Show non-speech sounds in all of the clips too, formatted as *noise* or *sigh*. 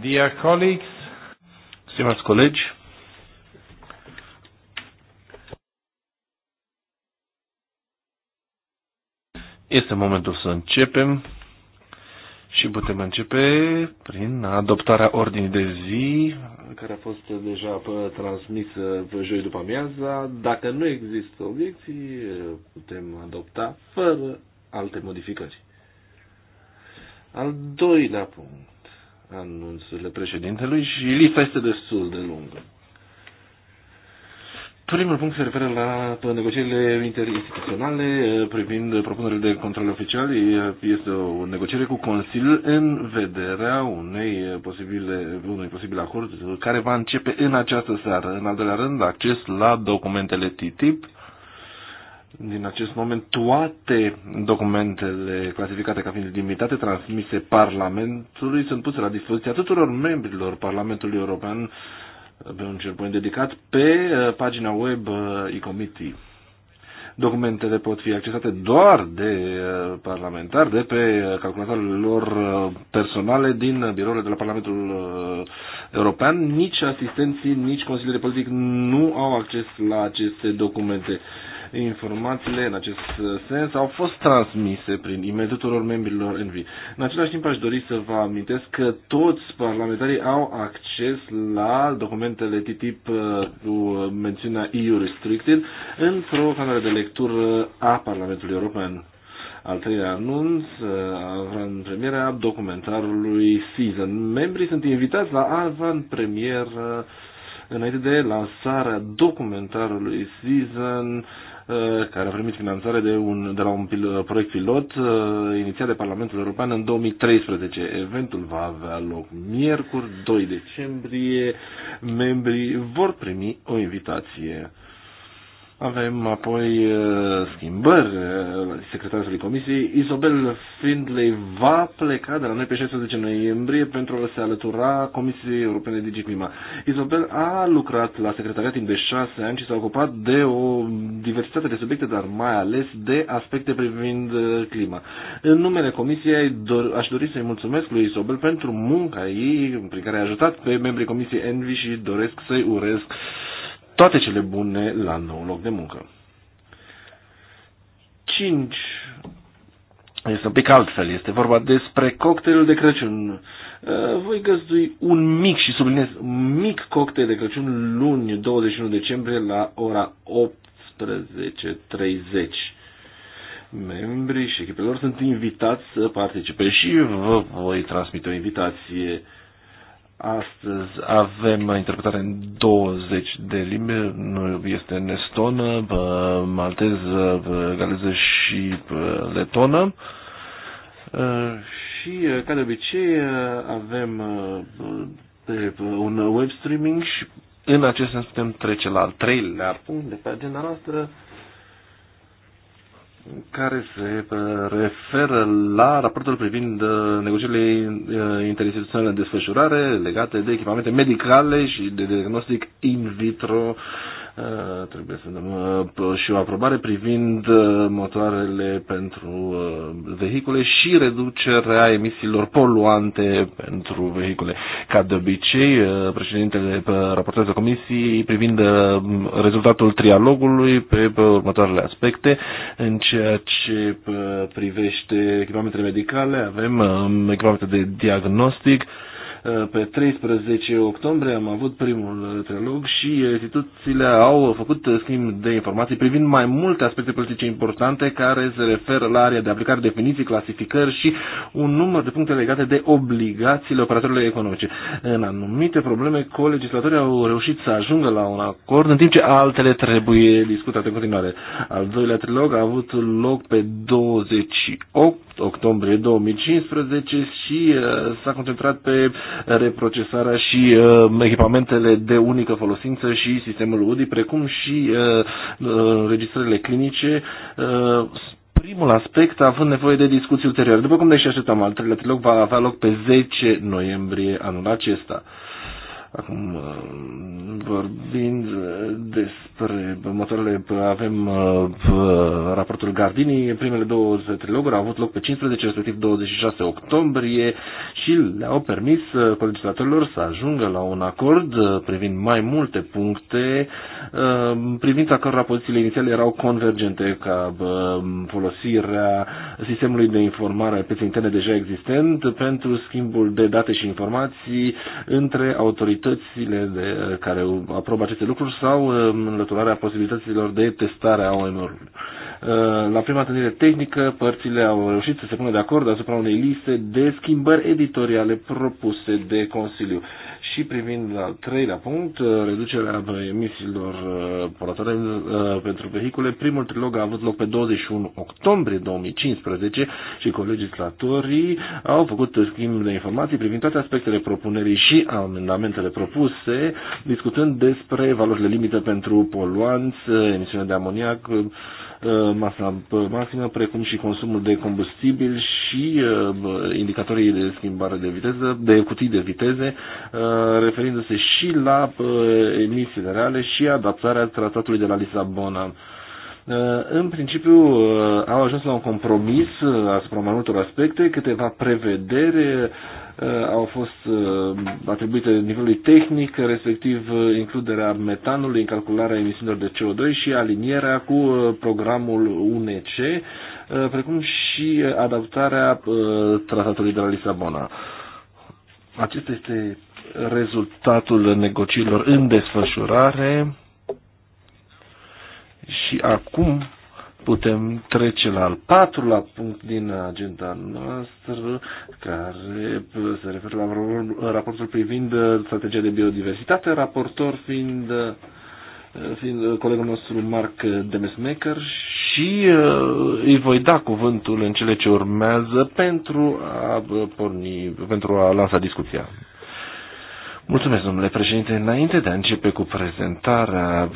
Dear colleagues, stimați colegi, este momentul să începem și putem începe prin adoptarea ordinii de zi care a fost deja transmisă joi după amiaza. Dacă nu există obiecții, putem adopta fără alte modificări. Al doilea punct anunțurile președintelui și lista este destul de lungă. Primul punct se referă la negocierile interinstituționale eh, privind propunerile de control oficial. Eh, este o negociere cu Consiliul în vederea unei eh, posibile, unui posibil acord care va începe în această seară. În al doilea rând, acces la documentele TTIP din acest moment toate documentele clasificate ca fiind limitate transmise Parlamentului sunt puse la dispoziția tuturor membrilor Parlamentului European pe un SharePoint dedicat pe uh, pagina web uh, e-committee. Documentele pot fi accesate doar de uh, parlamentari, de pe calculatoarele lor personale din birourile de la Parlamentul European. Nici asistenții, nici consilierii politic nu au acces la aceste documente. Informațiile în acest uh, sens au fost transmise prin e tuturor membrilor ENVI. În același timp aș dori să vă amintesc că toți parlamentarii au acces la documentele TTIP uh, cu mențiunea EU Restricted într-o cameră de lectură a Parlamentului European al treilea anunț în uh, premiera documentarului Season. Membrii sunt invitați la Alvan premier înainte de lansarea documentarului Season Uh, care a primit finanțare de, un, de la un pil, uh, proiect pilot uh, inițiat de Parlamentul European în 2013. Eventul va avea loc miercuri 2 decembrie. Membrii vor primi o invitație. Avem apoi uh, schimbări uh, secretarului comisiei. Isobel Findley va pleca de la noi pe 16 noiembrie pentru a se alătura Comisiei Europene DigiClima. Isobel a lucrat la secretariat timp de 6 ani și s-a ocupat de o diversitate de subiecte, dar mai ales de aspecte privind uh, clima. În numele comisiei aș dori să-i mulțumesc lui Isobel pentru munca ei prin care a ajutat pe membrii comisiei Envy și doresc să-i urez toate cele bune la nou loc de muncă. 5. Este un pic altfel. Este vorba despre cocktailul de Crăciun. Uh, voi găzdui un mic și subliniez un mic cocktail de Crăciun luni 21 decembrie la ora 18.30. Membrii și echipelor sunt invitați să participe și vă voi transmite o invitație Astăzi avem interpretare în 20 de limbi, este în estonă, malteză, galeză și letonă. Ă, și, ă, ca de obicei, ă, avem un web streaming și în acest sens putem trece la al treilea punct de pe agenda noastră, care se uh, referă la raportul privind uh, negocierile uh, interinstituționale în desfășurare legate de echipamente medicale și de diagnostic in vitro Uh, trebuie să dăm uh, și o aprobare privind uh, motoarele pentru vehicule și reducerea emisiilor poluante pentru vehicule. Ca de obicei, președintele raportează comisiei privind rezultatul trialogului pe următoarele aspecte. În ceea ce privește echipamentele medicale, avem echipamente de diagnostic, Eh, pe 13 octombrie am avut primul trilog și instituțiile au făcut schimb de informații privind mai multe aspecte politice importante care se referă la area de aplicare, definiții, clasificări și un număr de puncte legate de obligațiile operatorilor economice. În anumite probleme, colegislatorii au reușit să ajungă la un acord, în timp ce altele trebuie discutate în continuare. Al doilea trilog a avut loc pe 28 octombrie 2015 și uh, s-a concentrat pe reprocesarea și uh, echipamentele de unică folosință și sistemul UDI, precum și uh, registrările clinice primul aspect, având nevoie de discuții ulterioare. După cum ne și așteptam, al treilea trilog va avea loc pe 10 noiembrie anul acesta. Acum, vorbind despre următoarele, avem uh, uh, raportul Gardini, primele două triloguri au avut loc pe 15, respectiv 26 octombrie și le-au permis uh, colegislatorilor să ajungă la un acord privind mai multe puncte, privind a cărora pozițiile inițiale erau convergente ca folosirea sistemului de informare pe interne deja existent pentru schimbul de date și informații între autorități posibilitățile de, eh, care aprobă aceste lucruri sau eh, înlăturarea posibilităților de testare a OMR-ului. Eh, la prima întâlnire tehnică, părțile au reușit să se pună de acord asupra unei liste de schimbări editoriale propuse de Consiliu și privind al treilea punct, uh, reducerea emisiilor uh, poratoare uh, pentru vehicule, primul trilog a avut loc pe 21 octombrie 2015 și colegislatorii au făcut schimb de informații privind toate aspectele propunerii și amendamentele propuse, discutând despre valorile limită pentru poluanți, emisiune de amoniac, Uh, masa uh, maximă, precum și consumul de combustibil și uh, indicatorii de schimbare de viteză, de cutii de viteze, referindu-se și la emisiile reale și adaptarea tratatului de la Lisabona. În principiu au ajuns la un compromis asupra mai multor aspecte, câteva prevedere Uh, au fost uh, atribuite nivelului tehnic, respectiv uh, includerea metanului în calcularea emisiunilor de CO2 și alinierea cu programul UNC, precum și adaptarea tratatului de la Lisabona. Acesta este rezultatul negocierilor în desfășurare și acum Putem trece la al patrulea punct din agenda noastră, care se referă la raportul privind strategia de biodiversitate, raportor fiind, fiind colegul nostru Mark Demesmaker și uh, îi voi da cuvântul în cele ce urmează pentru a porni, pentru a lansa discuția. Mulțumesc, domnule președinte. Înainte de a începe cu prezentarea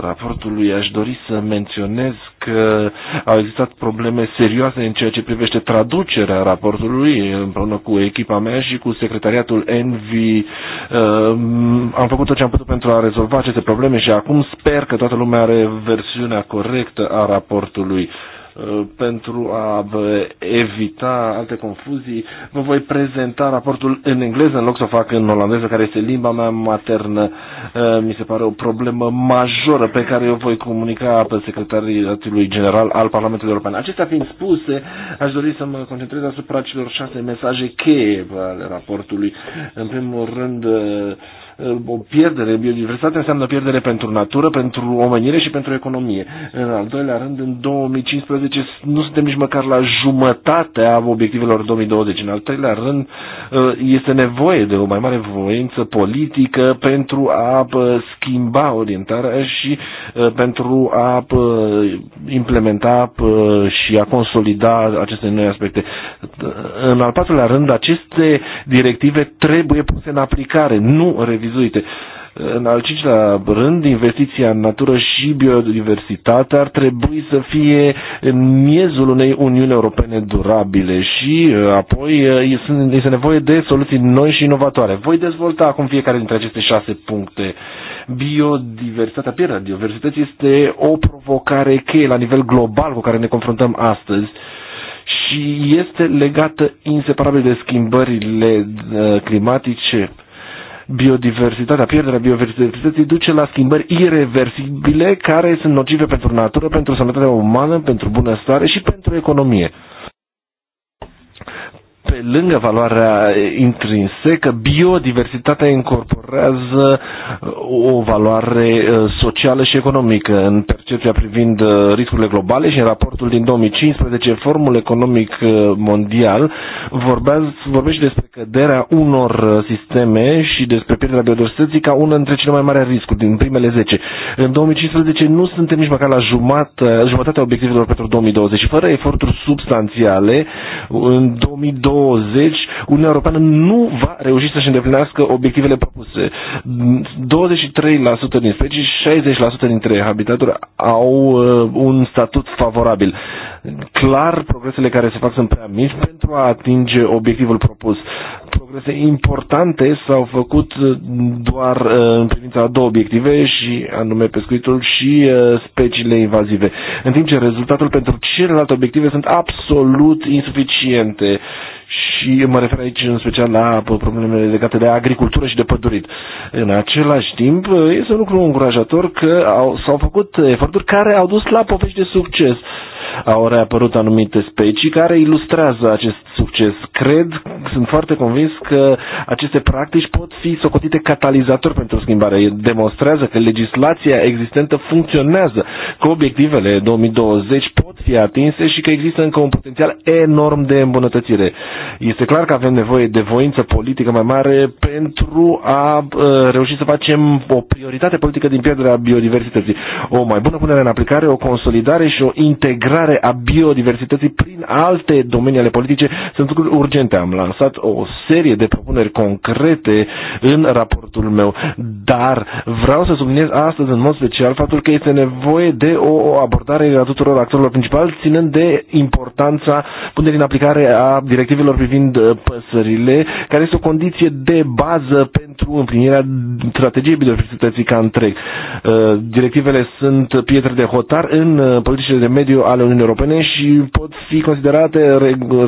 raportului, aș dori să menționez că au existat probleme serioase în ceea ce privește traducerea raportului împreună cu echipa mea și cu secretariatul Envi. Ehm, am făcut tot ce am putut pentru a rezolva aceste probleme și acum sper că toată lumea are versiunea corectă a raportului. Uh, pentru a evita alte confuzii, vă voi prezenta raportul în engleză în loc să o fac în olandeză, care este limba mea maternă. Uh, mi se pare o problemă majoră pe care o voi comunica pe secretariatului general al Parlamentului European. Acestea fiind spuse, aș dori să mă concentrez asupra celor șase mesaje cheie ale raportului. În primul rând, uh, o pierdere. Biodiversitatea înseamnă pierdere pentru natură, pentru omenire și pentru economie. În al doilea rând, în 2015 nu suntem nici măcar la jumătatea obiectivelor 2020. În al treilea rând, ă, este nevoie de o mai mare voință politică pentru a ă, schimba orientarea și ă, pentru a implementa și a consolida aceste noi aspecte. În al patrulea rând, aceste directive trebuie puse în aplicare, nu revizuite vizuite, În al cincilea rând, investiția în natură și biodiversitate ar trebui să fie în miezul unei Uniuni Europene durabile și uh, apoi uh, este nevoie de soluții noi și inovatoare. Voi dezvolta acum fiecare dintre aceste șase puncte. Biodiversitatea, pierderea biodiversității este o provocare cheie la nivel global cu care ne confruntăm astăzi și este legată inseparabil de schimbările uh, climatice biodiversitatea, pierderea biodiversității duce la schimbări irreversibile care sunt nocive pentru natură, pentru sănătatea umană, pentru bunăstare și pentru economie pe lângă valoarea intrinsecă, biodiversitatea incorporează uh, o valoare uh, socială și economică în percepția privind uh, riscurile globale și în raportul din 2015, Formul Economic Mondial vorbește despre căderea unor sisteme și despre pierderea biodiversității ca una dintre cele mai mari riscuri din primele 10. În 2015 nu suntem nici măcar la jumătate, jumătatea obiectivelor pentru 2020 și fără eforturi substanțiale în 2020 2020 Uniunea Europeană nu va reuși să-și îndeplinească obiectivele propuse. 23% din specii, 60% dintre habitaturi au uh, un statut favorabil. Clar, progresele care se fac sunt prea mici pentru a atinge obiectivul propus. Progrese importante s-au făcut uh, doar uh, în privința a două obiective, și anume pescuitul și uh, speciile invazive. În timp ce rezultatul pentru celelalte obiective sunt absolut insuficiente și mă refer aici în special la problemele legate de agricultură și de pădurit. În același timp, este un lucru încurajator că au, s-au făcut eforturi care au dus la povești de succes. Au reapărut anumite specii care ilustrează acest succes. Cred, sunt foarte convins că aceste practici pot fi socotite catalizator pentru schimbare. Demonstrează că legislația existentă funcționează, că obiectivele 2020 pot fi atinse și că există încă un potențial enorm de îmbunătățire. Este clar că avem nevoie de voință politică mai mare pentru a ă, reuși să facem o prioritate politică din pierderea biodiversității. O mai bună punere în aplicare, o consolidare și o integrare a biodiversității prin alte domenii ale politice sunt lucruri urgente. Am lansat o serie de propuneri concrete în raportul meu, dar vreau să subliniez astăzi în mod special faptul că este nevoie de o abordare a tuturor actorilor principali, ținând de importanța punerii în aplicare a directivelor privind uh, păsările, care este o condiție de bază pentru împlinirea strategiei biodiversității ca întreg. Uh, directivele sunt pietre de hotar în uh, politicile de mediu ale Uniunii Europene și pot fi considerate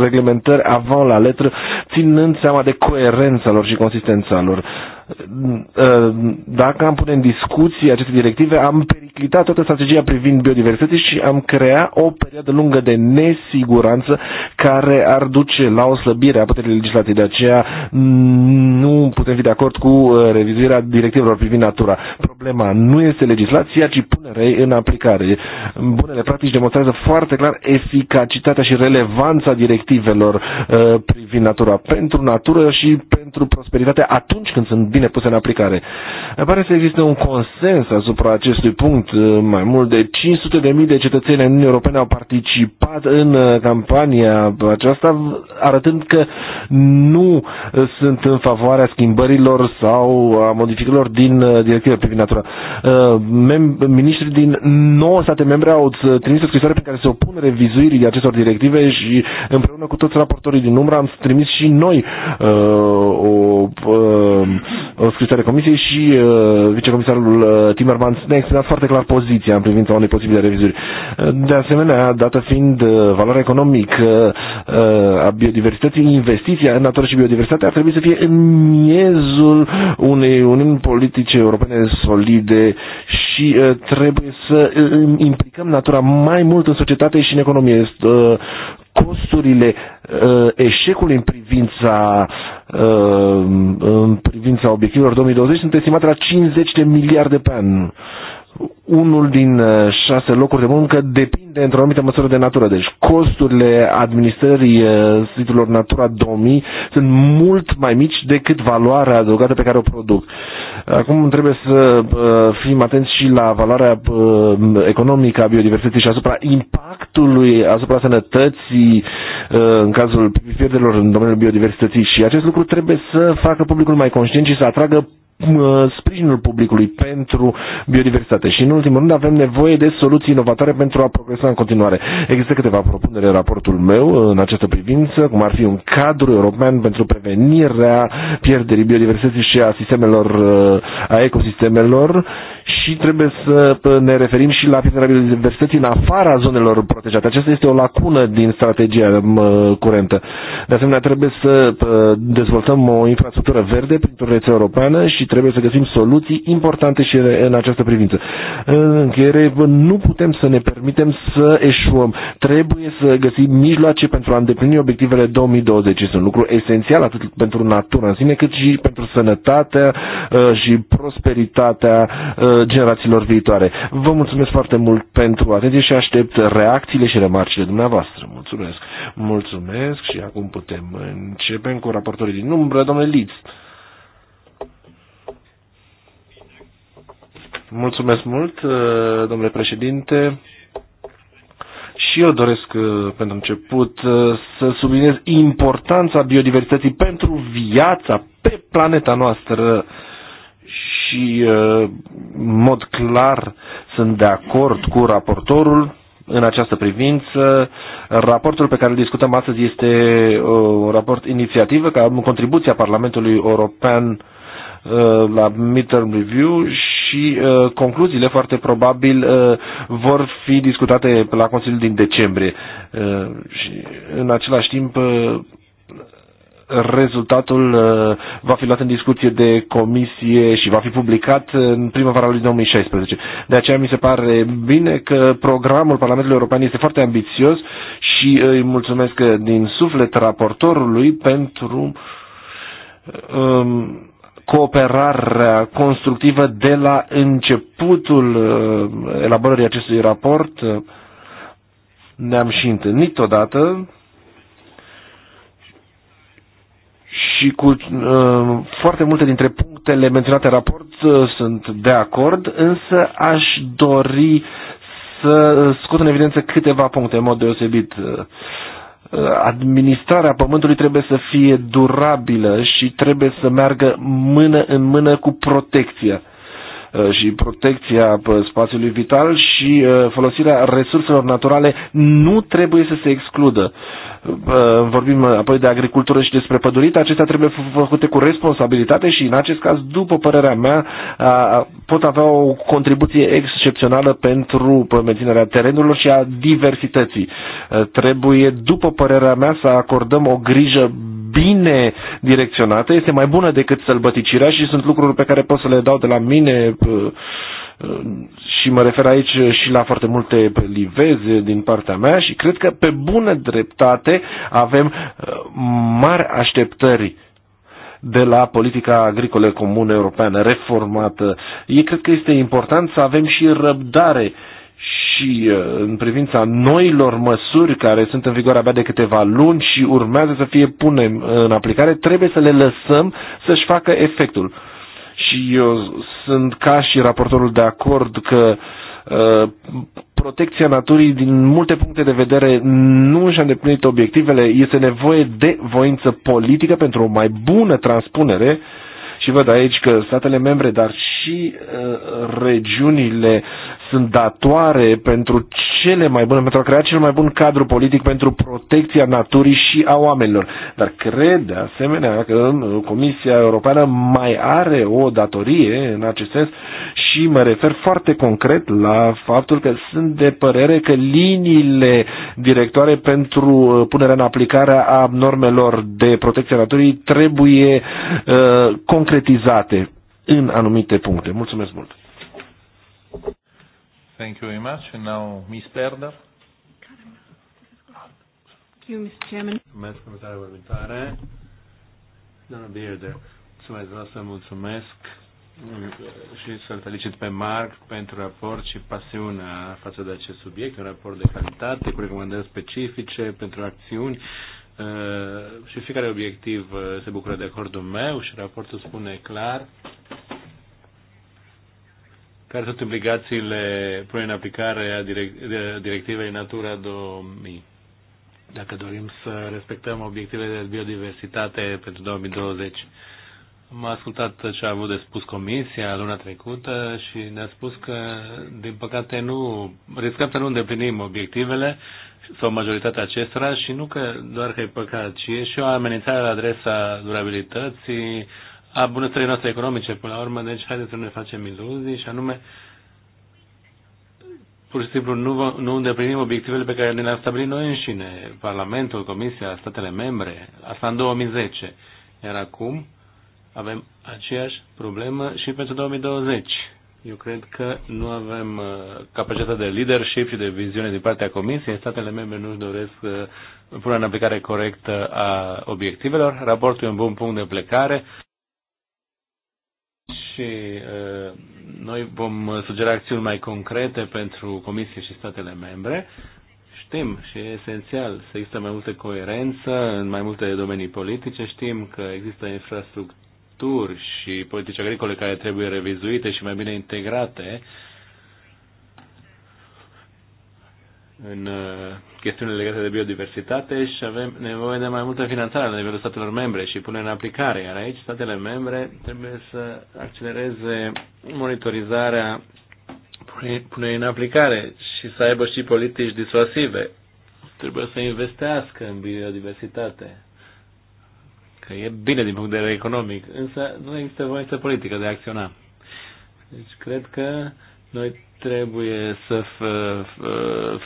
reglementări interpretări avant la letră, ținând seama de coerența lor și consistența lor. Ă, dacă am pune în discuție aceste directive, am periclitat toată strategia privind biodiversitate și am crea o perioadă lungă de nesiguranță care ar duce la o slăbire a puterii legislației. De aceea nu putem fi de acord cu ă, revizuirea directivelor privind natura. Problema nu este legislația, ci punerea în aplicare. Bunele practici demonstrează foarte clar eficacitatea și relevanța directivelor ă, privind natura pentru natură și pentru prosperitate atunci când sunt bine puse în aplicare. Pare să există un consens asupra acestui punct. Mai mult de 500.000 de cetățeni ai Uniunii Europene au participat în uh, campania aceasta, arătând că nu uh, sunt în favoarea schimbărilor sau a modificărilor din uh, directiva privind natura. Ministrii din 9 state membre au trimis o scrisoare pe care se opun revizuirii acestor directive și împreună cu toți raportorii din umbra am trimis și noi uh, o uh, o scrisoare comisiei și uh, vicecomisarul uh, Timmermans ne-a exprimat foarte clar poziția în privința unei posibile revizuri. Uh, de asemenea, dată fiind uh, valoarea economică uh, a biodiversității, investiția în natură și biodiversitate ar trebui să fie în miezul unei uniuni politice europene solide și uh, trebuie să uh, implicăm natura mai mult în societate și în economie. uh, costurile uh, eșecului în privința, uh, în privința obiectivelor 2020 sunt estimate la 50 de miliarde pe an unul din uh, șase locuri de muncă depinde într-o anumită măsură de natură. Deci costurile administrării uh, siturilor Natura 2000 sunt mult mai mici decât valoarea adăugată pe care o produc. Acum trebuie să uh, fim atenți și la valoarea economică a biodiversității și asupra impactului asupra sănătății în cazul pierderilor în domeniul biodiversității și acest lucru trebuie să facă publicul mai conștient și să atragă Uh, sprijinul publicului pentru biodiversitate. Și în ultimul rând avem nevoie de soluții inovatoare pentru a progresa în continuare. Există câteva propuneri în raportul meu în această privință, cum ar fi un cadru european pentru prevenirea pierderii biodiversității și a sistemelor, uh, a ecosistemelor și trebuie să ne referim și la pierderea biodiversității în afara zonelor protejate. Aceasta este o lacună din strategia curentă. De asemenea, trebuie să dezvoltăm o infrastructură verde printr-o rețea europeană și trebuie să găsim soluții importante și în această privință. În încheiere, nu putem să ne permitem să eșuăm. Trebuie să găsim mijloace pentru a îndeplini obiectivele 2020. Este un lucru esențial atât pentru natura, în sine, cât și pentru sănătatea ă, și prosperitatea ă, generațiilor viitoare. Vă mulțumesc foarte mult pentru atenție și aștept reacțiile și remarcile dumneavoastră. Mulțumesc! Mulțumesc și acum putem începe cu raportorii din umbră, domnule Litz. Mulțumesc mult, domnule președinte și eu doresc pentru început să subliniez importanța biodiversității pentru viața pe planeta noastră și uh, în mod clar sunt de acord cu raportorul în această privință. Raportul pe care îl discutăm astăzi este uh, un raport inițiativă ca contribuția Parlamentului European uh, la midterm review și concluziile foarte probabil vor fi discutate la Consiliul din decembrie. Și în același timp rezultatul uh, va fi luat în discuție de comisie și va fi publicat în primăvara lui 2016. De aceea mi se pare bine că programul Parlamentului European este foarte ambițios și uh, îi mulțumesc din suflet raportorului pentru um, cooperarea constructivă de la începutul uh, elaborării acestui raport. Ne-am și întâlnit odată și cu uh, foarte multe dintre punctele menționate în raport uh, sunt de acord, însă aș dori să scot în evidență câteva puncte în mod deosebit. Uh, administrarea pământului trebuie să fie durabilă și trebuie să meargă mână în mână cu protecția. Uh, Uh, și protecția uh, spațiului vital și uh, folosirea resurselor naturale nu trebuie să se excludă. Vorbim apoi de agricultură și despre pădurit, acestea trebuie făcute cu responsabilitate și în acest caz, după părerea mea, pot avea o contribuție excepțională pentru menținerea terenurilor și a diversității. Trebuie, după părerea mea, să acordăm o grijă bine direcționată este mai bună decât sălbăticirea și sunt lucruri pe care pot să le dau de la mine uh, uh, și mă refer aici și la foarte multe liveze din partea mea și cred că pe bună dreptate avem uh, mari așteptări de la politica agricolă comună europeană reformată. Eu cred că este important să avem și răbdare uh, și uh, în privința noilor măsuri care sunt în vigoare abia de câteva luni și urmează să fie pune în aplicare, trebuie să le lăsăm să-și facă efectul. Și eu sunt ca și raportorul de acord că uh, protecția naturii din multe puncte de vedere nu și-a îndeplinit obiectivele, este nevoie de voință politică pentru o mai bună transpunere și văd aici că statele membre, dar și uh, regiunile sunt datoare pentru cele mai bune, pentru a crea cel mai bun cadru politic pentru protecția naturii și a oamenilor. Dar cred de asemenea că Comisia Europeană mai are o datorie în acest sens și mă refer foarte concret la faptul că sunt de părere că liniile directoare pentru uh, punerea în aplicare a normelor de protecție a naturii trebuie uh, concretizate în anumite puncte. Mulțumesc mult! Thank you very much. And now, Ms. Perda. Thank you, Mr. Chairman. Mulțumesc, comisarul următoare. Doamna Bearder, mulțumesc, vreau să mulțumesc și să-l felicit pe Marc pentru raport și pasiunea față de acest subiect, un raport de calitate cu recomandări specifice pentru acțiuni uh, și fiecare obiectiv uh, se bucură de acordul meu și raportul spune clar care sunt implicațiile până în aplicare a directivei Natura 2000. Dacă dorim să respectăm obiectivele de biodiversitate pentru 2020, am ascultat ce a avut de spus comisia luna trecută și ne-a spus că, din păcate, nu riscăm să nu îndeplinim obiectivele sau majoritatea acestora și nu că doar că e păcat, ci e și o amenințare la adresa durabilității, a bunăstării noastre economice, până la urmă, deci haideți să nu ne facem iluzii și anume pur și simplu nu, nu îndeplinim obiectivele pe care ne le-am stabilit noi înșine, Parlamentul, Comisia, statele membre, asta în 2010. Iar acum avem aceeași problemă și pentru 2020. Eu cred că nu avem uh, capacitatea de leadership și de viziune din partea Comisiei. Statele membre nu-și doresc uh, punerea în aplicare corectă a obiectivelor. Raportul e un bun punct de plecare și noi vom sugera acțiuni mai concrete pentru Comisie și statele membre. Știm și e esențial să există mai multă coerență în mai multe domenii politice. Știm că există infrastructuri și politici agricole care trebuie revizuite și mai bine integrate în uh, chestiunile legate de biodiversitate și avem nevoie de mai multă finanțare la nivelul statelor membre și pune în aplicare, iar aici statele membre trebuie să accelereze monitorizarea pune în aplicare și să aibă și politici disuasive. Trebuie să investească în biodiversitate, că e bine din punct de vedere economic, însă nu există voință politică de a acționa. Deci cred că noi trebuie să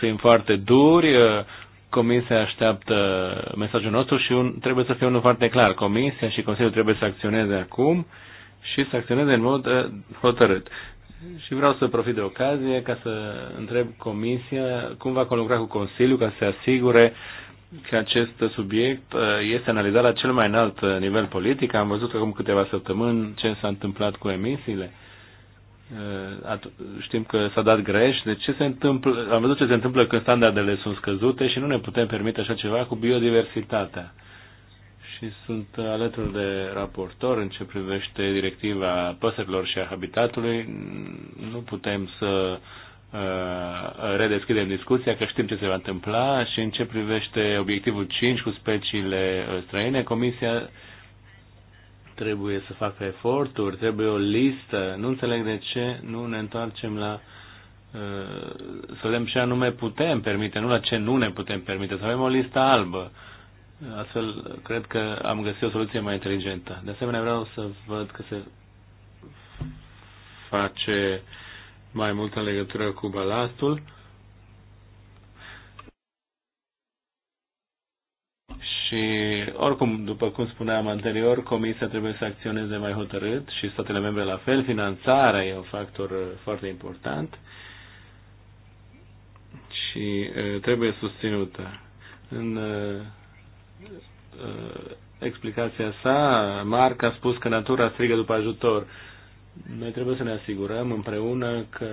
fim foarte duri, Comisia așteaptă mesajul nostru și un, trebuie să fie unul foarte clar. Comisia și Consiliul trebuie să acționeze acum și să acționeze în mod eh, hotărât. Și vreau să profit de ocazie ca să întreb Comisia cum va colabora cu Consiliul ca să se asigure că acest subiect eh, este analizat la cel mai înalt eh, nivel politic. Am văzut acum câteva săptămâni ce s-a întâmplat cu emisiile. Uh, știm că s-a dat greș, de ce se întâmplă, am văzut ce se întâmplă când standardele sunt scăzute și nu ne putem permite așa ceva cu biodiversitatea. Și sunt alături de raportor în ce privește directiva păsărilor și a habitatului. Nu putem să uh, redeschidem discuția, că știm ce se va întâmpla și în ce privește obiectivul 5 cu speciile uh, străine, Comisia trebuie să facă eforturi, trebuie o listă. Nu înțeleg de ce nu ne întoarcem la uh, să vedem ce anume putem permite, nu la ce nu ne putem permite, să avem o listă albă. Astfel, cred că am găsit o soluție mai inteligentă. De asemenea, vreau să văd că se face mai multă legătură cu balastul Și oricum, după cum spuneam anterior, Comisia trebuie să acționeze mai hotărât și statele membre la fel. Finanțarea e un factor uh, foarte important și uh, trebuie susținută. În uh, explicația sa, Marc a spus că natura strigă după ajutor. Noi trebuie să ne asigurăm împreună că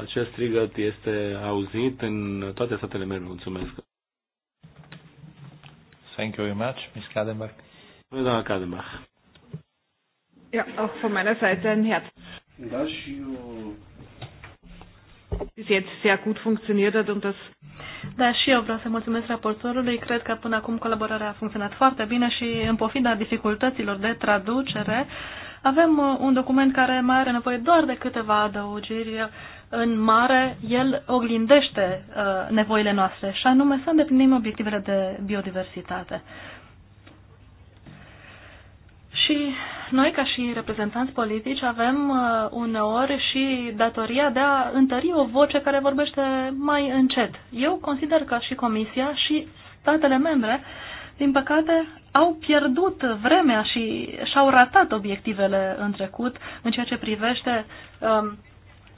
acest strigăt este auzit în toate statele membre. Mulțumesc! Thank you very much, Ms. Kadenbach. Doamna Kadenbach. Ja, auch von meiner Seite ein Herz. bis da, jetzt sehr gut funktioniert hat und das da, și eu vreau să mulțumesc raportorului. Cred că până acum colaborarea a funcționat foarte bine și în pofida dificultăților de traducere uh, avem uh, un document care mai are nevoie doar de câteva adăugiri. Uh, în mare, el oglindește uh, nevoile noastre și anume să îndeplinim obiectivele de biodiversitate. Și noi, ca și reprezentanți politici, avem uh, uneori și datoria de a întări o voce care vorbește mai încet. Eu consider că și Comisia și statele membre, din păcate, au pierdut vremea și și-au ratat obiectivele în trecut în ceea ce privește um,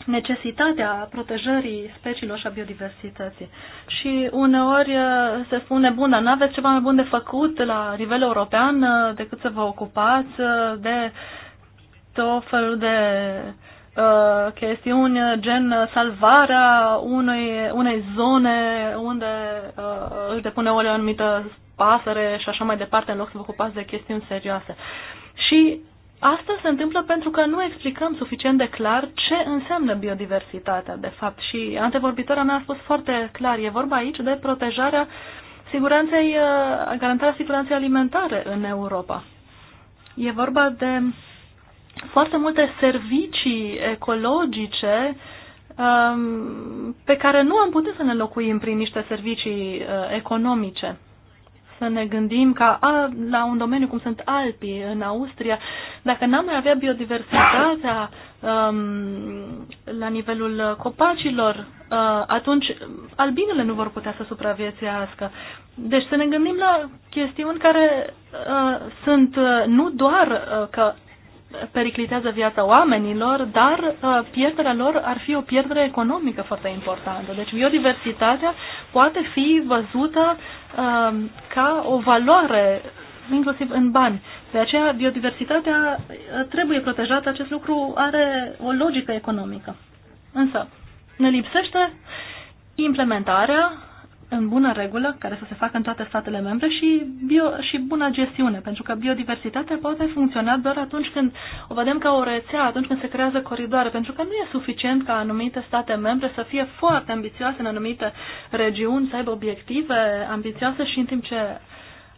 necesitatea protejării speciilor și a biodiversității. Și uneori uh, se spune, bun, dar n-aveți ceva mai bun de făcut la nivel european uh, decât să vă ocupați uh, de tot felul de uh, chestiuni gen salvarea unei, unei zone unde uh, își depune o anumită pasăre și așa mai departe, în loc să vă ocupați de chestiuni serioase. Și asta se întâmplă pentru că nu explicăm suficient de clar ce înseamnă biodiversitatea, de fapt. Și antevorbitora mea a spus foarte clar, e vorba aici de protejarea siguranței, uh, garantarea siguranței alimentare în Europa. E vorba de foarte multe servicii ecologice um, pe care nu am putut să ne locuim prin niște servicii uh, economice să ne gândim ca a, la un domeniu cum sunt Alpii în Austria, dacă n-am mai avea biodiversitatea um, la nivelul copacilor, uh, atunci albinele nu vor putea să supraviețuiască. Deci să ne gândim la chestiuni care uh, sunt uh, nu doar uh, că periclitează viața oamenilor, dar uh, pierderea lor ar fi o pierdere economică foarte importantă. Deci biodiversitatea poate fi văzută um, ca o valoare inclusiv în bani. De aceea biodiversitatea uh, trebuie protejată, acest lucru are o logică economică. Însă ne lipsește implementarea în bună regulă, care să se facă în toate statele membre și, bio, și bună gestiune, pentru că biodiversitatea poate funcționa doar atunci când o vedem ca o rețea, atunci când se creează coridoare, pentru că nu e suficient ca anumite state membre să fie foarte ambițioase în anumite regiuni, să aibă obiective ambițioase și în timp ce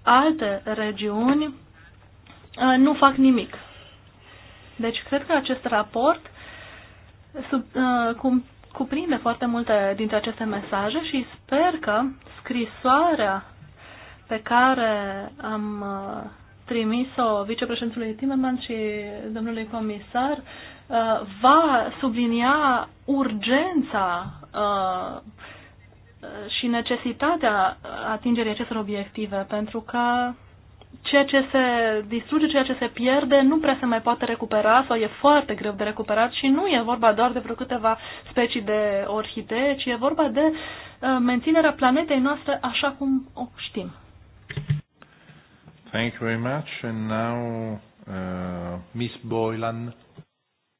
alte regiuni uh, nu fac nimic. Deci cred că acest raport sub, uh, cum cuprinde foarte multe dintre aceste mesaje și sper că scrisoarea pe care am uh, trimis-o vicepreședintelui Timmermans și domnului comisar uh, va sublinia urgența uh, și necesitatea atingerii acestor obiective, pentru că ceea ce se distruge, ceea ce se pierde, nu prea se mai poate recupera sau e foarte greu de recuperat și nu e vorba doar de vreo câteva specii de orhidee, ci e vorba de uh, menținerea planetei noastre așa cum o știm. Thank you very much. And now, uh, Miss Boylan.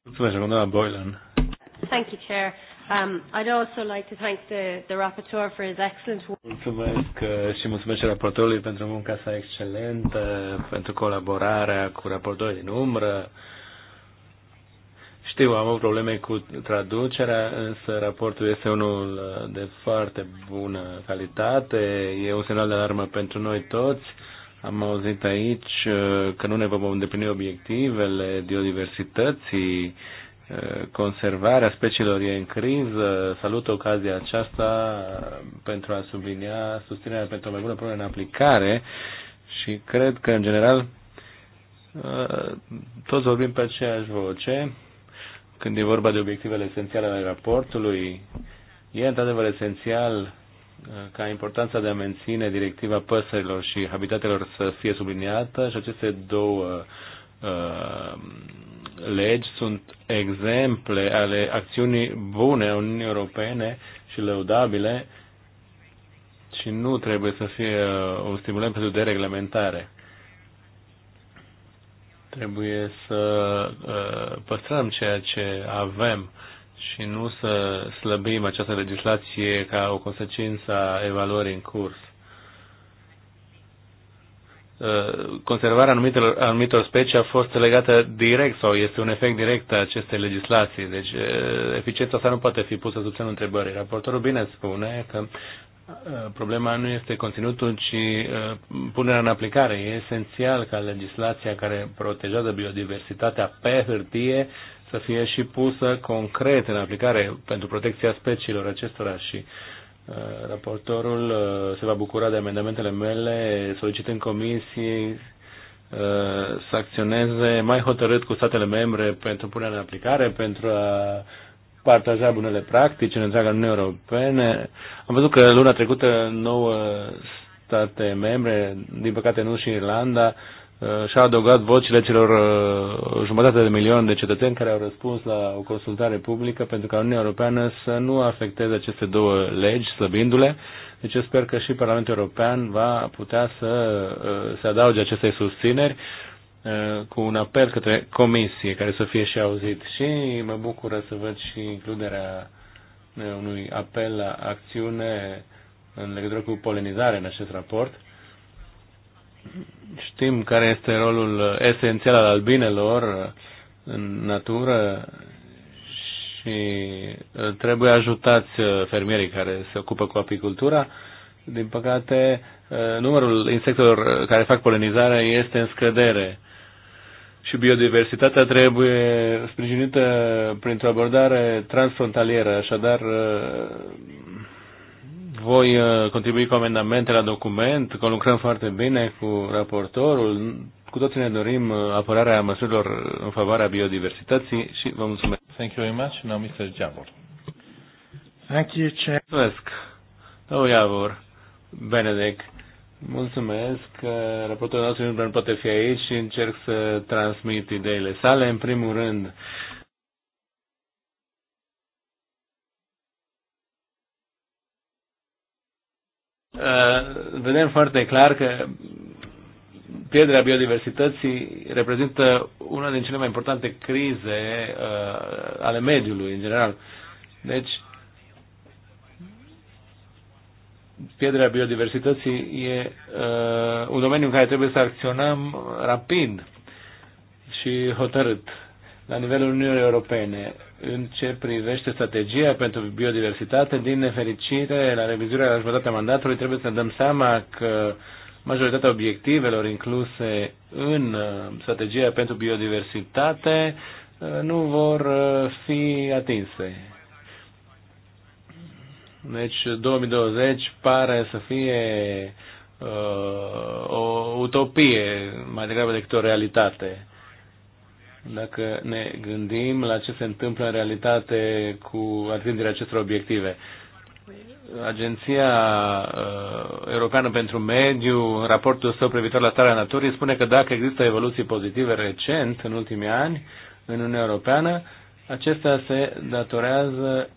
Mulțumesc, Boylan. Thank you, Chair. Um, I'd also like to thank the, the rapporteur for his excellent work. Mulțumesc uh, și mulțumesc și raportorului pentru munca sa excelentă, pentru colaborarea cu raportorii din umbră. Știu, am avut probleme cu traducerea, însă raportul este unul uh, de foarte bună calitate. E un semnal de alarmă pentru noi toți. Am auzit aici uh, că nu ne vom îndeplini obiectivele biodiversității conservarea speciilor e în criză. Salut ocazia aceasta pentru a sublinia susținerea pentru o mai bună problemă în aplicare și cred că, în general, toți vorbim pe aceeași voce. Când e vorba de obiectivele esențiale ale raportului, e într-adevăr esențial uh, ca importanța de a menține directiva păsărilor și habitatelor să fie subliniată și aceste două uh, legi sunt exemple ale acțiunii bune a Uniunii Europene și lăudabile și nu trebuie să fie uh, un stimulant pentru dereglementare. Trebuie să uh, păstrăm ceea ce avem și nu să slăbim această legislație ca o consecință a evaluării în curs. Uh, conservarea anumitor, anumitor specii a fost legată direct sau este un efect direct a acestei legislații. Deci uh, eficiența sa nu poate fi pusă sub semnul întrebării. Raportorul bine spune că uh, problema nu este conținutul, ci punerea în aplicare. E esențial ca legislația care protejează biodiversitatea pe hârtie să fie și pusă concret în aplicare pentru protecția speciilor acestora și uh, Uh, raportorul uh, se va bucura de amendamentele mele solicitând comisiei uh, să acționeze mai hotărât cu statele membre pentru punerea în aplicare, pentru a partaja bunele practici în întreaga Uniune Europene. Am văzut că luna trecută nouă state membre, din păcate nu și Irlanda, Uh, și-a adăugat vocile celor uh, jumătate de milion de cetățeni care au răspuns la o consultare publică pentru ca Uniunea Europeană să nu afecteze aceste două legi, slăbindu-le. Deci eu sper că și Parlamentul European va putea să uh, se adauge acestei susțineri cu un apel către comisie care să fie și auzit. Și mă bucură să văd și includerea unui apel la acțiune în legătură cu polenizare în acest raport Știm care este rolul esențial al albinelor în natură și trebuie ajutați fermierii care se ocupă cu apicultura. Din păcate, numărul insectelor care fac polenizare este în scădere și biodiversitatea trebuie sprijinită printr-o abordare transfrontalieră, așadar voi uh, contribui cu amendamente la document, că lucrăm foarte bine cu raportorul. Cu toții ne dorim uh, apărarea măsurilor în favoarea biodiversității și vă mulțumesc. Thank you very much. Now Mr. Javor. Thank you, Chair. Mulțumesc. Domnul Javor, Benedek, mulțumesc. Raportorul nostru nu poate fi aici și încerc să transmit ideile sale. În primul rând, uh, Uh, vedem foarte clar că pierderea biodiversității reprezintă una din cele mai importante crize uh, ale mediului în general. Deci, pierderea biodiversității e uh, un domeniu în care trebuie să acționăm rapid și hotărât la nivelul Uniunii Europene în ce privește strategia pentru biodiversitate. Din nefericire, la revizuirea la jumătatea mandatului trebuie să ne dăm seama că majoritatea obiectivelor incluse în uh, strategia pentru biodiversitate uh, nu vor uh, fi atinse. Deci 2020 pare să fie uh, o utopie mai degrabă decât o realitate dacă ne gândim la ce se întâmplă în realitate cu atingerea acestor obiective. Agenția uh, Europeană pentru Mediu, în raportul său privitor la starea naturii, spune că dacă există evoluții pozitive recent, în ultimii ani, în Uniunea Europeană, acestea se datorează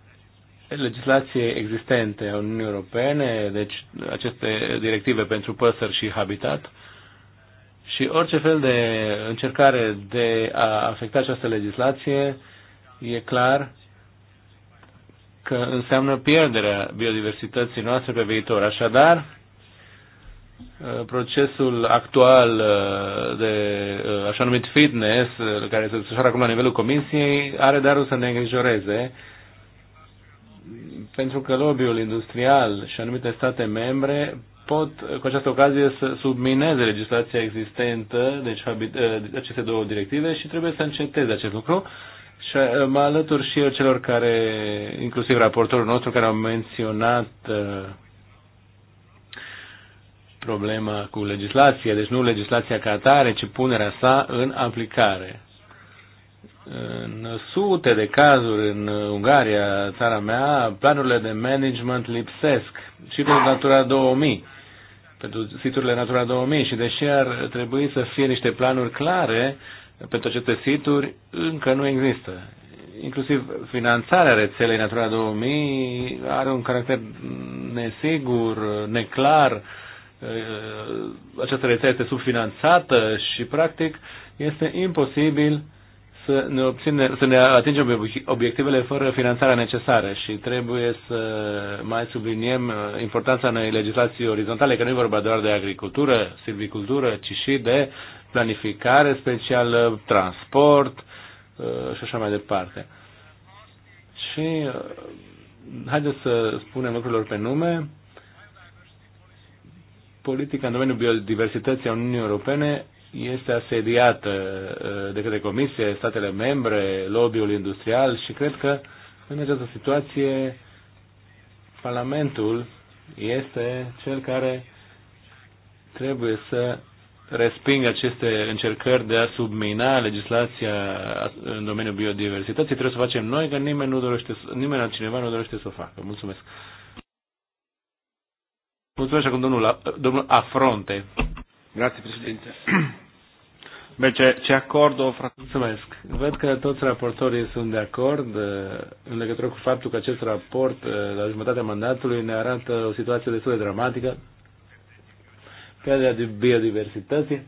legislației existente a Uniunii Europene, deci aceste directive pentru păsări și habitat, și orice fel de încercare de a afecta această legislație, e clar că înseamnă pierderea biodiversității noastre pe viitor. Așadar, procesul actual uh, de uh, așa numit fitness, uh, care se desfășoară acum la nivelul comisiei, are darul să ne îngrijoreze, pentru că lobby-ul industrial și anumite state membre pot cu această ocazie să submineze legislația existentă, deci eh, aceste două directive și trebuie să înceteze acest lucru. Și eh, mă alătur și eu celor care, inclusiv raportorul nostru, care au menționat eh, problema cu legislația, deci nu legislația ca atare, ci punerea sa în aplicare. În sute de cazuri în Ungaria, țara mea, planurile de management lipsesc și pentru Natura 2000 pentru siturile Natura 2000 și deși ar trebui să fie niște planuri clare pentru aceste situri, încă nu există. Inclusiv finanțarea rețelei Natura 2000 are un caracter nesigur, neclar, această rețea este subfinanțată și practic este imposibil uh, să ne, obține, să ne atingem obiectivele fără finanțarea necesară și trebuie să mai subliniem uh, importanța unei legislații orizontale, că nu e vorba doar de agricultură, silvicultură, ci și de planificare specială, transport uh, și așa mai departe. Și uh, haideți să spunem lucrurilor pe nume. Politica în domeniul biodiversității a Uniunii Europene este asediată uh, de către Comisie, statele membre, lobby-ul industrial și cred că în această situație Parlamentul este cel care trebuie să resping aceste încercări de a submina legislația în domeniul biodiversității. Trebuie să facem noi, că nimeni, nu dorește, nimeni altcineva nu dorește să o facă. Mulțumesc. Mulțumesc acum domnul, domnul Afronte. Grazie, Presidente. *clears throat* Beh, c'è, c'è accordo fra... Mulțumesc. Văd că toți raportorii sunt de acord eh, în legătură cu faptul că acest raport eh, la jumătatea mandatului ne arată o situație destul de dramatică. Pierderea de biodiversității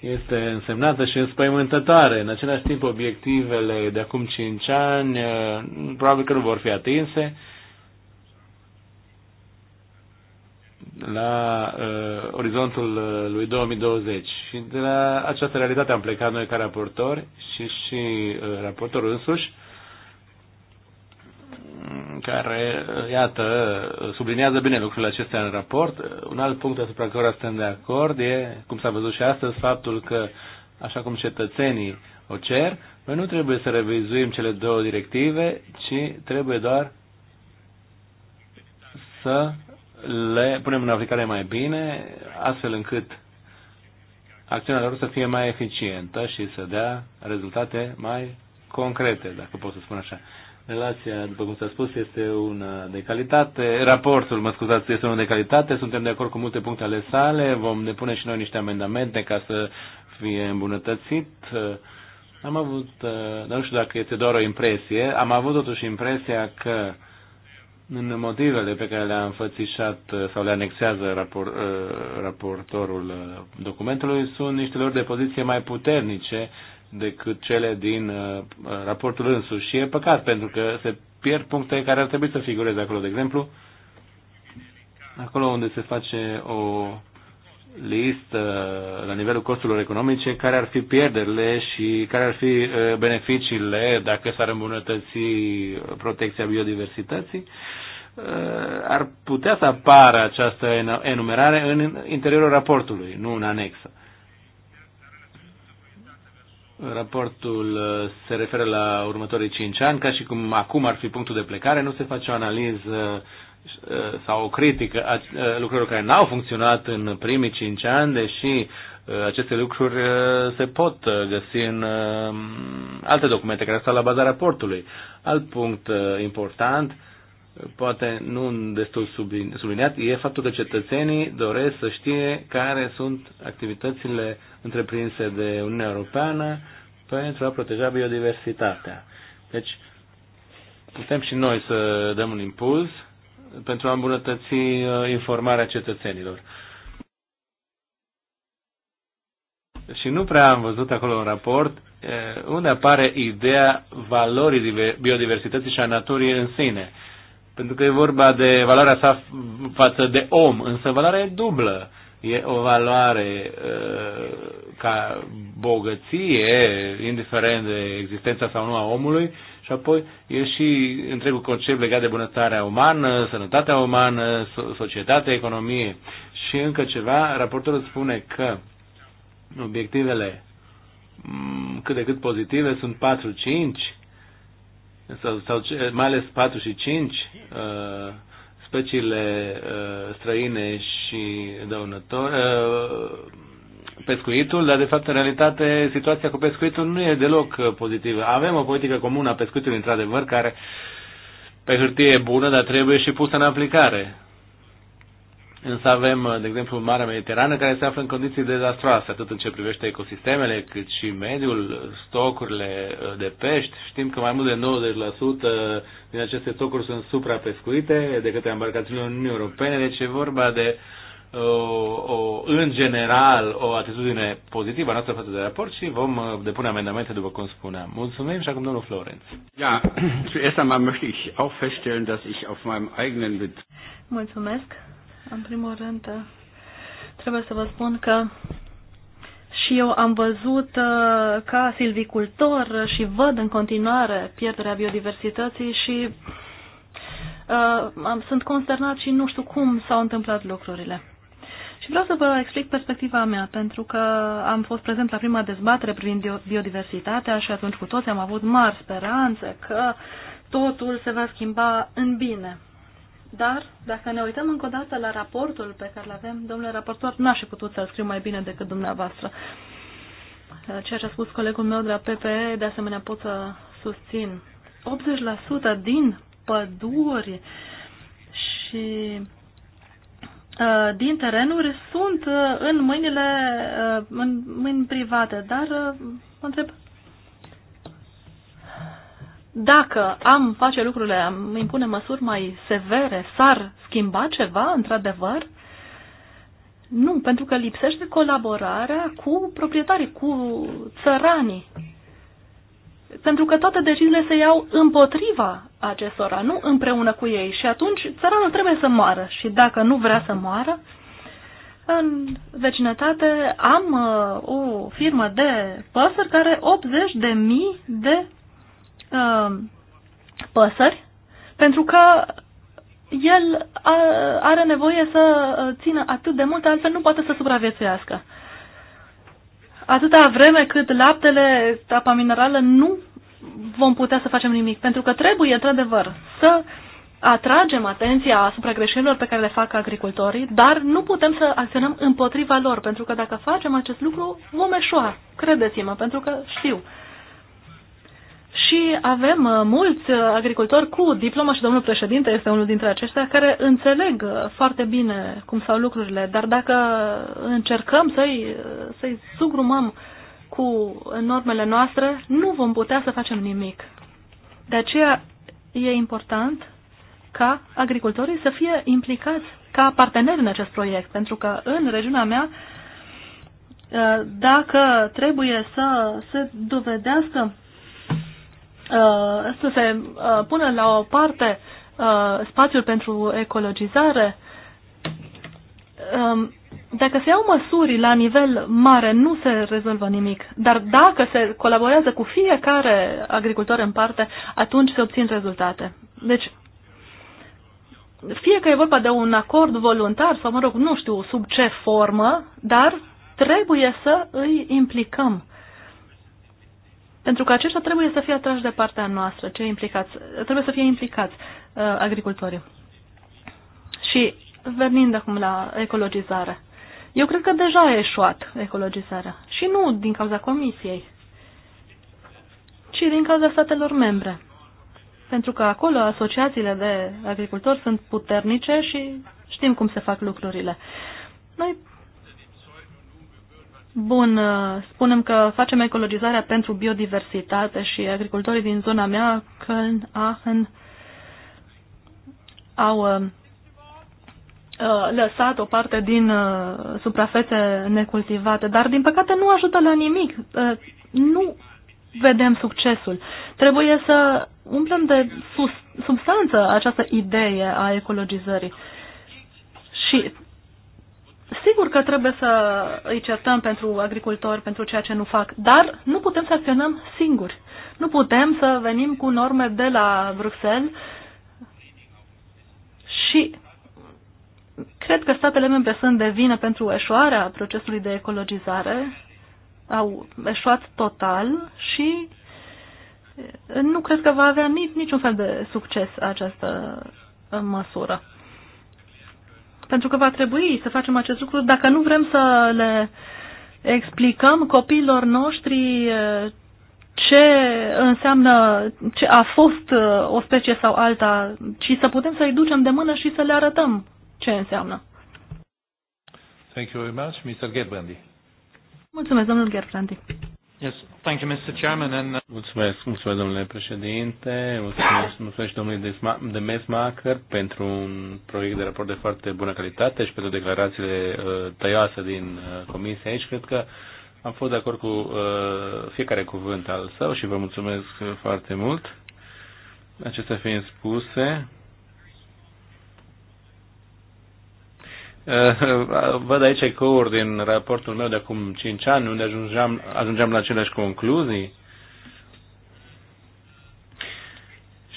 este însemnată și înspăimântătoare. În același timp, obiectivele de acum 5 ani eh, probabil că nu vor fi atinse la uh, orizontul uh, lui 2020. Și de la această realitate am plecat noi ca raportori și și uh, raportorul însuși, care, uh, iată, sublinează bine lucrurile acestea în raport. Un alt punct asupra cărora suntem de acord e, cum s-a văzut și astăzi, faptul că, așa cum cetățenii o cer, noi nu trebuie să revizuim cele două directive, ci trebuie doar să le punem în aplicare mai bine, astfel încât acțiunea lor să fie mai eficientă și să dea rezultate mai concrete, dacă pot să spun așa. Relația, după cum s-a spus, este una de calitate. Raportul, mă scuzați, este unul de calitate. Suntem de acord cu multe puncte ale sale. Vom depune și noi niște amendamente ca să fie îmbunătățit. Am avut, uh, nu știu dacă este doar o impresie, am avut totuși impresia că în motivele pe care le-a înfățișat uh, sau le anexează rapor, uh, raportorul uh, documentului sunt niște lor de poziție mai puternice decât cele din raportul însuși și e păcat pentru că se pierd puncte care ar trebui să figureze acolo. De exemplu, acolo unde se face o listă la nivelul costurilor economice care ar fi pierderile și care ar fi beneficiile dacă s-ar îmbunătăți protecția biodiversității ar putea să apară această enumerare în interiorul raportului, nu în anexă. Raportul se referă la următorii 5 ani, ca și cum acum ar fi punctul de plecare, nu se face o analiză sau o critică a lucrurilor care n-au funcționat în primii cinci ani, deși aceste lucruri se pot găsi în alte documente care stau la baza raportului. Alt punct important, poate nu destul subliniat, e faptul că cetățenii doresc să știe care sunt activitățile întreprinse de Uniunea Europeană pentru a proteja biodiversitatea. Deci, putem și noi să dăm un impuls pentru a îmbunătăți uh, informarea cetățenilor. Și nu prea am văzut acolo un raport uh, unde apare ideea valorii biodiversității și a naturii în sine. Pentru că e vorba de valoarea sa față de om, însă valoarea e dublă. E o valoare uh, ca bogăție, indiferent de existența sau nu a omului, și apoi e și întregul concept legat de bunăstarea umană, sănătatea umană, societatea, economie. Și încă ceva, raportul spune că obiectivele mm, cât de cât pozitive sunt 4-5 sau, sau mai ales 4 și 5 uh, speciile uh, străine și dăunători uh, pescuitul, dar de fapt în realitate situația cu pescuitul nu e deloc uh, pozitivă. Avem o politică comună a pescuitului, într-adevăr, care pe hârtie e bună, dar trebuie și pusă în aplicare. Însă avem, uh, de exemplu, Marea Mediterană care se află în condiții dezastroase, atât în ce privește ecosistemele, cât și mediul, stocurile uh, de pești. Știm că mai mult de 90% din aceste stocuri sunt suprapescuite de către embarcațiunile Uniunii Europene, deci e vorba de uh, o, o, în general o atitudine pozitivă a noastră față de raport și vom uh, depune amendamente după cum spuneam. Mulțumim și acum domnul Florenț. Ja, zuerst einmal möchte ich auch feststellen, dass ich auf meinem eigenen Mulțumesc. În primul rând uh, trebuie să vă spun că și eu am văzut uh, ca silvicultor și văd în continuare pierderea biodiversității și uh, sunt consternat și nu știu cum s-au întâmplat lucrurile vreau să vă explic perspectiva mea, pentru că am fost prezent la prima dezbatere privind biodiversitatea și atunci cu toți am avut mari speranțe că totul se va schimba în bine. Dar, dacă ne uităm încă o dată la raportul pe care îl avem, domnule raportor, n-aș fi putut să-l scriu mai bine decât dumneavoastră. Ceea ce a spus colegul meu de la PPE, de asemenea pot să susțin. 80% din păduri și Uh, din terenuri sunt uh, în mâinile, uh, în mâini private, dar mă întreb dacă am face lucrurile, am impune măsuri mai severe, s-ar schimba ceva, într-adevăr? Nu, pentru că lipsește colaborarea cu proprietarii, cu țăranii pentru că toate deciziile se iau împotriva acestora, nu împreună cu ei. Și atunci țăranul trebuie să moară și dacă nu vrea să moară, în vecinătate am uh, o firmă de păsări care 80 de mii de uh, păsări, pentru că el are nevoie să uh, țină atât de mult, altfel nu poate să supraviețuiască atâta vreme cât laptele, apa minerală, nu vom putea să facem nimic. Pentru că trebuie, într-adevăr, să atragem atenția asupra greșelilor pe care le fac agricultorii, dar nu putem să acționăm împotriva lor, pentru că dacă facem acest lucru, vom eșua, credeți-mă, pentru că știu. Și avem uh, mulți uh, agricultori cu diplomă și domnul președinte este unul dintre aceștia care înțeleg uh, foarte bine cum stau lucrurile, dar dacă încercăm să-i, să sugrumăm cu normele noastre, nu vom putea să facem nimic. De aceea e important ca agricultorii să fie implicați ca parteneri în acest proiect, pentru că în regiunea mea, dacă trebuie să se dovedească Uh, să se uh, pună la o parte uh, spațiul pentru ecologizare, um, dacă se iau măsuri la nivel mare, nu se rezolvă nimic. Dar dacă se colaborează cu fiecare agricultor în parte, atunci se obțin rezultate. Deci, fie că e vorba de un acord voluntar sau, mă rog, nu știu sub ce formă, dar trebuie să îi implicăm pentru că aceștia trebuie să fie atrași de partea noastră, cei implicați, trebuie să fie implicați uh, agricultorii. Și venind acum la ecologizare, eu cred că deja a eșuat ecologizarea și nu din cauza comisiei, ci din cauza statelor membre. Pentru că acolo asociațiile de agricultori sunt puternice și știm cum se fac lucrurile. Noi Bun, uh, spunem că facem ecologizarea pentru biodiversitate și agricultorii din zona mea, Köln, Aachen, au uh, uh, lăsat o parte din suprafețe necultivate, dar din păcate nu ajută la nimic. Nu vedem succesul. Trebuie să umplem de sus substanță această idee a ecologizării. Și Sigur că trebuie să îi certăm pentru agricultori, pentru ceea ce nu fac, dar nu putem să acționăm singuri. Nu putem să venim cu norme de la Bruxelles și cred că statele membre sunt de vină pentru eșoarea procesului de ecologizare, au eșuat total și nu cred că va avea niciun fel de succes această măsură. Pentru că va trebui să facem acest lucru dacă nu vrem să le explicăm copiilor noștri eh, ce înseamnă ce a fost eh, o specie sau alta, ci să putem să-i ducem de mână și să le arătăm ce înseamnă. Thank you very much, Mr. Gerbrandi. Mulțumesc, domnul Gerbrandi. Yes, thank you, Mr. Chairman. And... Uh, mulțumesc, mulțumesc, domnule președinte, mulțumesc, mulțumesc domnului de Mesmacher pentru un proiect de raport de foarte bună calitate și pentru declarațiile uh, tăioase din uh, comisie aici. Cred că am fost de acord cu uh, fiecare cuvânt al său și vă mulțumesc foarte mult. Acestea fiind spuse, Eh, văd aici ecouri din raportul meu de acum 5 ani, unde ajungeam, ajungeam la aceleași concluzii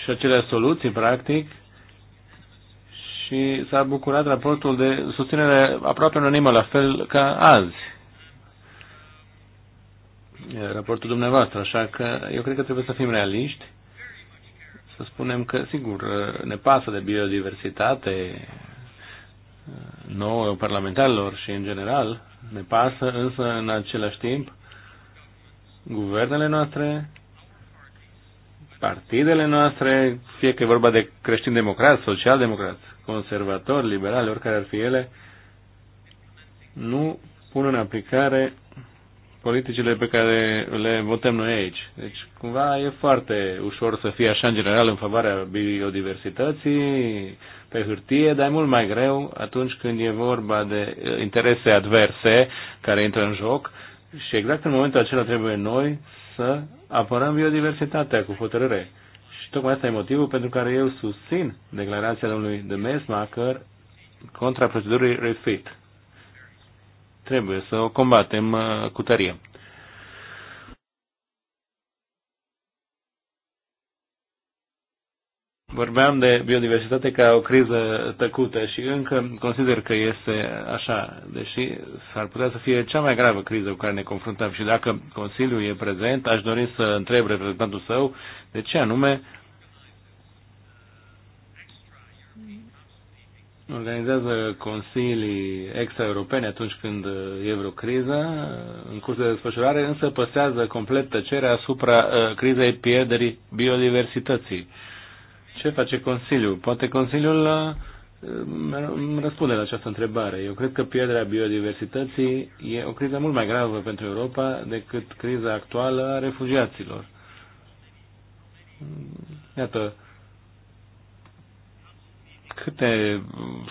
și acele soluții, practic, și s-a bucurat raportul de susținere aproape unanimă, la fel ca azi raportul dumneavoastră, așa că eu cred că trebuie să fim realiști, să spunem că, sigur, ne pasă de biodiversitate, nouă parlamentarilor și în general ne pasă, însă în același timp guvernele noastre, partidele noastre, fie că e vorba de creștini democrați, social-democrați, conservatori, liberali, oricare ar fi ele, nu pun în aplicare politicile pe care le votăm noi aici. Deci, cumva e foarte ușor să fie așa în general în favoarea biodiversității, pe hârtie, dar e mult mai greu atunci când e vorba de uh, interese adverse care intră în joc și exact în momentul acela trebuie noi să apărăm biodiversitatea cu hotărâre. Și tocmai asta e motivul pentru care eu susțin declarația domnului de Mesmacher contra procedurii refit trebuie să o combatem uh, cu tărie. Vorbeam de biodiversitate ca o criză tăcută și încă consider că este așa, deși s-ar putea să fie cea mai gravă criză cu care ne confruntăm și dacă Consiliul e prezent, aș dori să întreb reprezentantul său de ce anume organizează consilii extraeuropene atunci când uh, e vreo criză uh, în curs de desfășurare, însă păstrează complet tăcerea asupra uh, crizei pierderii biodiversității. Ce face Consiliul? Poate Consiliul uh, răspunde la această întrebare. Eu cred că pierderea biodiversității e o criză mult mai gravă pentru Europa decât criza actuală a refugiaților. Iată, câte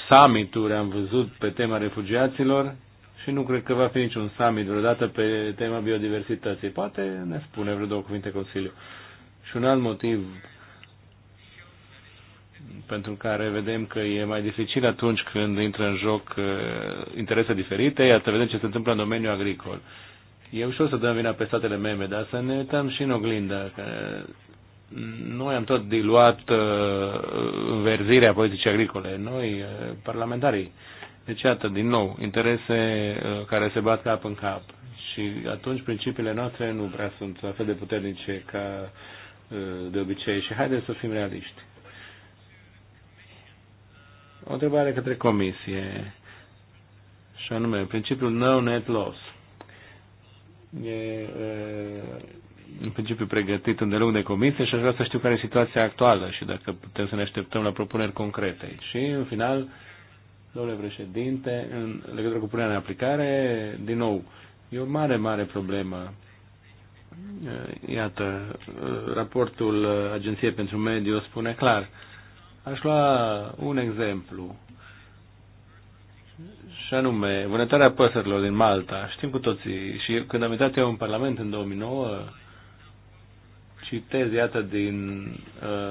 summituri am văzut pe tema refugiaților și nu cred că va fi niciun summit vreodată pe tema biodiversității. Poate ne spune vreo două cuvinte Consiliu. Și un alt motiv pentru care vedem că e mai dificil atunci când intră în joc uh, interese diferite, iată, vedem ce se întâmplă în domeniul agricol. E ușor să dăm vina pe statele meme, dar să ne uităm și în oglindă, că noi am tot diluat uh, verzirea politicii agricole, noi, uh, parlamentarii. Deci, iată, din nou, interese uh, care se bat cap în cap. Și atunci principiile noastre nu prea sunt la fel de puternice ca uh, de obicei. Și haideți să fim realiști. O întrebare către comisie. Și anume, principiul no net loss. E, uh, în principiu pregătit îndelung de comisie și aș vrea să știu care e situația actuală și dacă putem să ne așteptăm la propuneri concrete. Și, în final, domnule președinte, în legătură cu punerea în aplicare, din nou, e o mare, mare problemă. Iată, raportul Agenției pentru Mediu spune clar. Aș lua un exemplu. Și anume, vânătoarea păsărilor din Malta. Știm cu toții. Și când am intrat eu în Parlament în 2009, citez, iată, din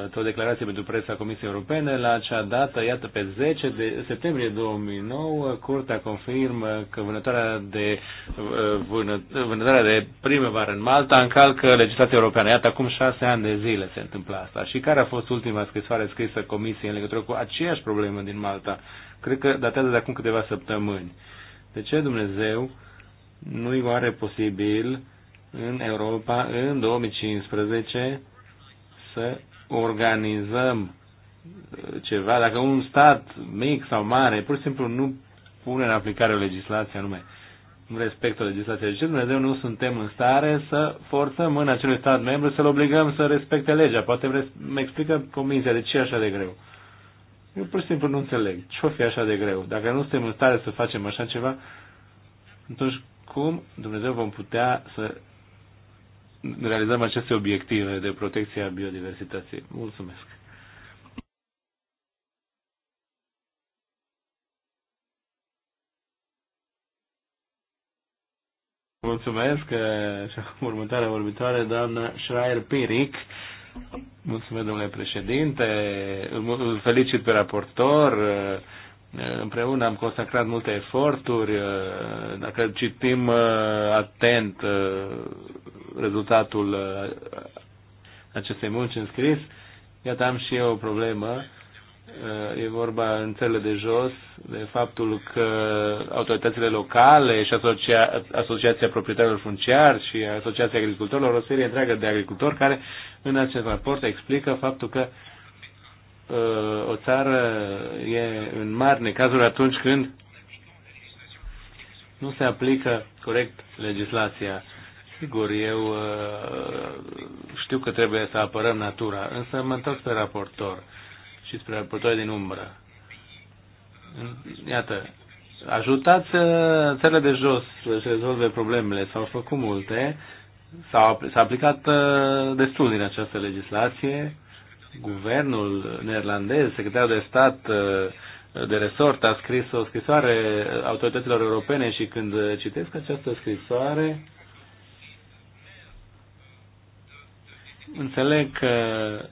uh, o declarație pentru presa Comisiei Europene, la acea dată, iată, pe 10 de septembrie 2009, Curtea confirmă că vânătoarea de, uh, vână, vânătoarea de primăvară în Malta încalcă legislația europeană. Iată, acum șase ani de zile se întâmplă asta. Și care a fost ultima scrisoare scrisă Comisiei în legătură cu aceeași problemă din Malta? Cred că datează de acum câteva săptămâni. De ce Dumnezeu nu-i oare posibil uh, în Europa în 2015 să organizăm uh, ceva, dacă un stat mic sau mare pur și simplu nu pune în aplicare o legislație anume, nu respectă legislația. ce Dumnezeu nu suntem în stare să forțăm în acelui stat membru să-l obligăm să respecte legea. Poate mă explică comisia de ce e așa de greu. Eu pur și simplu nu înțeleg ce-o fi așa de greu. Dacă nu suntem în stare să facem așa ceva, atunci cum Dumnezeu vom putea să realizăm aceste obiective de protecție a biodiversității. Mulțumesc! Mulțumesc și următoarea vorbitoare, doamna Schreier-Piric. Mulțumesc, domnule președinte. Îl felicit pe raportor Împreună am consacrat multe eforturi. Dacă citim uh, atent uh, rezultatul uh, acestei munci scris, iată am și eu o problemă. E vorba în țările de jos de faptul că autoritățile locale și asocia, Asociația Proprietarilor Funciari și Asociația Agricultorilor, o serie întreagă de agricultori care în acest raport explică faptul că uh, Uh, o țară e în mari necazuri atunci când nu se aplică corect legislația. Sigur, eu uh, știu că trebuie să apărăm natura, însă mă întorc spre raportor și spre raportor din umbră. Iată, ajutați uh, țările de jos să rezolve problemele. S-au făcut multe, s-a aplicat destul din această legislație guvernul neerlandez, secretarul de stat uh, de resort a scris o scrisoare uh, autorităților europene și când uh, citesc această scrisoare înțeleg că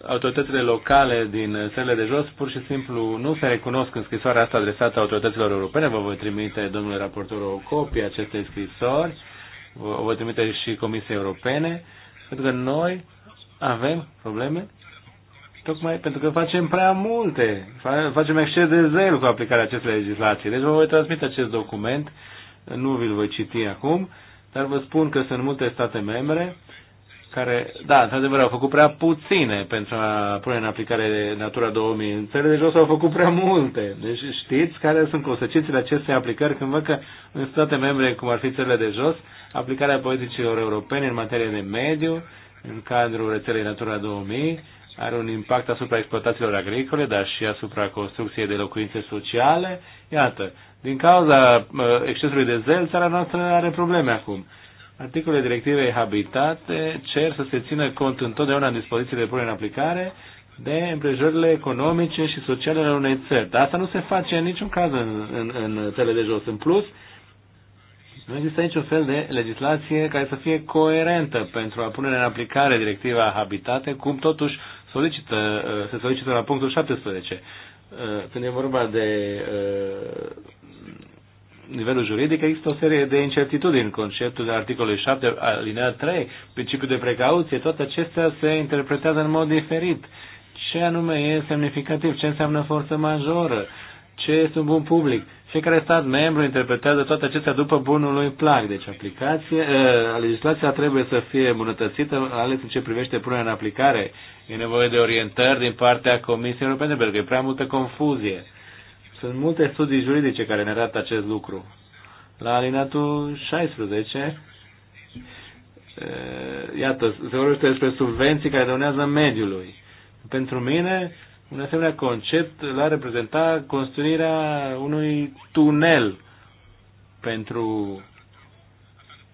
autoritățile locale din țările de jos pur și simplu nu se recunosc în scrisoarea asta adresată autorităților europene. Vă voi trimite, domnule raportor, o copie acestei scrisori, vă voi trimite și Comisiei Europene, pentru că noi avem probleme tocmai pentru că facem prea multe, facem exces de zel cu aplicarea acestei legislații. Deci vă voi transmite acest document, nu vi-l voi citi acum, dar vă spun că sunt multe state membre care, da, într-adevăr, au făcut prea puține pentru a pune în aplicare Natura 2000. În deci de jos au făcut prea multe. Deci știți care sunt consecințele acestei aplicări când văd că în state membre, cum ar fi țările de jos, aplicarea politicilor europene în materie de mediu, în cadrul rețelei Natura 2000, are un impact asupra exploatațiilor agricole, dar și asupra construcției de locuințe sociale. Iată, din cauza uh, excesului de zel, țara noastră are probleme acum. Articolele directivei Habitate cer să se țină cont întotdeauna în dispozițiile pune punere în aplicare de împrejurările economice și sociale ale unei țări. Dar asta nu se face în niciun caz în, în, în țările de jos. În plus, nu există niciun fel de legislație care să fie coerentă pentru a pune în aplicare directiva Habitate, cum totuși solicită, uh, se solicită la punctul 17. Uh, când e vorba de uh, nivelul juridic, există o serie de incertitudini în conceptul de articolul 7, alinea 3, principiul de precauție, toate acestea se interpretează în mod diferit. Ce anume e semnificativ? Ce înseamnă forță majoră? ce este un bun public. Fiecare stat membru interpretează toate acestea după bunul lui plac. Deci aplicație, eh, legislația trebuie să fie îmbunătățită, ales în ce privește punerea în aplicare. E nevoie de orientări din partea Comisiei Europene, pentru că e prea multă confuzie. Sunt multe studii juridice care ne arată acest lucru. La alinatul 16, eh, iată, se vorbește despre subvenții care dăunează mediului. Pentru mine, un asemenea concept l-a reprezenta construirea unui tunel pentru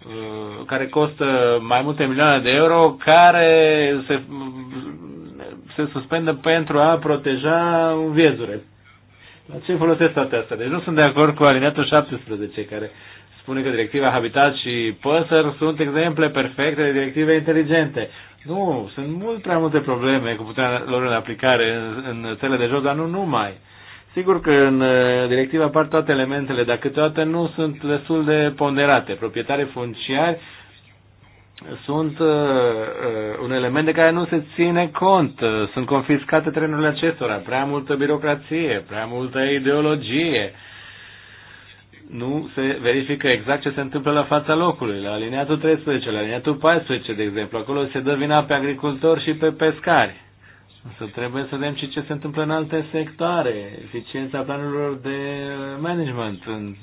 uh, care costă mai multe milioane de euro, care se, se suspendă pentru a proteja un viezure. La ce folosesc toate astea? Deci nu sunt de acord cu alineatul 17, care spune că directiva Habitat și Păsări sunt exemple perfecte de directive inteligente. Nu, sunt mult prea multe probleme cu puterea lor în aplicare în, în țele de jos, dar nu numai. Sigur că în uh, directiva apar toate elementele, dar câteodată nu sunt destul de ponderate. Proprietarii funciari sunt uh, uh un element de care nu se ține cont. Uh, sunt confiscate trenurile acestora, prea multă birocrație, prea multă ideologie. Uh, nu se verifică exact ce se întâmplă la fața locului, la alineatul 13, la alineatul 14, de exemplu. Acolo se dă vina pe agricultori și pe pescari. Însă trebuie să vedem și ce se întâmplă în alte sectoare. Eficiența planurilor de management în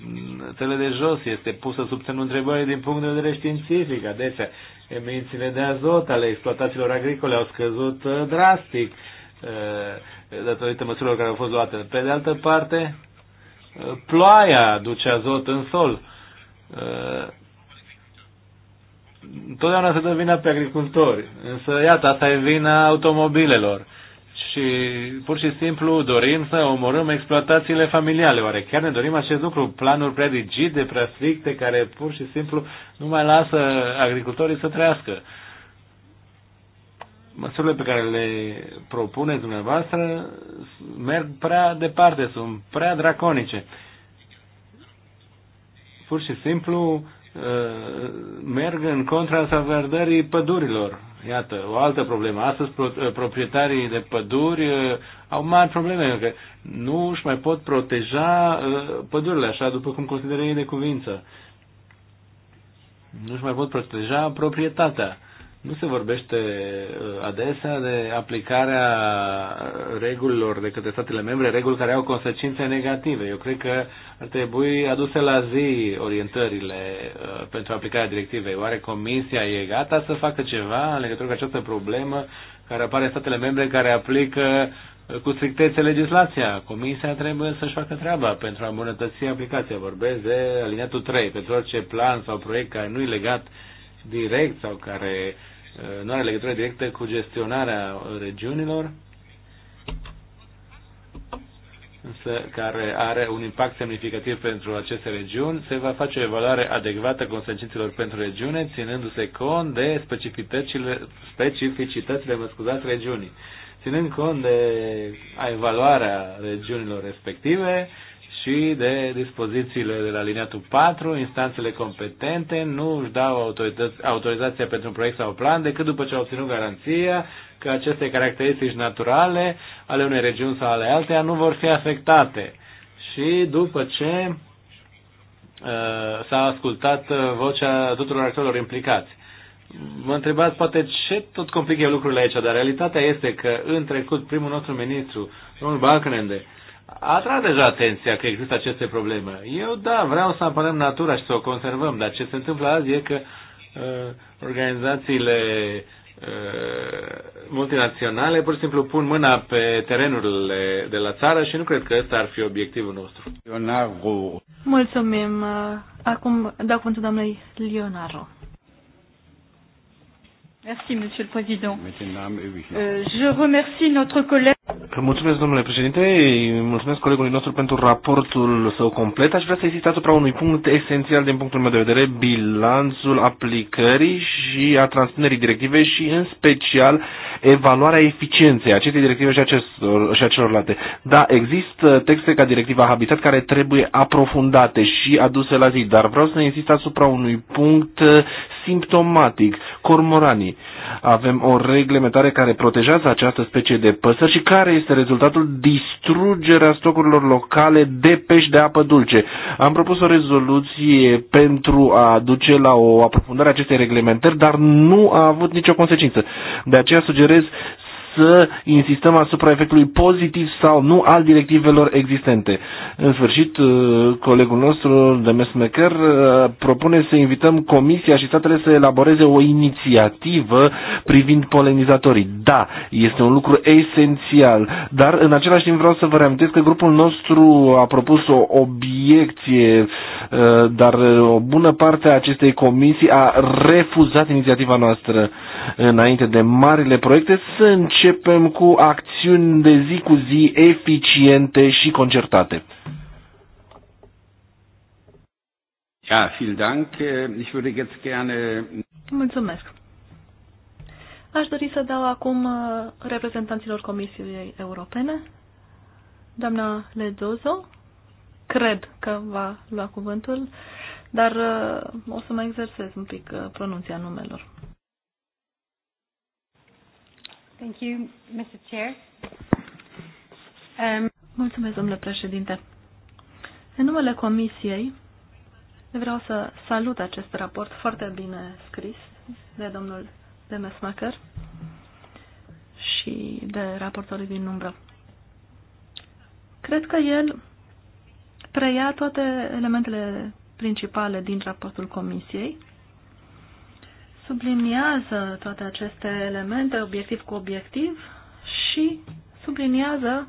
cele de jos este pusă sub semnul întrebării din punct de vedere științific. Adesea, emisiile de azot ale exploatațiilor agricole au scăzut uh, drastic uh, datorită măsurilor care au fost luate. Pe de altă parte, Ploaia duce azot în sol. Întotdeauna se dă vina pe agricultori, însă iată, asta e vina automobilelor. Și pur și simplu dorim să omorâm exploatațiile familiale. Oare chiar ne dorim acest lucru? Planuri prea rigide, prea stricte, care pur și simplu nu mai lasă agricultorii să trăiască măsurile pe care le propuneți dumneavoastră merg prea departe, sunt prea draconice. Pur și simplu uh, merg în contra salvardării pădurilor. Iată, o altă problemă. Astăzi uh, proprietarii de păduri uh, au mari probleme, că nu își mai pot proteja pădurile, așa după cum consideră ei de cuvință. Nu își mai pot proteja proprietatea. Nu se vorbește uh, adesea de aplicarea regulilor de către statele membre, reguli care au consecințe negative. Eu cred că ar trebui aduse la zi orientările uh, pentru aplicarea directivei. Oare Comisia e gata să facă ceva în legătură cu această problemă care apare în statele membre care aplică uh, cu strictețe legislația. Comisia trebuie să-și facă treaba pentru a îmbunătăți aplicația. Vorbesc de aliniatul 3. Pentru orice plan sau proiect care nu e legat direct sau care uh, nu are legătură directă cu gestionarea regiunilor, însă care are un impact semnificativ pentru aceste regiuni, se va face o evaluare adecvată consecințelor pentru regiune, ținându-se cont de specificitățile, specificitățile mă scuzați, regiunii. Ținând cont de evaluarea regiunilor respective, și de dispozițiile de la liniatul 4, instanțele competente nu își dau autorizația pentru un proiect sau un plan decât după ce au obținut garanția că aceste caracteristici naturale ale unei regiuni sau ale alteia nu vor fi afectate și după ce uh, s-a ascultat uh, vocea tuturor actorilor implicați. Mă întrebați poate ce tot complică lucrurile aici, dar realitatea este că în trecut primul nostru ministru, domnul Balkenende, a atras deja atenția că există aceste probleme. Eu, da, vreau să apărăm natura și să o conservăm, dar ce se întâmplă azi e că uh, organizațiile uh, multinaționale pur și simplu pun mâna pe terenurile de la țară și nu cred că ăsta ar fi obiectivul nostru. Leonardo. Mulțumim. Uh, acum dau cuvântul doamnei Leonardo. Merci, Monsieur le Président. Euh, je remercie notre collègue. Mulțumesc, domnule președinte, mulțumesc colegului nostru pentru raportul său complet. Aș vrea să insist asupra unui punct esențial din punctul meu de vedere, bilanțul aplicării și a transpunerii directivei și, în special, evaluarea eficienței acestei directive și, acestor, și a Da, există texte ca directiva Habitat care trebuie aprofundate și aduse la zi, dar vreau să insist asupra unui punct simptomatic, cormoranii. Avem o reglementare care protejează această specie de păsări și care este rezultatul distrugerea stocurilor locale de pești de apă dulce. Am propus o rezoluție pentru a duce la o aprofundare a acestei reglementări, dar nu a avut nicio consecință. De aceea sugerez să insistăm asupra efectului pozitiv sau nu al directivelor existente. În sfârșit, uh, colegul nostru demes Mesmecher uh, propune să invităm Comisia și statele să elaboreze o inițiativă privind polenizatorii. Da, este un lucru esențial, dar în același timp vreau să vă reamintesc că grupul nostru a propus o obiecție, uh, dar o bună parte a acestei comisii a refuzat inițiativa noastră înainte de marile proiecte Sunt începem cu acțiuni de zi cu zi eficiente și concertate. Ja, vielen Dank. Ich würde jetzt gerne Mulțumesc. Aș dori să dau acum uh, reprezentanților Comisiei Europene. Doamna Ledozo, cred că va lua cuvântul, dar uh, o să mă exersez un pic uh, pronunția numelor. Thank you, Mr. Chair. Um... Mulțumesc, domnule președinte. În numele Comisiei, vreau să salut acest raport foarte bine scris de domnul Demesmacher și de raportorii din umbră. Cred că el preia toate elementele principale din raportul Comisiei subliniază toate aceste elemente, obiectiv cu obiectiv, și subliniază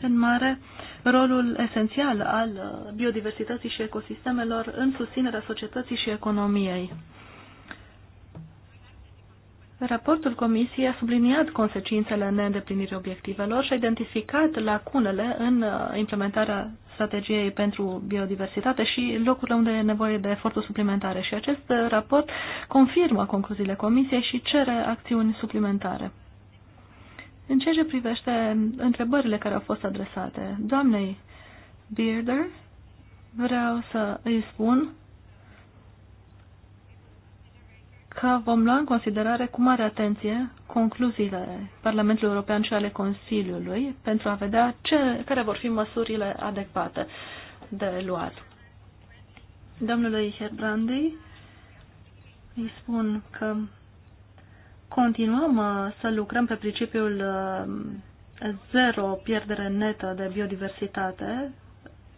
în mare rolul esențial al uh, biodiversității și ecosistemelor în susținerea societății și economiei. Raportul Comisiei a subliniat consecințele neîndeplinirii obiectivelor și a identificat lacunele în uh, implementarea strategiei pentru biodiversitate și locurile unde e nevoie de eforturi suplimentare. Și acest uh, raport confirmă concluziile Comisiei și cere acțiuni suplimentare. În ceea ce privește întrebările care au fost adresate doamnei Bearder, vreau să îi spun că vom lua în considerare cu mare atenție concluziile Parlamentului European și ale Consiliului pentru a vedea ce, care vor fi măsurile adecvate de luat. Domnului Herbrandi îi spun că continuăm uh, să lucrăm pe principiul uh, zero pierdere netă de biodiversitate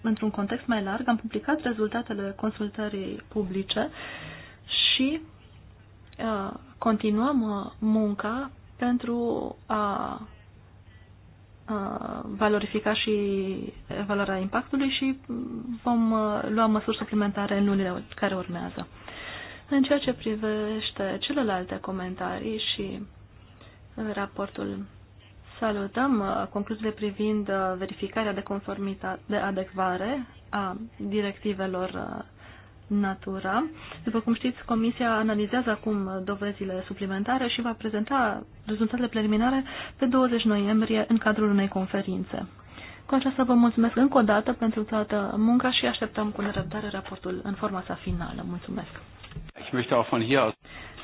într-un context mai larg. Am publicat rezultatele consultării publice și Uh, continuăm uh, munca pentru a uh, valorifica și valoarea impactului și vom lua măsuri suplimentare în lunile care urmează. În ceea ce privește celelalte comentarii și raportul, salutăm concluziile privind verificarea de conformitate, de adecvare a directivelor natură. După cum știți, Comisia analizează acum dovezile suplimentare și va prezenta rezultatele preliminare pe 20 noiembrie în cadrul unei conferințe. Cu aceasta vă mulțumesc încă o dată pentru toată munca și așteptăm cu nerăbdare raportul în forma sa finală. Mulțumesc!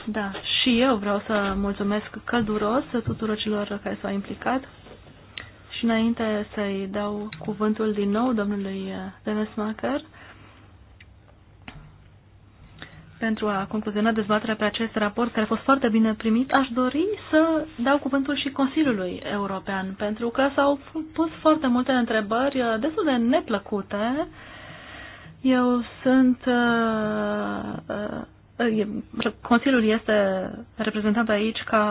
da, și eu vreau să mulțumesc călduros tuturor celor care s-au implicat. Și înainte să-i dau cuvântul din nou domnului Macker, pentru a concluziona dezbaterea pe acest raport, care a fost foarte bine primit, aș dori să dau cuvântul și Consiliului European, pentru că s-au pus foarte multe întrebări uh, destul de neplăcute. Eu sunt. Uh, uh, uh Consiliul este reprezentat aici ca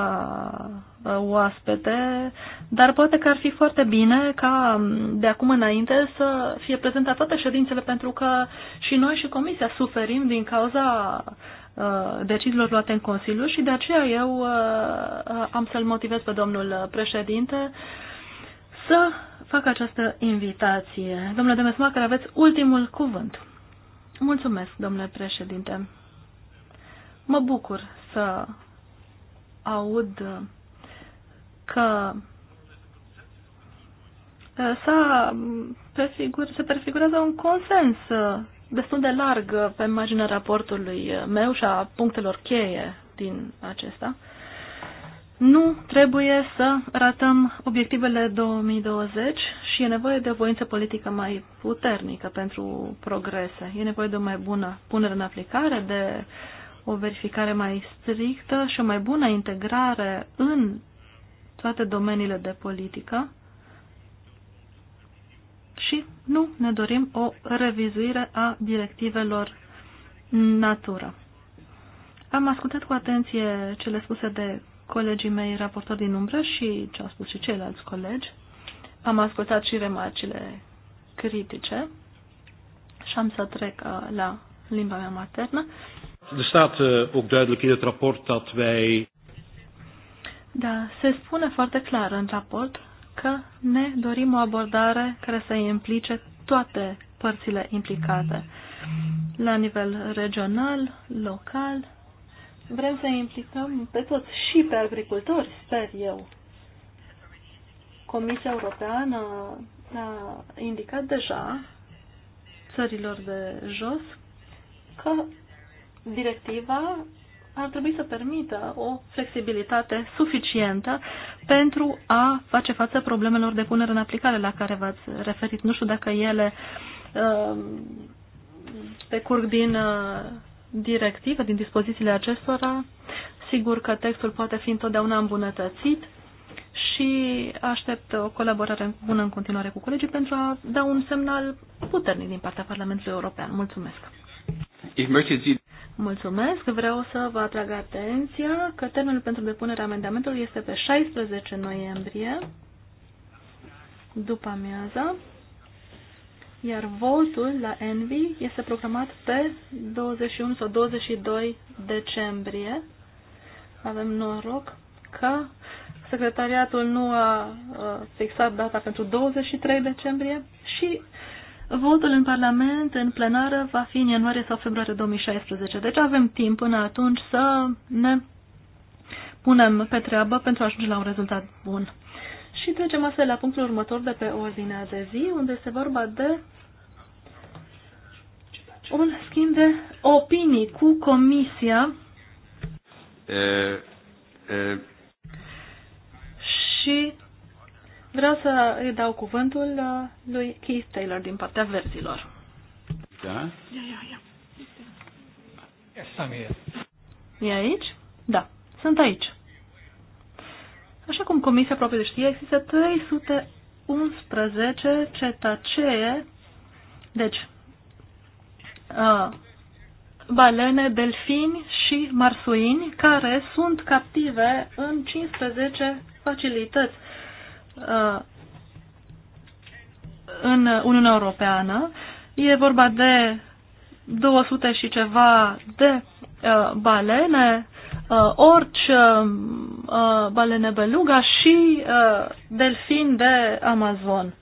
Uh, oaspete, dar poate că ar fi foarte bine ca um, de acum înainte să fie prezente toate ședințele, pentru că și noi și Comisia suferim din cauza uh, deciziilor luate în Consiliu și de aceea eu uh, am să-l motivez pe domnul președinte să fac această invitație. Domnule Demesmacher, aveți ultimul cuvânt. Mulțumesc, domnule președinte. Mă bucur să aud că s-a prefigura, se prefigurează un consens destul de larg pe marginea raportului meu și a punctelor cheie din acesta. Nu trebuie să ratăm obiectivele 2020 și e nevoie de o voință politică mai puternică pentru progrese. E nevoie de o mai bună punere în aplicare, de o verificare mai strictă și o mai bună integrare în toate domeniile de politică și nu ne dorim o revizuire a directivelor natură. Am ascultat cu atenție cele spuse de colegii mei raportori din umbră și ce au spus și ceilalți colegi. Am ascultat și remarcile critice și am să trec uh, la limba mea maternă. Er staat uh, ook duidelijk in het rapport dat wij da, se spune foarte clar în raport că ne dorim o abordare care să implice toate părțile implicate. La nivel regional, local, vrem să implicăm pe toți și pe agricultori, sper eu. Comisia Europeană a indicat deja țărilor de jos că directiva ar trebui să permită o flexibilitate suficientă pentru a face față problemelor de punere în aplicare la care v-ați referit. Nu știu dacă ele pe um, curg din uh, directivă, din dispozițiile acestora. Sigur că textul poate fi întotdeauna îmbunătățit și aștept o colaborare bună în continuare cu colegii pentru a da un semnal puternic din partea Parlamentului European. Mulțumesc! Ich möchte Sie Mulțumesc. Vreau să vă atrag atenția că termenul pentru depunerea amendamentului este pe 16 noiembrie, după amiază, iar votul la ENVI este programat pe 21 sau 22 decembrie. Avem noroc că secretariatul nu a fixat data pentru 23 decembrie și Votul în Parlament, în plenară, va fi în ianuarie sau februarie 2016. Deci avem timp până atunci să ne punem pe treabă pentru a ajunge la un rezultat bun. Și trecem astfel la punctul următor de pe ordinea de zi, unde este vorba de un schimb de opinii cu Comisia. E, eh, e. Eh. Și Vreau să îi dau cuvântul uh, lui Keith Taylor din partea verzilor. Da? Ia, ia, ia. E aici? Da, sunt aici. Așa cum Comisia de știe, există 311 cetacee, deci uh, balene, delfini și marsuini, care sunt captive în 15 facilități Uh, în Uniunea Europeană. E vorba de 200 și ceva de uh, balene, uh, orci, balene beluga și delfin de Amazon.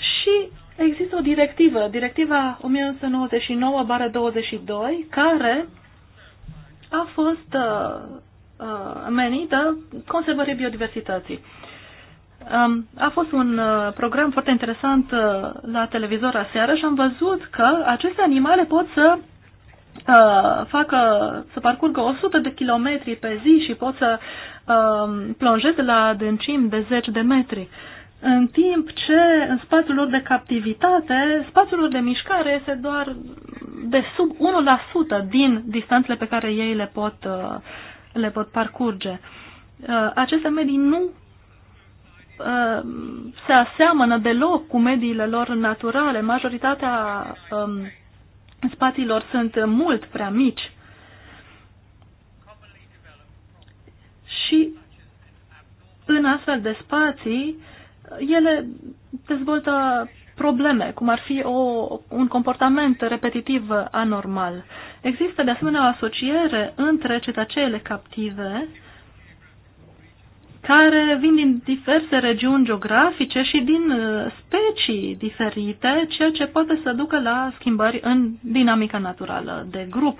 Și există o directivă, directiva 1999-22, care a fost Uh, menită conservării biodiversității. Um, a fost un uh, program foarte interesant uh, la televizor aseară și am văzut că aceste animale pot să facă, să parcurgă 100 de kilometri pe zi și pot să um, plonjeze la adâncimi de 10 de metri. În timp ce în spațiul lor de captivitate, spațiul lor de mișcare este doar de sub 1% din distanțele pe care ei le pot uh, le pot parcurge. Uh, aceste medii nu uh, se aseamănă deloc cu mediile lor naturale. Majoritatea um, spațiilor sunt mult prea mici. Și în astfel de spații, ele dezvoltă probleme, cum ar fi o, un comportament repetitiv anormal. Există de asemenea o asociere între cetăceele captive care vin din diverse regiuni geografice și din uh, specii diferite, ceea ce poate să ducă la schimbări în dinamica naturală de grup.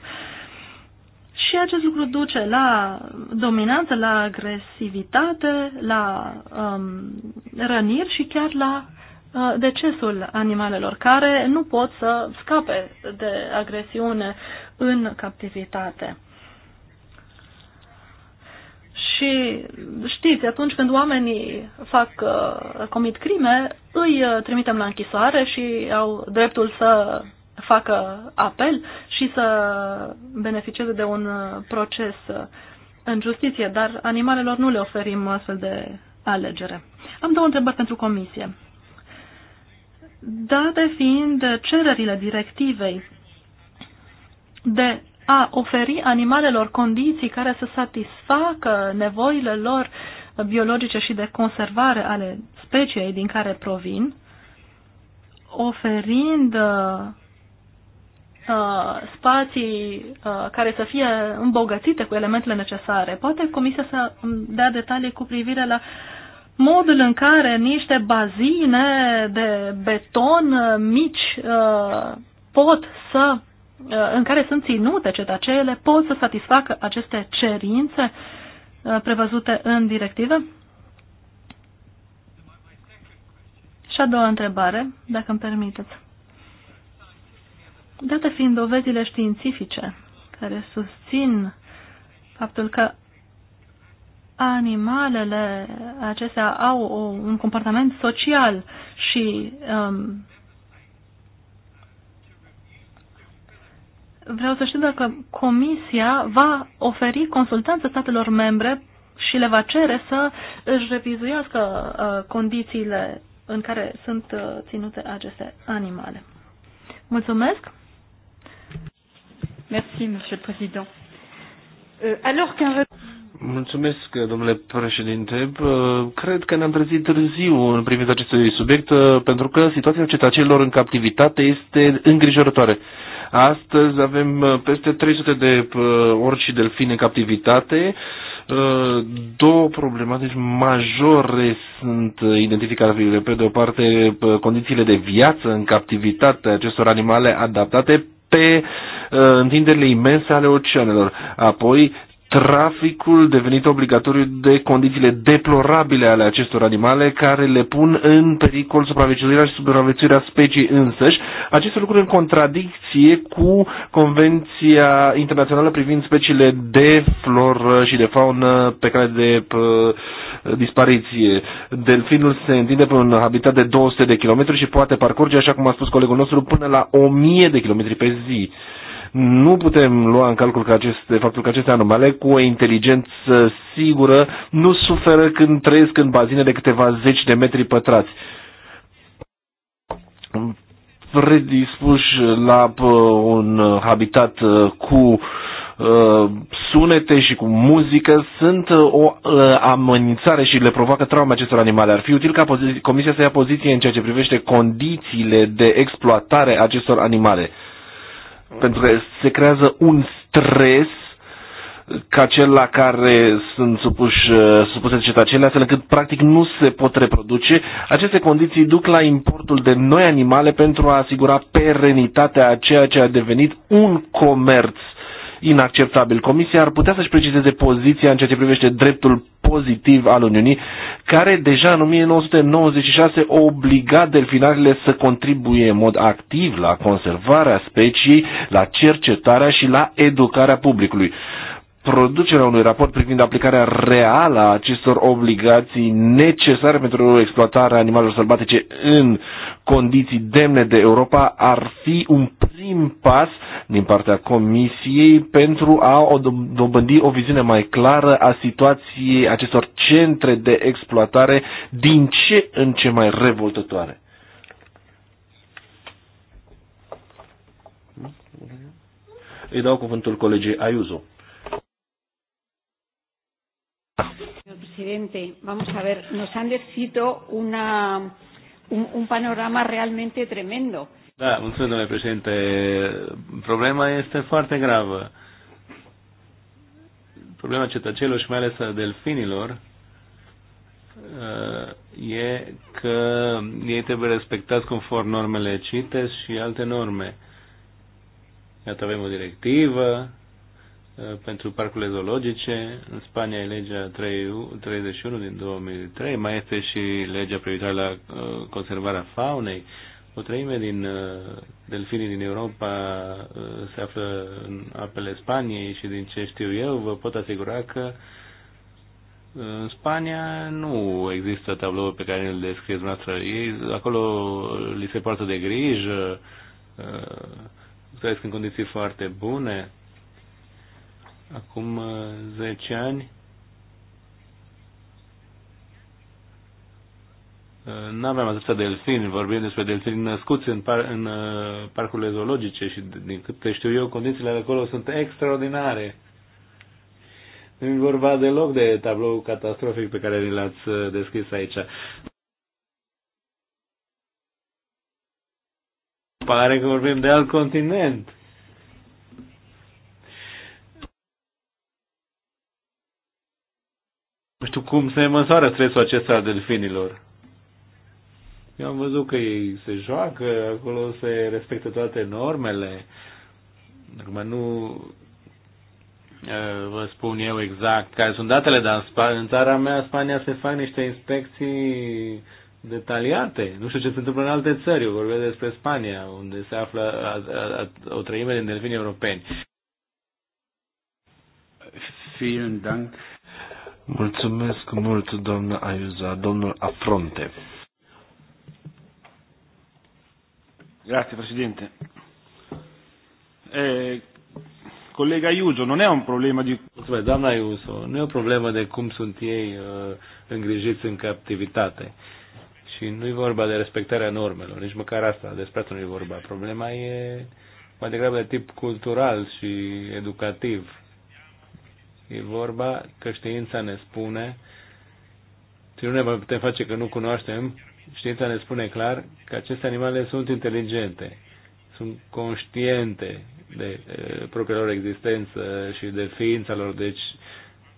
Și acest lucru duce la dominanță, la agresivitate, la um, răniri și chiar la Uh, decesul animalelor care nu pot să scape de agresiune în captivitate. Și știți, atunci când oamenii fac, uh, comit crime, îi uh, trimitem la închisoare și au dreptul să facă apel și să beneficieze de un proces în justiție, dar animalelor nu le oferim astfel de alegere. Am două întrebări pentru comisie date fiind cererile directivei de a oferi animalelor condiții care să satisfacă nevoile lor biologice și de conservare ale speciei din care provin, oferind uh, uh spații uh, care să fie îmbogățite cu elementele necesare. Poate Comisia să dea detalii cu privire la uh, modul în care niște bazine de beton uh, mici uh, pot să, uh, în care sunt ținute cetacele, pot să satisfacă aceste cerințe prevăzute în directivă? Și a doua întrebare, dacă îmi permiteți. Date fiind dovezile științifice care susțin faptul că animalele acestea au o, un comportament social și um, vreau să știu dacă Comisia va oferi consultanță statelor membre și le va cere să își revizuiască uh, condițiile în care sunt uh, ținute aceste animale. Mulțumesc! Merci, Monsieur le Président. Euh, alors qu'un Mulțumesc, domnule președinte. Cred că ne-am trezit târziu în privința acestui subiect, ă, pentru că situația cetățenilor în captivitate este îngrijorătoare. Astăzi avem ă, peste 300 de ă, orci delfine delfini în captivitate. Două problematici majore sunt identificabile. Pe de o parte, condițiile de viață în captivitate acestor animale adaptate pe uh, întinderile imense ale oceanelor. Apoi, traficul devenit obligatoriu de condițiile deplorabile ale acestor animale care le pun în pericol supraviețuirea și supraviețuirea speciei însăși. Aceste lucruri în contradicție cu Convenția Internațională privind speciile de floră și de faună pe care de pă, dispariție. Delfinul se întinde pe un habitat de 200 de kilometri și poate parcurge, așa cum a spus colegul nostru, până la 1000 de kilometri pe zi. Uh, nu putem lua în calcul că aceste, faptul că aceste animale cu o inteligență sigură nu suferă când trăiesc în bazine de câteva zeci de metri pătrați predispuși la uh, un uh, habitat uh, cu sunete și cu muzică sunt o amenințare și le provoacă traume acestor animale. Ar fi util ca Comisia să ia poziție în ceea ce privește condițiile de exploatare acestor animale pentru că se creează un stres ca cel la care sunt supuși, uh, supuse cetacele, astfel încât practic nu se pot reproduce. Aceste condiții duc la importul de noi animale pentru a asigura perenitatea a ceea ce a devenit un comerț inacceptabil. Comisia ar putea să-și precizeze poziția în ceea ce privește dreptul pozitiv al Uniunii, care deja în 1996 obliga delfinarele să contribuie în mod activ la conservarea speciei, la cercetarea și la educarea publicului producerea unui raport privind aplicarea reală a acestor obligații necesare pentru exploatarea animalelor sălbatice în condiții demne de Europa ar fi un prim pas din partea Comisiei pentru a dobândi o viziune mai clară a situației acestor centre de exploatare din ce în ce mai revoltătoare. Îi dau cuvântul colegii Ayuso. Presidente, vamos a ver, nos han descrito una, un, un panorama realmente tremendo. Da, mulțumesc, domnule președinte. Problema este foarte gravă. Problema cetățenilor și mai ales a delfinilor uh, e că ei trebuie respectați conform normele CITES și alte norme. Iată, avem o directivă Uh, pentru parcurile zoologice. În Spania e legea 31 din 2003, mai este și legea privitoare la uh, conservarea faunei. O treime din uh, delfinii din Europa se află în apele Spaniei și din ce știu eu vă pot asigura că în Spania nu există tabloul pe care îl descrieți noastră. Ei, acolo li se poartă de grijă, trăiesc în condiții foarte bune acum 10 uh, ani uh, nu aveam atâția delfini, vorbim despre delfini născuți în, par, în uh, parcurile zoologice și din câte știu eu, condițiile de acolo sunt extraordinare. Nu e vorba deloc de tablou catastrofic pe care ni l-ați descris aici. Pare că vorbim de alt continent. Nu știu cum se măsoară stresul acesta al delfinilor. Eu am văzut că ei se joacă, acolo se respectă toate normele. Acum nu eh, vă spun eu exact care sunt datele, dar în țara mea, Spania, se fac niște inspecții detaliate. Nu știu ce se întâmplă în alte țări. Eu vorbesc despre Spania, unde se află o treime din delfini europeni. Vielen Dank. Mulțumesc mult, doamna Aiuza. Domnul Afronte. Grazie, Presidente. Eh, colega Iuso, non è un problema di... Mulțumesc, doamna Iuso, nu e o problemă de cum sunt ei uh, îngrijiți în captivitate. Și nu e vorba de respectarea normelor, nici măcar asta, despre asta nu e vorba. Problema e mai degrabă de tip cultural și educativ E vorba că știința ne spune și nu ne putem face că nu cunoaștem, știința ne spune clar că aceste animale sunt inteligente, sunt conștiente de e, propria lor existență și de ființa lor. Deci,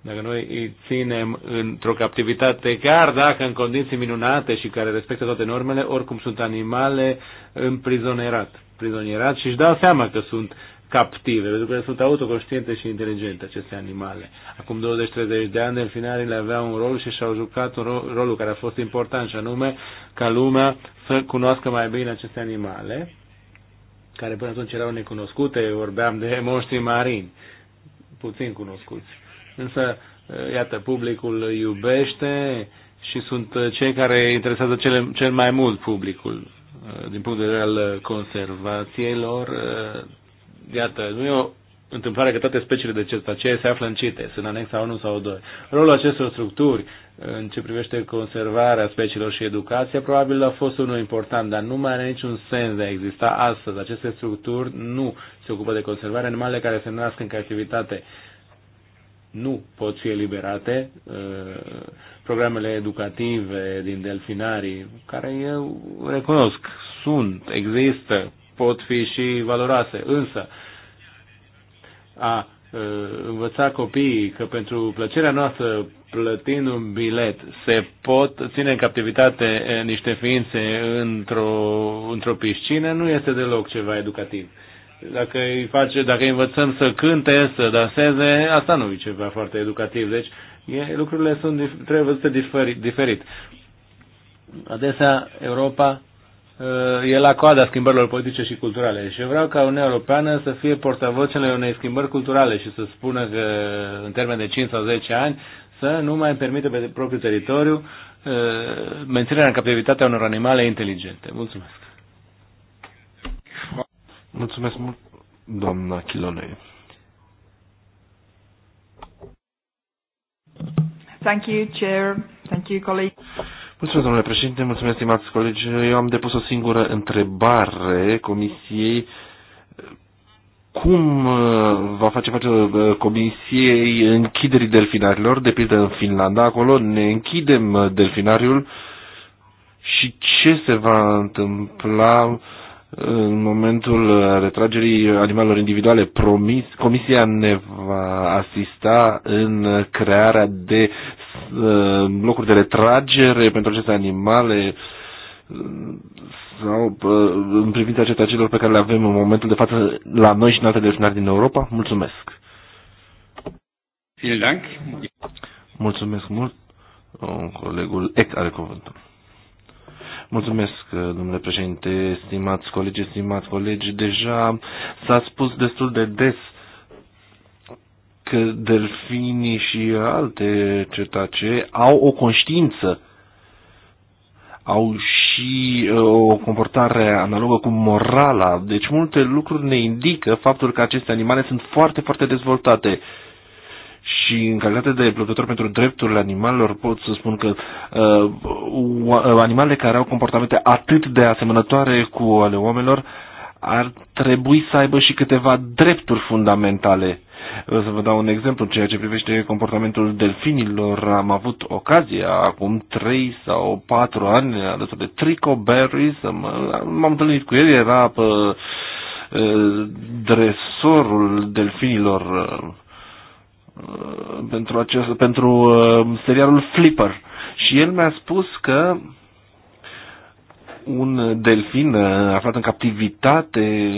dacă noi îi ținem într-o captivitate, chiar dacă în condiții minunate și care respectă toate normele, oricum sunt animale împrizonerat, prizonierat și își dau seama că sunt captive, pentru că sunt autoconștiente și inteligente aceste animale. Acum 20-30 de ani, le aveau un rol și și-au jucat un rol, rolul care a fost important, și anume ca lumea să cunoască mai bine aceste animale, care până atunci erau necunoscute, vorbeam de *laughs* monștri marini, puțin cunoscuți. Însă, iată, publicul iubește și sunt uh, cei care interesează cele, cel mai mult publicul uh, din punct de vedere al uh, conservației lor, Iată, nu e o întâmplare că toate speciile de cetacee se află în cite, sunt anexa 1 sau 2. Rolul acestor structuri în ce privește conservarea speciilor și educația probabil a fost unul important, dar nu mai are niciun sens de a exista astăzi. Aceste structuri nu se ocupă de conservare. Animalele care se nasc în captivitate nu pot fi eliberate. Uh, programele educative din delfinarii, care eu recunosc, sunt, există, pot fi și valoroase. Însă, a uh, învăța copiii că pentru plăcerea noastră, plătind un bilet, se pot ține în captivitate eh, niște ființe într-o, într-o piscină, nu este deloc ceva educativ. Dacă îi, face, dacă îi învățăm să cânte, să danseze, asta nu e ceva foarte educativ. Deci e, lucrurile sunt, trebuie văzute diferit. Adesea Europa e la coada schimbărilor politice și culturale și eu vreau ca Uniunea Europeană să fie portavocele unei schimbări culturale și să spună că în termen de 5 sau 10 ani să nu mai permită pe propriul teritoriu menținerea în captivitatea unor animale inteligente. Mulțumesc! Mulțumesc mult, doamna Chilonei. Thank you, Chair. Thank you, colleagues. Mulțumesc, domnule președinte, mulțumesc, stimați colegi. Eu am depus o singură întrebare Comisiei. Cum uh, va face față uh, Comisiei închiderii delfinarilor, de pildă în Finlanda, acolo ne închidem uh, delfinariul și ce se va întâmpla în momentul retragerii animalelor individuale promis, comisia ne va asista în crearea de Uh, locuri de retragere pentru aceste animale sau uh, în privința cetăților pe care le avem în momentul de față la noi și în alte legionari din Europa? Mulțumesc! Vielen Mulțumesc mult! Colegul Eck are cuvântul. Mulțumesc, uh, domnule președinte, stimați colegi, stimați colegi. Deja s-a spus destul de des uh, că delfinii și alte cetacee au o conștiință, au și uh, o comportare analogă cu morala. Deci multe lucruri ne indică faptul că aceste animale sunt foarte, foarte dezvoltate și în calitate de plătător pentru drepturile animalelor pot să spun că uh, animale care au comportamente atât de asemănătoare cu ale oamenilor ar trebui să aibă și câteva drepturi fundamentale. Să vă dau un exemplu, ceea ce privește comportamentul delfinilor, am avut ocazia acum 3 sau 4 ani alături de Berry, m-am întâlnit cu el, era pe dresorul delfinilor pentru, acest, pentru serialul Flipper. Și el mi-a spus că un delfin aflat în captivitate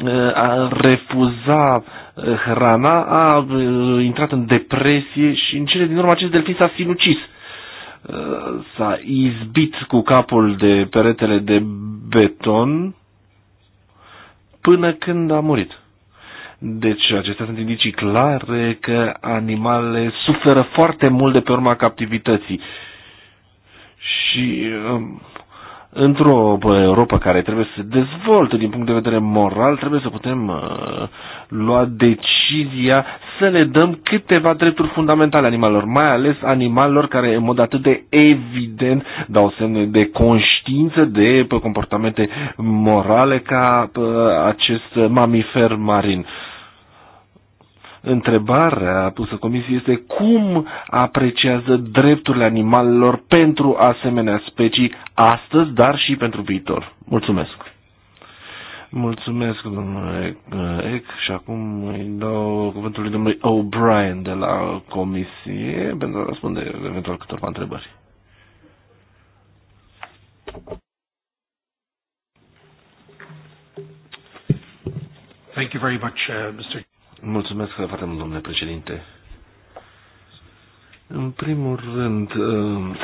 a refuza eh, hrana, a eh, intrat în depresie și în cele din urmă acest delfin s-a sinucis. Eh, s-a izbit cu capul de peretele de beton până când a murit. Deci acestea sunt indicii clare că animalele suferă foarte mult de pe urma captivității. Și într-o Europa care trebuie să se dezvolte din punct de vedere moral, trebuie să putem uh, lua decizia să le dăm câteva drepturi fundamentale animalelor, mai ales animalelor care în mod atât de evident dau semne de conștiință, de comportamente morale ca uh, acest mamifer marin. Uh, întrebarea pusă comisiei este cum apreciază drepturile animalelor pentru asemenea specii astăzi, dar și pentru viitor. Mulțumesc! Mulțumesc, domnule Eck, și acum îi dau cuvântul lui domnului O'Brien de la comisie pentru a răspunde eventual câteva întrebări. Thank you very much, uh, Mr. Mulțumesc foarte mult, domnule președinte. În primul rând, uh,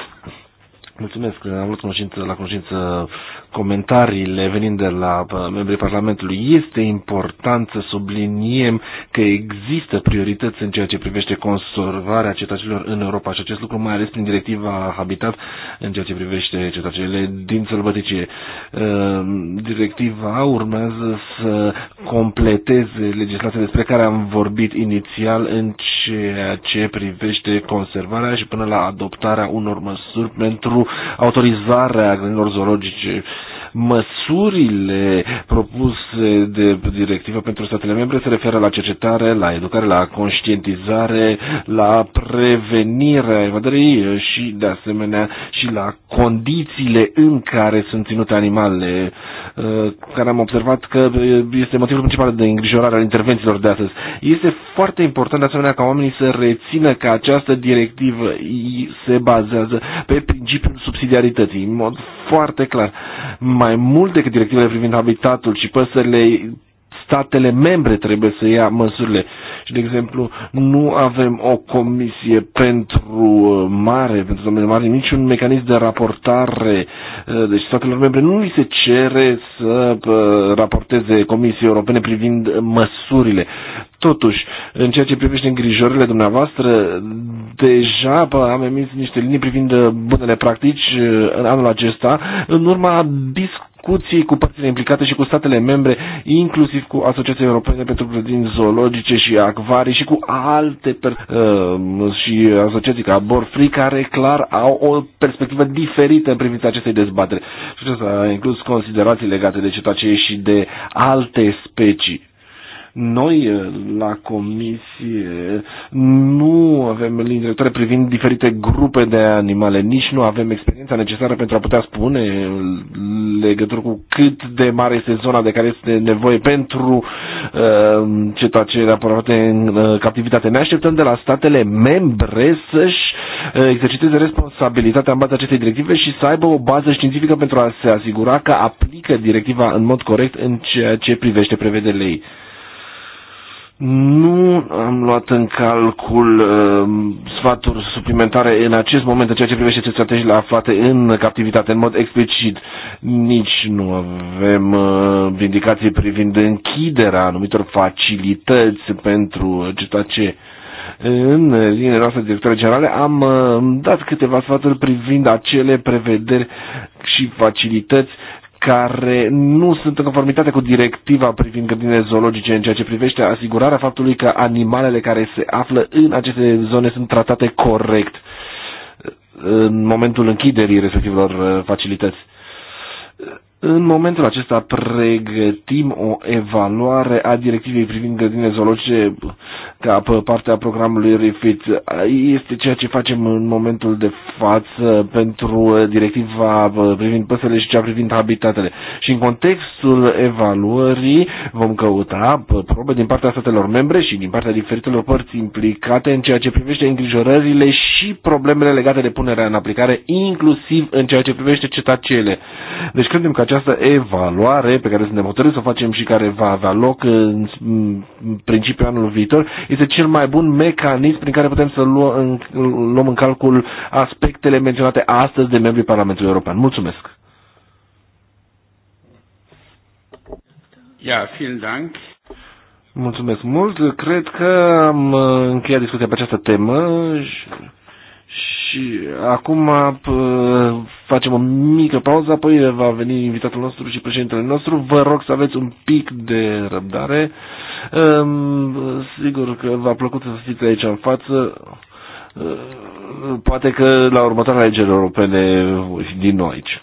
mulțumesc că am luat cunoștință, la cunoștință comentariile venind de la uh, membrii Parlamentului. Este important să subliniem că există priorități în ceea ce privește conservarea cetățenilor în Europa și acest lucru mai ales prin directiva Habitat în ceea ce privește cetățenile din sălbăticie. Uh, directiva urmează să completeze legislația despre care am vorbit inițial în ceea ce privește conservarea și până la adoptarea unor măsuri pentru autorizarea grădinilor zoologice măsurile propuse de directivă pentru statele membre se referă la cercetare, la educare, la conștientizare, la prevenirea evadării și de asemenea și la condițiile în care sunt ținute animalele, care am observat că este motivul principal de îngrijorare al intervențiilor de astăzi. Este foarte important de asemenea ca oamenii să rețină că această directivă se bazează pe principiul subsidiarității, în mod foarte clar mai mult decât directivele privind habitatul și păsările statele membre trebuie să ia măsurile. Și, de exemplu, nu avem o comisie pentru uh, mare, pentru domeniul mare, niciun mecanism de raportare. Uh, deci statelor membre nu li se cere să uh, raporteze Comisiei Europene privind măsurile. Totuși, în ceea ce privește îngrijorările dumneavoastră, deja bă, am emis niște linii privind bunele practici în anul acesta, în urma discuției discuții cu părțile implicate și cu statele membre, inclusiv cu Asociația Europene pentru Grădini Zoologice și Acvarii și cu alte per- uh, și asociații ca Borfri, care clar au o perspectivă diferită în privința acestei dezbatere. Și asta a inclus considerații legate de cetacee și de alte specii. Noi, eh, la comisie, nu avem lingătoare privind diferite grupe de animale, nici nu avem experiența necesară pentru a putea spune legătură cu cât de mare este zona de care este nevoie pentru uh, eh, cetacele apărate în uh, captivitate. Ne așteptăm de la statele membre să-și uh, exerciteze responsabilitatea în baza acestei directive și să aibă o bază științifică pentru a se asigura că aplică directiva în mod corect în ceea ce privește prevederile ei. Nu am luat în calcul uh, sfaturi suplimentare în acest moment în ceea ce privește strategiile aflate în captivitate, în mod explicit. Nici nu avem uh, indicații privind închiderea anumitor facilități pentru ceea ce în liniile noastră, directoare generale am uh, dat câteva sfaturi privind acele prevederi și facilități care nu sunt în conformitate cu directiva privind grădinile zoologice în ceea ce privește asigurarea faptului că animalele care se află în aceste zone sunt tratate corect în momentul închiderii respectivelor uh, facilități. În momentul acesta pregătim o evaluare a directivei privind grădinile zoologice ca parte a programului REFIT. Este ceea ce facem în momentul de față pentru directiva privind păsările și cea privind habitatele. Și în contextul evaluării vom căuta probe din partea statelor membre și din partea diferitelor părți implicate în ceea ce privește îngrijorările și problemele legate de punerea în aplicare, inclusiv în ceea ce privește cetacele. Deci credem că această evaluare pe care suntem hotărâți să o facem și care va avea loc în, principiul anului viitor, este cel mai bun mecanism prin care putem să luăm în, luăm în calcul aspectele menționate astăzi de membrii Parlamentului European. Mulțumesc! Ja, vielen Dank. Mulțumesc mult. Cred că am încheiat discuția pe această temă. Și acum facem o mică pauză, apoi va veni invitatul nostru și președintele nostru. Vă rog să aveți un pic de răbdare. Ehm, sigur că v-a plăcut să fiți aici în față. Ehm, poate că la următoarea legere europene din nou aici.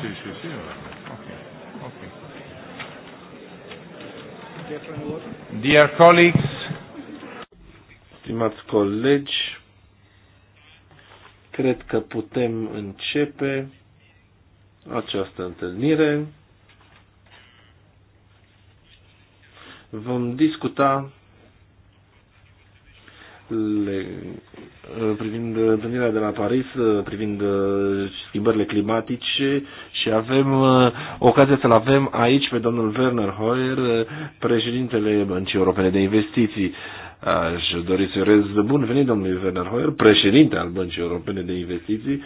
Sì, sì, sì, ok, ok. Dear colleagues, stimați colegi, cred că putem începe această întâlnire. Vom discuta Uh, privind întâlnirea de la Paris, uh, privind uh, schimbările climatice și avem ocazia să-l avem aici pe domnul Werner Hoyer, președintele Băncii Europene de Investiții. Aș dori să urez bun venit domnului Werner Hoyer, președinte al Băncii Europene de Investiții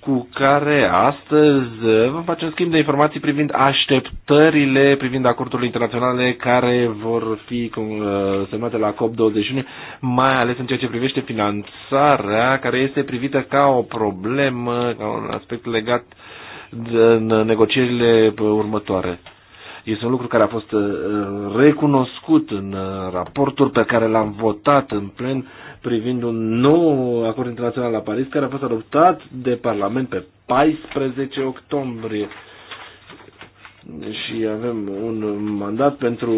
cu care astăzi eh, vom face un schimb de informații privind așteptările, privind acordurile internaționale care vor fi eh, semnate la COP21, mai ales în ceea ce privește finanțarea, care este privită ca o problemă, ca un aspect legat în negocierile eh, următoare. Este un lucru care a fost recunoscut în raportul pe care l-am votat în plen privind un nou acord internațional la Paris care a fost adoptat de Parlament pe 14 octombrie și avem un mandat pentru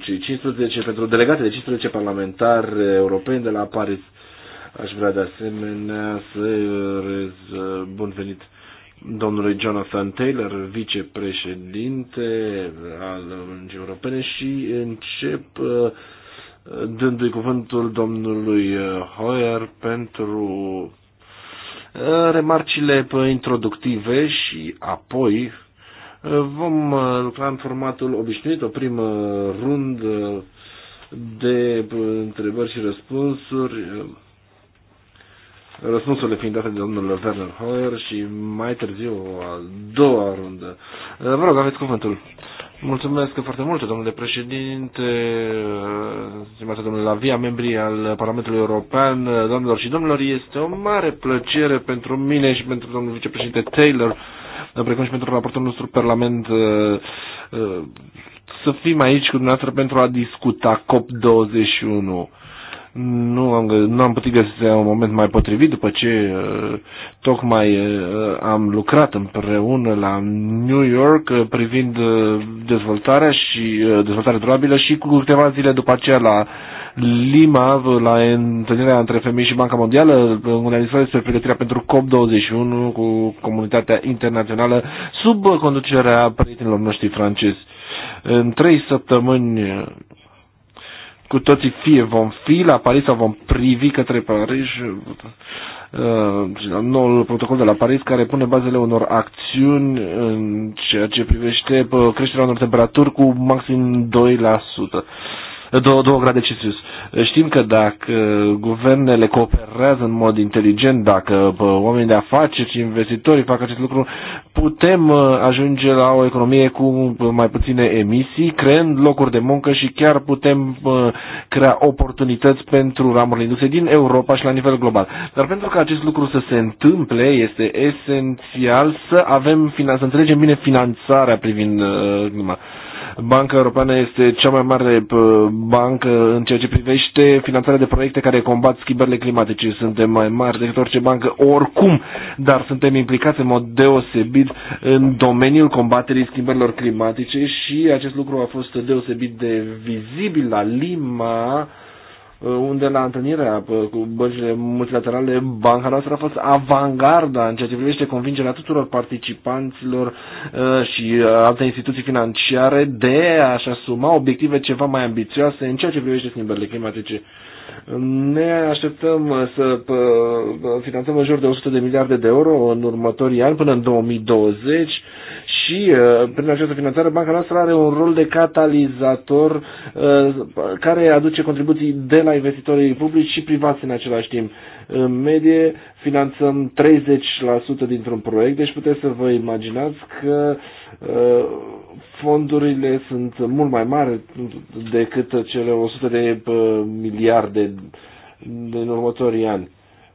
15, uh, pentru delegate de 15 parlamentari europeni de la Paris. Aș vrea de asemenea să rez uh, bun venit domnului Jonathan Taylor, vicepreședinte al Uniunii Europene și încep uh, dându-i cuvântul domnului uh, Hoyer pentru uh, remarcile uh, introductive și apoi vom lucra în formatul obișnuit, o primă rundă de întrebări și răspunsuri, răspunsurile fiind date de domnul Werner Hoyer și mai târziu a doua rundă. Vă rog, aveți cuvântul. Mulțumesc foarte mult, domnule președinte, stimați domnule Lavia, membrii al Parlamentului European, doamnelor și domnilor, este o mare plăcere pentru mine și pentru domnul vicepreședinte Taylor, precum și pentru raportul nostru Parlament, uh, uh, să fim aici cu dumneavoastră pentru a discuta COP21 nu am, nu am putut găsi un moment mai potrivit după ce uh, tocmai uh, am lucrat împreună la New York uh, privind dezvoltarea și dezvoltarea durabilă și cu câteva zile după aceea la Lima, la întâlnirea între femei și Banca Mondială, unde a discutat despre pregătirea pentru COP21 cu comunitatea internațională sub conducerea prietenilor noștri francezi. În trei săptămâni cu toții fie vom fi la Paris sau vom privi către Paris uh, noul protocol de la Paris care pune bazele unor acțiuni în ceea ce privește uh, creșterea unor temperaturi cu maxim 2%. 2, două grade Celsius. Știm că dacă guvernele cooperează în mod inteligent, dacă oamenii de afaceri, investitorii fac acest lucru, putem uh, ajunge la o economie cu mai puține emisii, creând locuri de muncă și chiar putem crea oportunități pentru ramurile industriei din Europa și la nivel global. Dar pentru că acest lucru să se întâmple, este esențial să avem, să înțelegem bine finanțarea privind Uh, Banca Europeană este cea mai mare bancă în ceea ce privește finanțarea de proiecte care combat schimbările climatice. Suntem mai mari decât orice bancă oricum, dar suntem implicați în mod deosebit în domeniul combaterii schimbărilor climatice și acest lucru a fost deosebit de vizibil la Lima Uh, unde la întâlnirea uh, cu băncile multilaterale, banca noastră a fost avangarda în ceea ce privește convingerea tuturor participanților uh, și alte instituții financiare de a-și asuma obiective ceva mai ambițioase în ceea ce privește schimbările climatice. Ne așteptăm să finanțăm în jur de 100 de miliarde de euro în următorii ani până în 2020 și uh, prin această finanțare banca noastră are un rol de catalizator uh, care aduce contribuții de la investitorii publici și privați în același timp. În medie finanțăm 30% dintr-un proiect, deci puteți să vă imaginați că uh, fondurile sunt mult mai mari decât cele 100 de miliarde din următorii ani.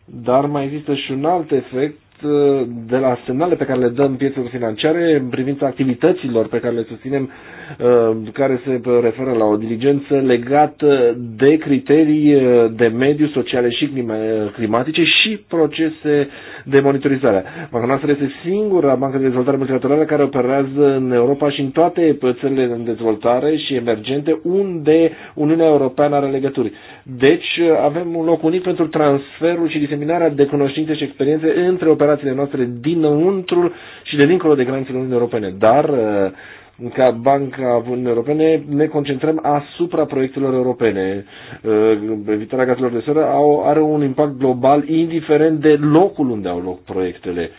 Dar mai există și un alt efect Uh, de la semnale pe care le dăm piețelor financiare în privința activităților pe care le susținem, uh, care se referă la o diligență legată de criterii uh, de mediu sociale și climatice și procese de monitorizare. Banca noastră este singura bancă de dezvoltare multilaterală care operează în Europa și în toate țările în dezvoltare și emergente unde Uniunea Europeană are legături. Deci avem un loc unic pentru transferul și diseminarea de cunoștințe și experiențe între operațiile noastre dinăuntru și de dincolo de granițele Uniunii Europene. Dar ca Banca Uniunii Europene ne concentrăm asupra proiectelor europene. Uh, evitarea gazelor de seră are un impact global indiferent de locul unde au loc proiectele.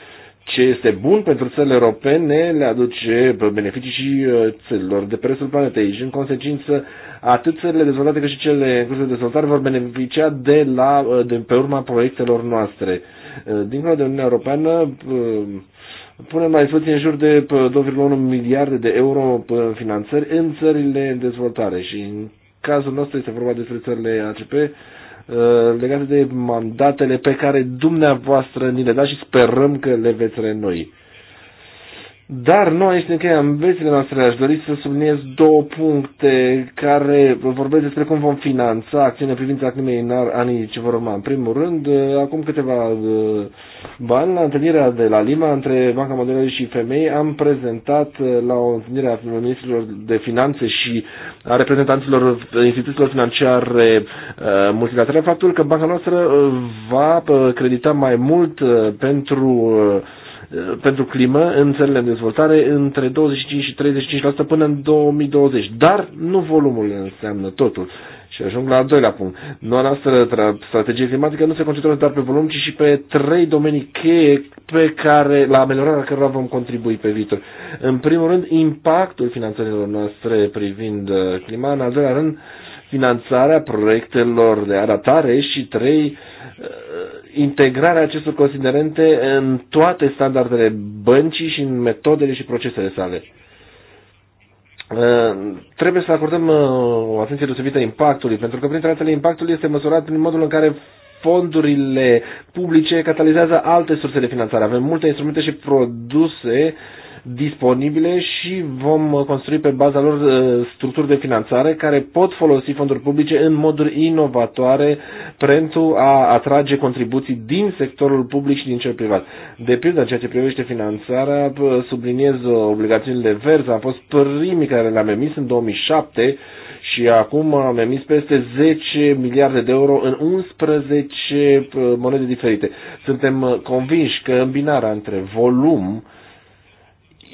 Ce este bun pentru țările europene le aduce beneficii și uh, țărilor de pe restul planetei și în consecință atât țările dezvoltate cât și cele în curs de dezvoltare vor beneficia de, la, uh, de pe urma proiectelor noastre. Dincolo de Uniunea Europeană, punem mai puțin în jur de 2,1 miliarde de euro în finanțări în țările în dezvoltare și în cazul nostru este vorba despre țările ACP ă, legate de mandatele pe care dumneavoastră ni le dați și sperăm că le veți renoi. Dar nu aici ne încheiem vețile noastre. Aș dori să subliniez două puncte care vorbesc despre cum vom finanța acțiunea privința crimei în anii ce vor urma. În primul rând, uh, acum câteva uh, bani, la întâlnirea de la Lima între Banca Mondială și femei, am prezentat uh, la o întâlnire a ministrilor de finanțe și a reprezentanților instituțiilor financiare multilaterale faptul că banca noastră va credita mai mult pentru pentru climă în țările în dezvoltare între 25 și 35% până în 2020. Dar nu volumul înseamnă totul. Și ajung la al doilea punct. Noua noastră strategie climatică nu se concentrează doar pe volum, ci și pe trei domenii cheie pe care, la ameliorarea cărora vom contribui pe viitor. În primul rând, impactul finanțărilor noastre privind uh, clima, în al doilea rând, finanțarea proiectelor de adaptare și trei, uh, Uh, integrarea acestor considerente în toate standardele băncii și în metodele și procesele sale. Uh, trebuie să acordăm uh, o atenție deosebită impactului, pentru că printre altele impactul este măsurat prin modul în care fondurile publice catalizează alte surse de finanțare. Avem multe instrumente și produse disponibile și vom construi pe baza lor uh, structuri de finanțare care pot folosi fonduri publice în moduri inovatoare pentru a atrage contribuții din sectorul public și din cel privat. De pildă, în ceea ce privește finanțarea, uh, subliniez obligațiunile verzi, am fost primii care le-am emis în 2007 și acum am emis peste 10 miliarde de euro în 11 uh, monede diferite. Suntem convinși că îmbinarea între volum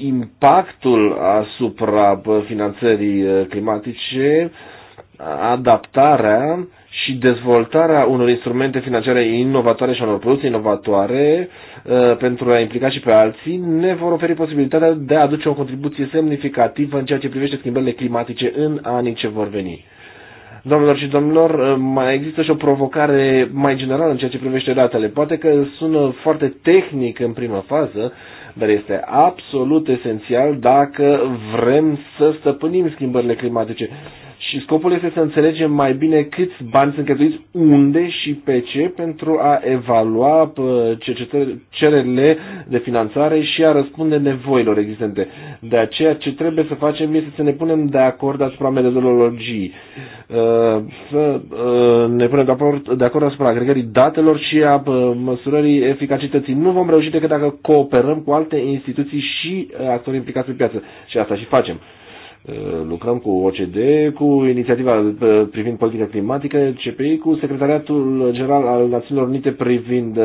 impactul asupra finanțării uh, climatice, adaptarea și dezvoltarea unor instrumente financiare inovatoare și unor produse inovatoare uh, pentru a implica și pe alții ne vor oferi posibilitatea de a aduce o contribuție semnificativă în ceea ce privește schimbările climatice în anii ce vor veni. Doamnelor și domnilor, uh, mai există și o provocare mai generală în ceea ce privește datele. Poate că sună foarte tehnic în prima fază, dar este absolut esențial dacă vrem să stăpânim schimbările climatice. Și scopul este să înțelegem mai bine câți bani sunt cheltuiți, unde și pe ce, pentru a evalua uh, cererile de finanțare și a răspunde nevoilor existente. De aceea, ce trebuie să facem este să ne punem de acord asupra metodologiei, uh, să uh, ne punem de acord asupra agregării datelor și a măsurării eficacității. Nu vom reuși decât dacă cooperăm cu alte instituții și actori implicați pe piață. Și asta și facem. Uh, lucrăm cu OCD, cu inițiativa uh, privind politica climatică, CPI, cu Secretariatul General al Națiunilor Unite privind uh,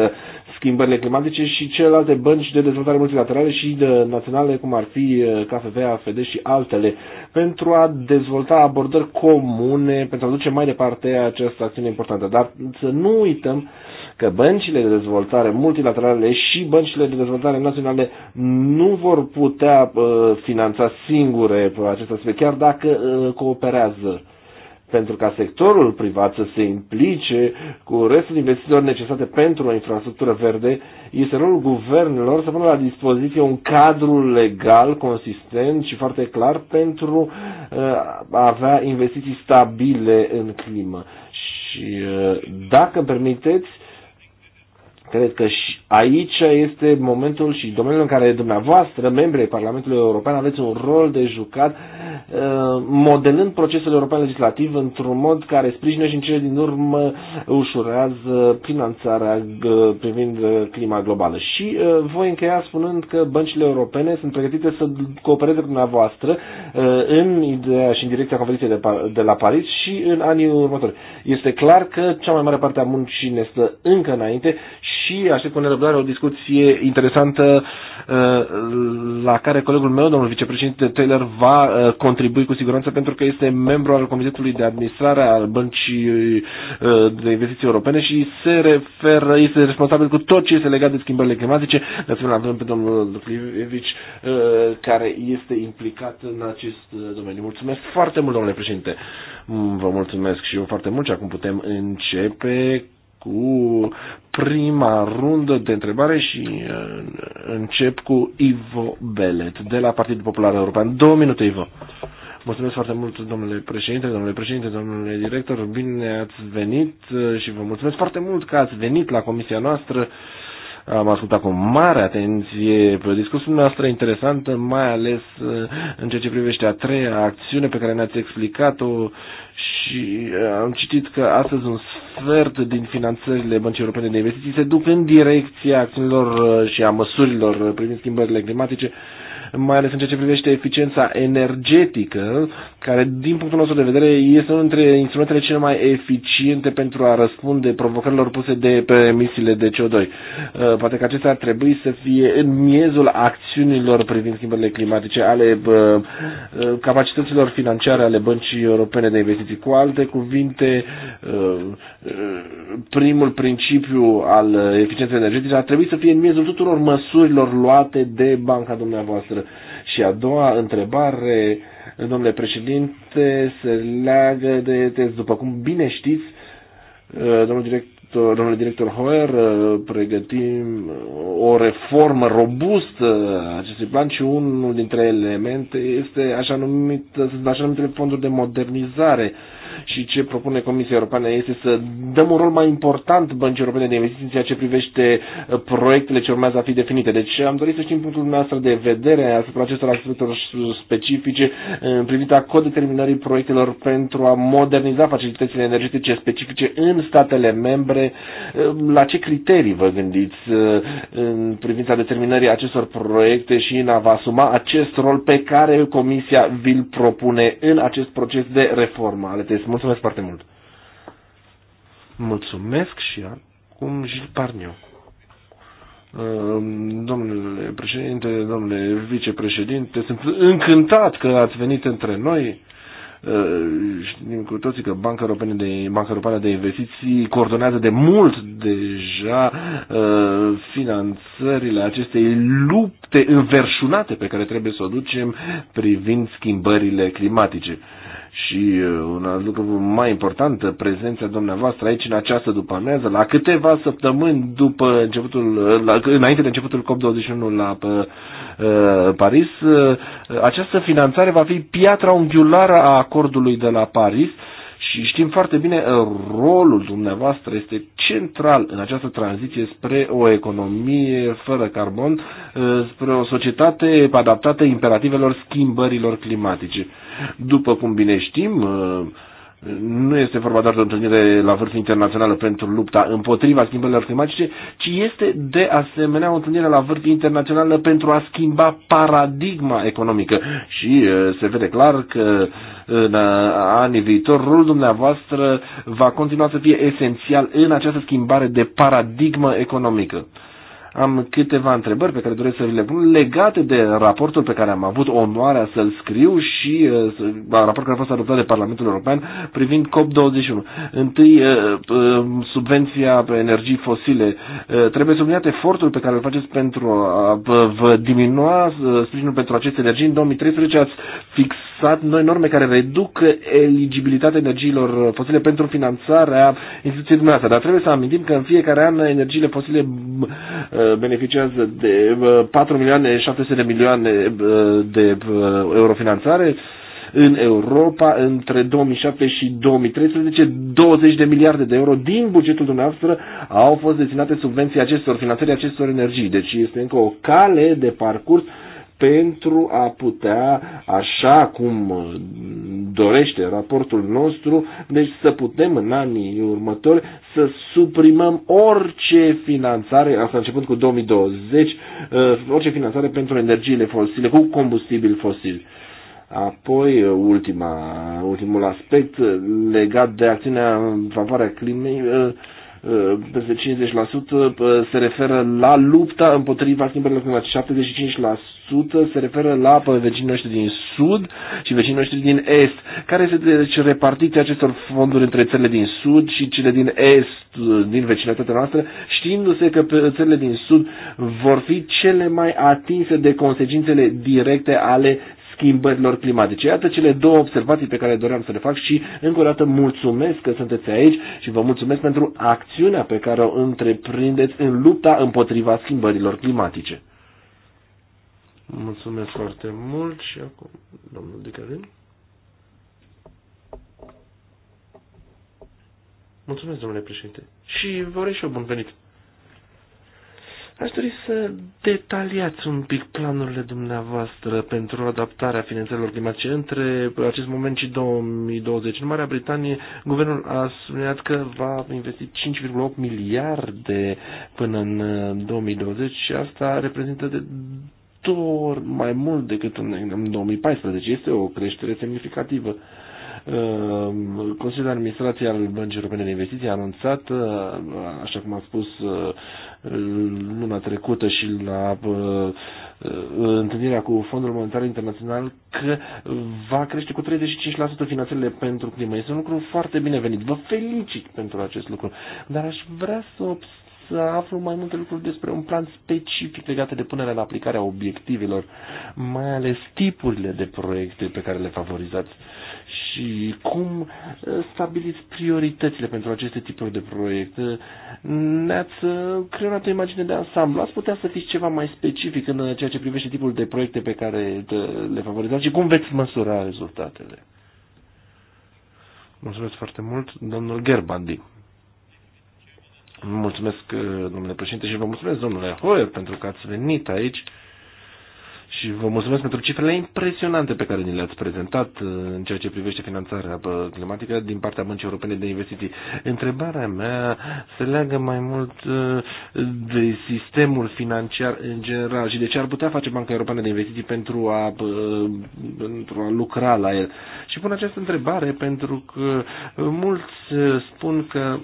schimbările climatice și celelalte bănci de dezvoltare multilaterale și de naționale, cum ar fi KFV, AFD și altele, pentru a dezvolta abordări comune, pentru a duce mai departe această acțiune importantă. Dar să nu uităm uh, că băncile de dezvoltare multilaterale și băncile de dezvoltare naționale nu vor putea uh, finanța singure acest aspect, chiar dacă uh, cooperează pentru ca sectorul privat să se implice cu restul investițiilor necesare pentru o infrastructură verde, este rolul guvernelor să pună la dispoziție un cadru legal consistent și foarte clar pentru uh, a avea investiții stabile în climă. Și dacă permiteți, Cred că și aici este momentul și domeniul în care dumneavoastră, membrii Parlamentului European, aveți un rol de jucat uh, modelând procesul european legislativ într-un mod care sprijină și în cele din urmă ușurează finanțarea uh, privind uh, clima globală. Și voi încheia spunând că băncile europene sunt pregătite să coopereze cu dumneavoastră în ideea și în direcția conferinței de la Paris și în anii următori. Este clar că cea mai mare parte a muncii ne stă încă înainte și aștept cu răbdare, o discuție interesantă uh, la care colegul meu, domnul vicepreședinte Taylor, va uh, contribui cu siguranță pentru că este membru al Comitetului de Administrare al Băncii uh, de Investiții Europene și se referă, este responsabil cu tot ce este legat de schimbările climatice. De asemenea, avem pe domnul Clivici care este implicat în acest domeniu. Mulțumesc foarte mult, domnule președinte. Vă mulțumesc și eu foarte mult și acum putem începe cu prima rundă de întrebare și uh, încep cu Ivo Belet de la Partidul Popular European. Două minute, Ivo. Mulțumesc foarte mult, domnule președinte, domnule președinte, domnule director, bine ați venit uh, și vă mulțumesc foarte mult că ați venit la comisia noastră. Am ascultat cu mare atenție discursul noastră interesant, mai ales uh, în ceea ce privește a treia acțiune pe care ne-ați explicat-o și uh, am citit că astăzi un sfert din finanțările Băncii Europene de Investiții se duc în direcția acțiunilor uh, și a măsurilor uh, privind schimbările climatice mai ales în ceea ce privește eficiența energetică, care, din punctul nostru de vedere, este unul dintre instrumentele cele mai eficiente pentru a răspunde provocărilor puse de pe emisiile de CO2. Uh, poate că acestea ar trebui să fie în miezul acțiunilor privind schimbările climatice, ale uh, uh, capacităților financiare ale Băncii Europene de Investiții. Cu alte cuvinte, primul principiu al eficienței energetice ar trebui să fie în miezul tuturor măsurilor luate de banca dumneavoastră. Și a doua întrebare, domnule președinte, se leagă de test. După cum bine știți, uh, domnul director, domnule director Hoer, uh, pregătim o reformă robustă a acestui plan și unul dintre elemente este așa, numit, așa numitele fonduri de modernizare și ce propune Comisia Europeană este să dăm un rol mai important băncii europene de investiții în ceea ce privește uh, proiectele ce urmează a fi definite. Deci am dorit să știm punctul dumneavoastră de vedere asupra acestor aspecte specifice uh, în privința codeterminării proiectelor pentru a moderniza facilitățile energetice specifice în statele membre. Uh, la ce criterii vă gândiți în privința determinării acestor proiecte și în a vă asuma acest rol pe care Comisia vi-l propune în acest proces de reformă ale citesc. mulțumesc foarte mult. Mulțumesc și acum Gil Parniu. Uh, domnule președinte, domnule vicepreședinte, sunt încântat că ați venit între noi. Uh, știm cu toții că Banca Europeană de, Banca Europeană de Investiții coordonează de mult deja uh, finanțările acestei lupte înverșunate pe care trebuie să o ducem privind schimbările climatice și un alt lucru mai important, prezența dumneavoastră aici în această după-amiază, la câteva săptămâni după începutul, la, înainte de începutul COP21 la uh, Paris, uh, această finanțare va fi piatra unghiulară a acordului de la Paris uh, și știm foarte bine, uh, rolul dumneavoastră este central în această tranziție spre o economie fără carbon, uh, spre o societate adaptată imperativelor schimbărilor climatice. După cum bine știm, uh, nu este vorba doar de o întâlnire la vârf internațională pentru lupta împotriva schimbărilor climatice, ci este de asemenea o întâlnire la vârf internațională pentru a schimba paradigma economică. Și se vede clar că în anii viitor rolul dumneavoastră va continua să fie esențial în această schimbare de paradigmă economică. Am câteva întrebări pe care doresc să le pun legate de raportul pe care am avut onoarea să-l scriu și uh, raportul care a fost adoptat de Parlamentul European privind COP21. Întâi, uh, uh, subvenția pe energii fosile. Uh, trebuie subliniat efortul pe care îl faceți pentru a vă diminua uh, sprijinul pentru aceste energii. În 2013 ați fixat noi norme care reduc eligibilitatea energiilor fosile pentru finanțarea instituției dumneavoastră. Dar trebuie să amintim că în fiecare an energiile fosile uh, Uh, beneficiază de 4 uh, milioane 700 de milioane uh, de eurofinanțare, în Europa între 2007 și 2013 20 de miliarde de euro din bugetul dumneavoastră au fost destinate subvenții acestor finanțări, acestor energii. Deci este încă o cale de parcurs uh, pentru a putea, așa cum dorește raportul nostru, deci să putem în anii următori să suprimăm orice finanțare, asta începând cu 2020, uh, orice finanțare pentru energiile fosile cu combustibil fosil. Apoi, ultima, ultimul aspect legat de acțiunea în favoarea climei, uh, peste 50% se referă la lupta împotriva schimbărilor climatice, 75% se referă la vecinii noștri din sud și vecinii noștri din est. Care este deci repartiția acestor fonduri între țările din sud și cele din est, din vecinătatea noastră, știindu-se că țările din sud vor fi cele mai atinse de consecințele directe ale schimbărilor climatice. Iată cele două observații pe care doream să le fac și încă o dată mulțumesc că sunteți aici și vă mulțumesc pentru acțiunea pe care o întreprindeți în lupta împotriva schimbărilor climatice. Mulțumesc foarte mult și acum domnul Dicărin. Mulțumesc, domnule președinte. Și vă urez și eu bun venit. Aș dori să detaliați un pic planurile dumneavoastră pentru adaptarea finanțelor climatice între acest moment și 2020. În Marea Britanie, guvernul a subliniat că va investi 5,8 miliarde până în 2020 uh, și asta reprezintă de două ori mai mult decât în 2014. Este o creștere semnificativă. Uh, Consiliul de Administrație al Băncii Europene de Investiții a anunțat, uh, așa cum a spus luna trecută și la uh, uh, întâlnirea cu Fondul Monetar Internațional că va crește cu 35% finanțele pentru climă. Este un lucru foarte binevenit. Vă felicit pentru acest lucru. Dar aș vrea să să aflu mai multe lucruri despre un plan specific legat de punerea în aplicare a obiectivelor, mai ales tipurile de proiecte pe care le favorizați. Uh, și cum eh, stabiliți prioritățile pentru aceste tipuri de proiecte. Ne-ați eh, creat o imagine de ansamblu. Ați putea să fiți ceva mai specific în eh, ceea ce privește tipul de proiecte pe care le favorizați și cum veți măsura rezultatele. Mulțumesc foarte mult, domnul Gerbandi. Mulțumesc, domnule președinte, și vă mulțumesc, domnule Hoyer, pentru că ați venit aici și vă mulțumesc pentru cifrele impresionante pe care ni le-ați prezentat uh, în ceea ce privește finanțarea uh, climatică din partea Băncii Europene de Investiții. Întrebarea mea se leagă mai mult uh, de sistemul financiar în general și de ce ar putea face Banca Europeană de Investiții pentru a, pentru a lucra la el. Și pun această întrebare pentru că mulți spun că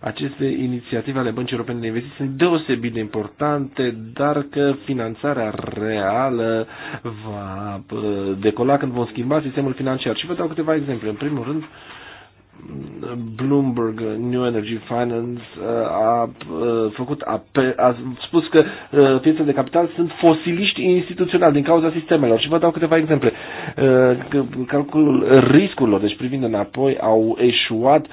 aceste inițiative ale Băncii Europene de Investiții sunt deosebit de importante, dar că finanțarea reală va uh, decola când vom schimba sistemul financiar. Și vă dau câteva exemple. În primul rând, Bloomberg New Energy Finance uh, a uh, făcut a spus că piețele de capital sunt fosiliști instituționali din cauza sistemelor și vă dau câteva exemple. Calculul riscurilor, deci privind înapoi, au eșuat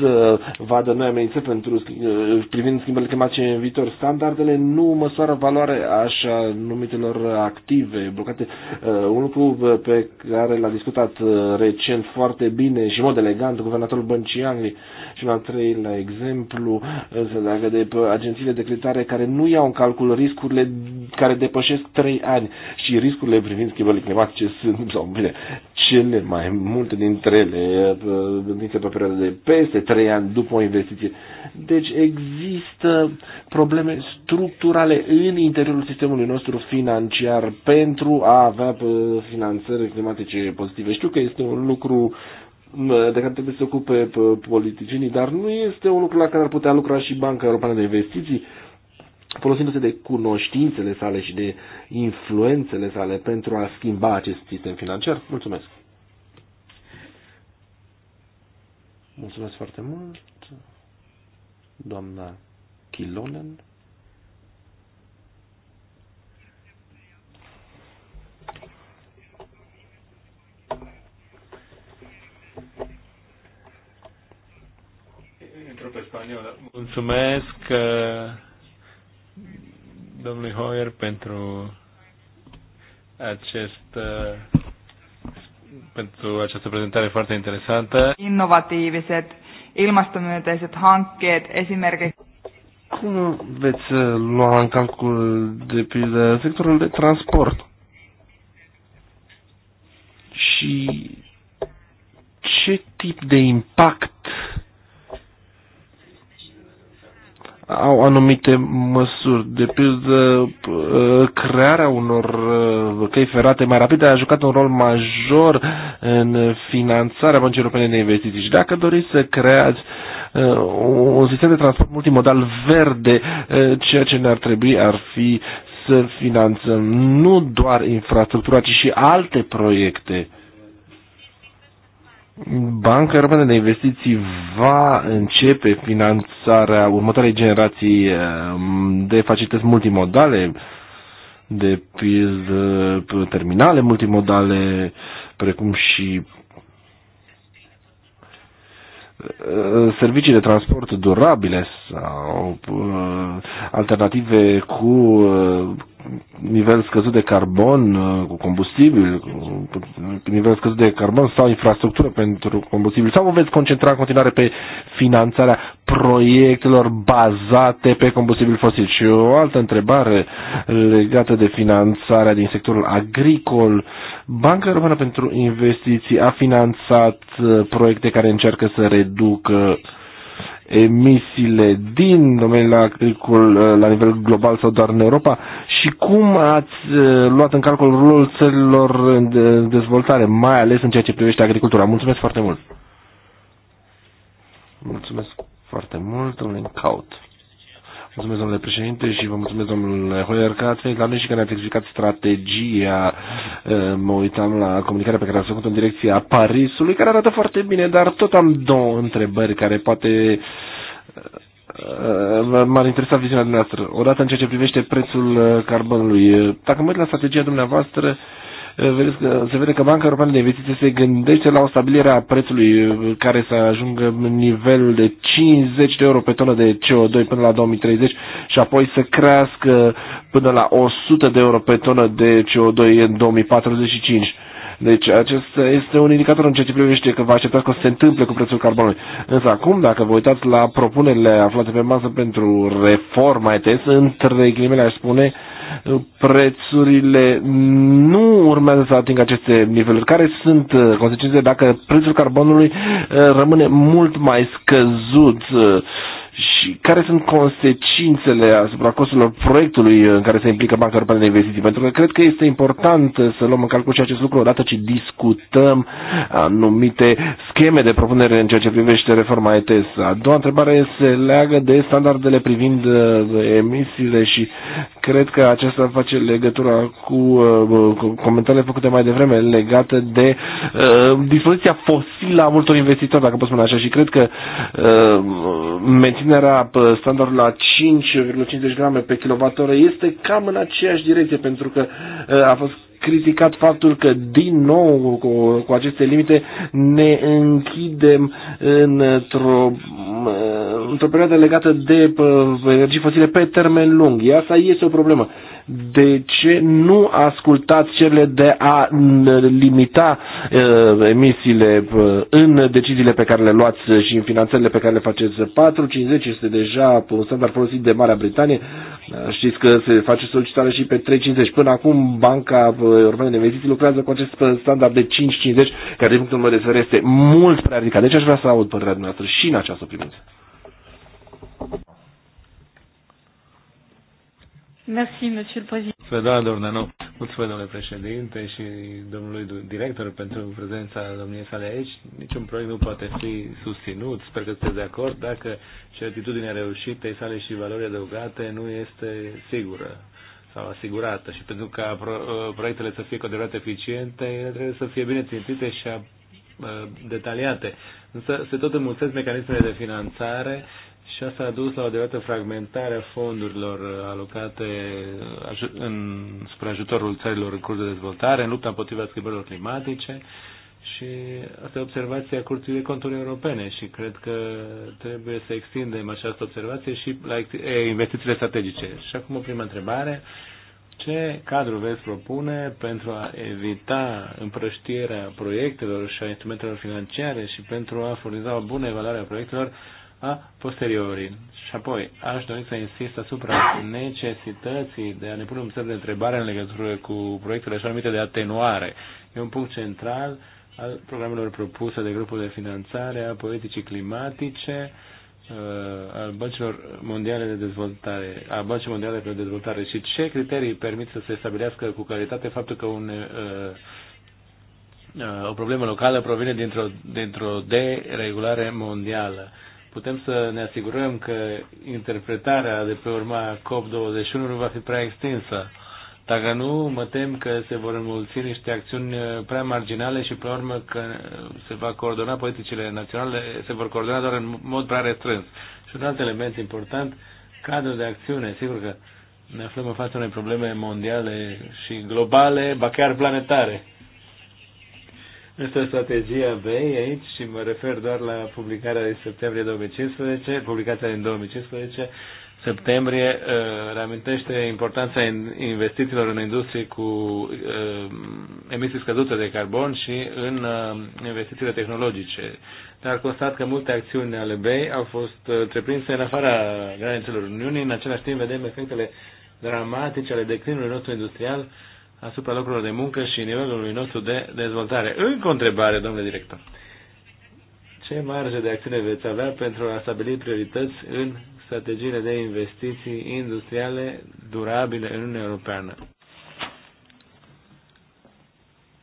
să vadă noi amenințări pentru, uh, privind schimbările climatice în viitor. Standardele nu măsoară valoare așa numitelor active blocate. Uh, un lucru uh, pe care l-a discutat recent foarte bine și în mod elegant guvernatorul Băncii Anglii și un al treilea exemplu se leagă de agențiile de creditare care nu iau în calcul riscurile care depășesc 3 ani și riscurile privind schimbările climatice sunt, sau bine, cele mai multe dintre ele, încă uh, pe o perioadă de peste trei ani după o investiție. Deci există probleme structurale în interiorul sistemului nostru financiar pentru a avea uh, finanțări climatice pozitive. Știu că este un lucru uh, de care trebuie să se ocupe politicienii, dar nu este un lucru la care ar putea lucra și Banca Europeană de Investiții, folosindu-se de cunoștințele sale și de influențele sale pentru a schimba acest sistem financiar? Mulțumesc! Mulțumesc foarte mult, doamna Kilonen. Mulțumesc uh, domnului Hoyer pentru acest uh, pentru această prezentare foarte interesantă. Innovatiiviset ilmastomyönteiset hankkeet esimerkiksi. Cum veți uh, lua în calcul, de pildă, sectorul de transport? Și ce tip de impact au anumite măsuri, de pildă uh, crearea unor uh, căi ferate mai rapide a jucat un rol major în finanțarea Băncii Europene de Investiții. Și dacă doriți să creați uh, un sistem de transport multimodal verde, ceea ce ne-ar trebui ar fi să finanțăm nu doar infrastructura, ci și alte proiecte Banca Europeană de Investiții va începe finanțarea următoarei generații uh, de facilități multimodale, de terminale multimodale, precum și uh, servicii de transport durabile sau uh, alternative cu nivel scăzut de carbon, uh, cu combustibil, cu nivel scăzut de carbon sau infrastructură pentru combustibil? Sau vă veți concentra în continuare pe finanțarea proiectelor bazate pe combustibil fosil? Și o altă întrebare legată de finanțarea din sectorul agricol. Banca română pentru Investiții a finanțat uh, proiecte care încearcă să reducă emisiile din domeniul agricol uh, la nivel global sau doar în Europa și cum ați uh, luat în calcul rolul țărilor în dezvoltare, mai ales în ceea ce privește agricultura. Mulțumesc foarte mult! Mulțumesc foarte mult, domnule Caut. Mulțumesc, domnule președinte, și vă mulțumesc, domnule Hoyer, că ați venit la noi și că ne-ați explicat strategia. Mă uitam la comunicarea pe care ați făcut în direcția Parisului, care arată foarte bine, dar tot am două întrebări care poate m-ar interesa viziunea dumneavoastră. Odată în ceea ce privește prețul carbonului, dacă mă uit la strategia dumneavoastră, Eh, vedeți că, se vede că Banca Europeană de Investiții se gândește la o stabilire a prețului eh, care să ajungă în nivelul de 50 de euro pe tonă de CO2 până la 2030 și apoi să crească până la 100 de euro pe tonă de CO2 în 2045. Deci acesta este un indicator în ceea ce privește că vă așteptați că se întâmple cu prețul carbonului. Însă acum, dacă vă uitați la propunerile aflate pe masă pentru reforma ETS, între ghilimele aș spune, uh, prețurile nu urmează să atingă aceste niveluri. Care sunt uh, consecințele dacă prețul carbonului uh, rămâne mult mai scăzut? Uh, și care sunt consecințele asupra costurilor proiectului în care se implică Banca Europeană de Investiții. Pentru că cred că este important să luăm în calcul și acest lucru odată ce discutăm anumite scheme de propunere în ceea ce privește reforma ETS. A doua întrebare se leagă de standardele privind uh, emisiile și cred că aceasta face legătura cu uh, comentariile făcute mai devreme legate de uh, dispoziția fosilă a multor investitori, dacă pot spune așa, și cred că menținerea standardului la 5,50 grame pe kilovatoră este cam în aceeași direcție, pentru că uh, a fost criticat faptul că din nou cu, cu aceste limite ne închidem într-o, uh, într-o perioadă legată de uh, energii fosile pe termen lung. Asta este o problemă de ce nu ascultați cele de a limita uh, emisiile uh, în deciziile pe care le luați și în finanțările pe care le faceți? 4,50 este deja un standard folosit de Marea Britanie. Uh, știți că se face solicitare și pe 3,50. Până acum Banca Europeană de Investiții lucrează cu acest standard de 5,50 care din punctul meu de vedere este mult prea ridicat. Deci aș vrea să aud părerea dumneavoastră și în această privință. Mersi, Monsieur Președinte. Doamna mulțumesc, domnule președinte și domnului director pentru prezența domniei sale aici. Niciun proiect nu poate fi susținut, sper că sunteți de acord, dacă certitudinea reușitei sale și valorii adăugate nu este sigură sau asigurată. Și pentru ca uh, proiectele să fie cu adevărat eficiente, ele trebuie să fie bine țintite și uh, detaliate. Însă se tot înmulțesc mecanismele de finanțare și asta a dus la o adevărată fragmentare a fondurilor alocate în, spre ajutorul țărilor în curs de dezvoltare, în lupta împotriva schimbărilor climatice. Și asta e observația Curții de Conturi Europene și cred că trebuie să extindem această observație și la investițiile strategice. Și acum o primă întrebare. Ce cadru veți propune pentru a evita împrăștierea proiectelor și a instrumentelor financiare și pentru a furniza o bună evaluare a proiectelor a posteriori. Și apoi, aș dori să insist asupra necesității de a ne pune un semn de întrebare în legătură cu proiectele așa numite de atenuare. E un punct central al programelor propuse de grupul de finanțare a politicii climatice, uh, al băncilor mondiale de dezvoltare, a băncii mondiale de dezvoltare și ce criterii permit să se stabilească cu calitate faptul că un uh, uh, o problemă locală provine dintr-o, dintr-o deregulare mondială putem să ne asigurăm că interpretarea de pe urma COP21 nu va fi prea extinsă. Dacă nu, mă tem că se vor înmulți niște acțiuni prea marginale și, pe urmă, că se va coordona politicile naționale, se vor coordona doar în mod prea restrâns. Și un alt element important, cadrul de acțiune. Sigur că ne aflăm în fața unei probleme mondiale și globale, ba chiar planetare. Este o strategie a BEI aici și mă refer doar la publicarea din septembrie 2015, publicația din 2015, septembrie uh, reamintește importanța investițiilor în industrie cu uh, emisii scăzute de carbon și în uh, investițiile tehnologice. Dar constat că multe acțiuni ale BEI au fost uh, întreprinse în afara granițelor Uniunii. În același timp vedem efectele dramatice ale declinului nostru industrial asupra locurilor de muncă și nivelului nostru de dezvoltare. Încă o întrebare, domnule director. Ce marge de acțiune veți avea pentru a stabili priorități în strategiile de investiții industriale durabile în Uniunea Europeană?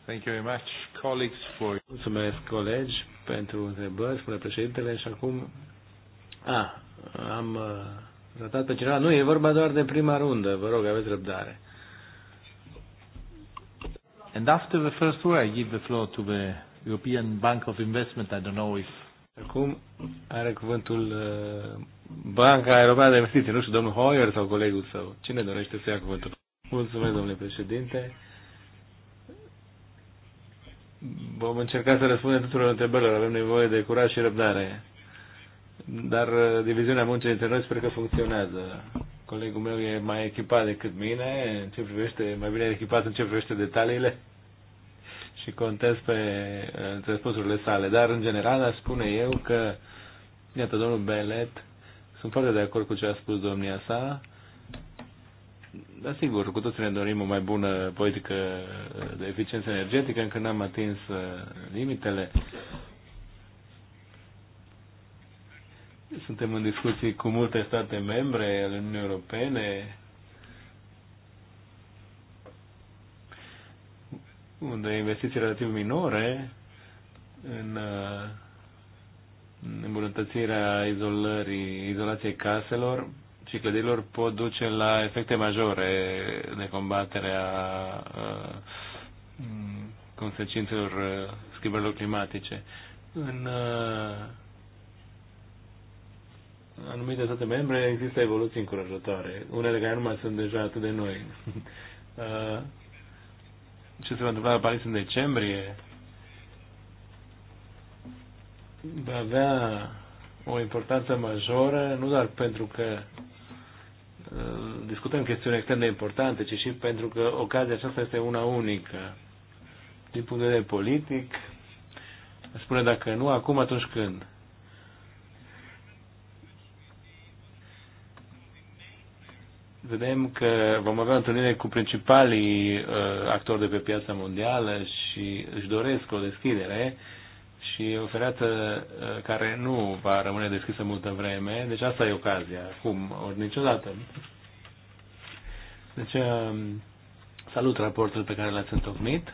Thank you very much, colleagues, for... Mulțumesc, colegi, pentru întrebări, spune președintele, și acum... A, am uh, ratat pe cineva. Nu, e vorba doar de prima rundă. Vă rog, aveți răbdare. And after the first word, I give the floor to the European Bank of Investment. I don't know if... Acum are cuvântul uh, Banca Europeană de Investiții, nu știu, domnul Hoyer sau colegul său. Cine dorește să ia cuvântul? Mulțumesc, domnule președinte. Vom încerca să răspundem tuturor întrebărilor. Avem nevoie de curaj și răbdare. Dar uh, diviziunea muncii dintre noi sper că funcționează. Colegul meu e mai echipat decât mine, în ce privește, mai bine echipat în ce privește detaliile și contez pe răspunsurile sale. Dar, în general, aș spune eu că, iată, domnul Belet, sunt foarte de acord cu ce a spus domnia sa. Dar, sigur, cu toți ne dorim o mai bună politică de eficiență energetică, încă n-am atins uh, limitele. Suntem în discuții cu multe state membre ale Uniunii Europene, unde investiții relativ minore uh, în îmbunătățirea izolării, izolației caselor și clădirilor pot duce la efecte majore de combatere a uh, consecințelor uh, schimbărilor climatice. În anumite state membre există evoluții încurajatoare, unele care nu mai sunt deja atât de noi. *laughs* ce se va întâmpla la Paris în decembrie va avea o importanță majoră, nu doar pentru că uh, discutăm chestiuni extrem de importante, ci și pentru că ocazia aceasta este una unică. Din punct de vedere politic, spune dacă nu acum, atunci când? vedem că vom avea întâlnire cu principalii uh, actori de pe piața mondială și își doresc o deschidere și o fereată uh, care nu va rămâne deschisă multă vreme, deci asta e ocazia, acum, ori niciodată. Deci, uh, salut raportul pe care l-ați întocmit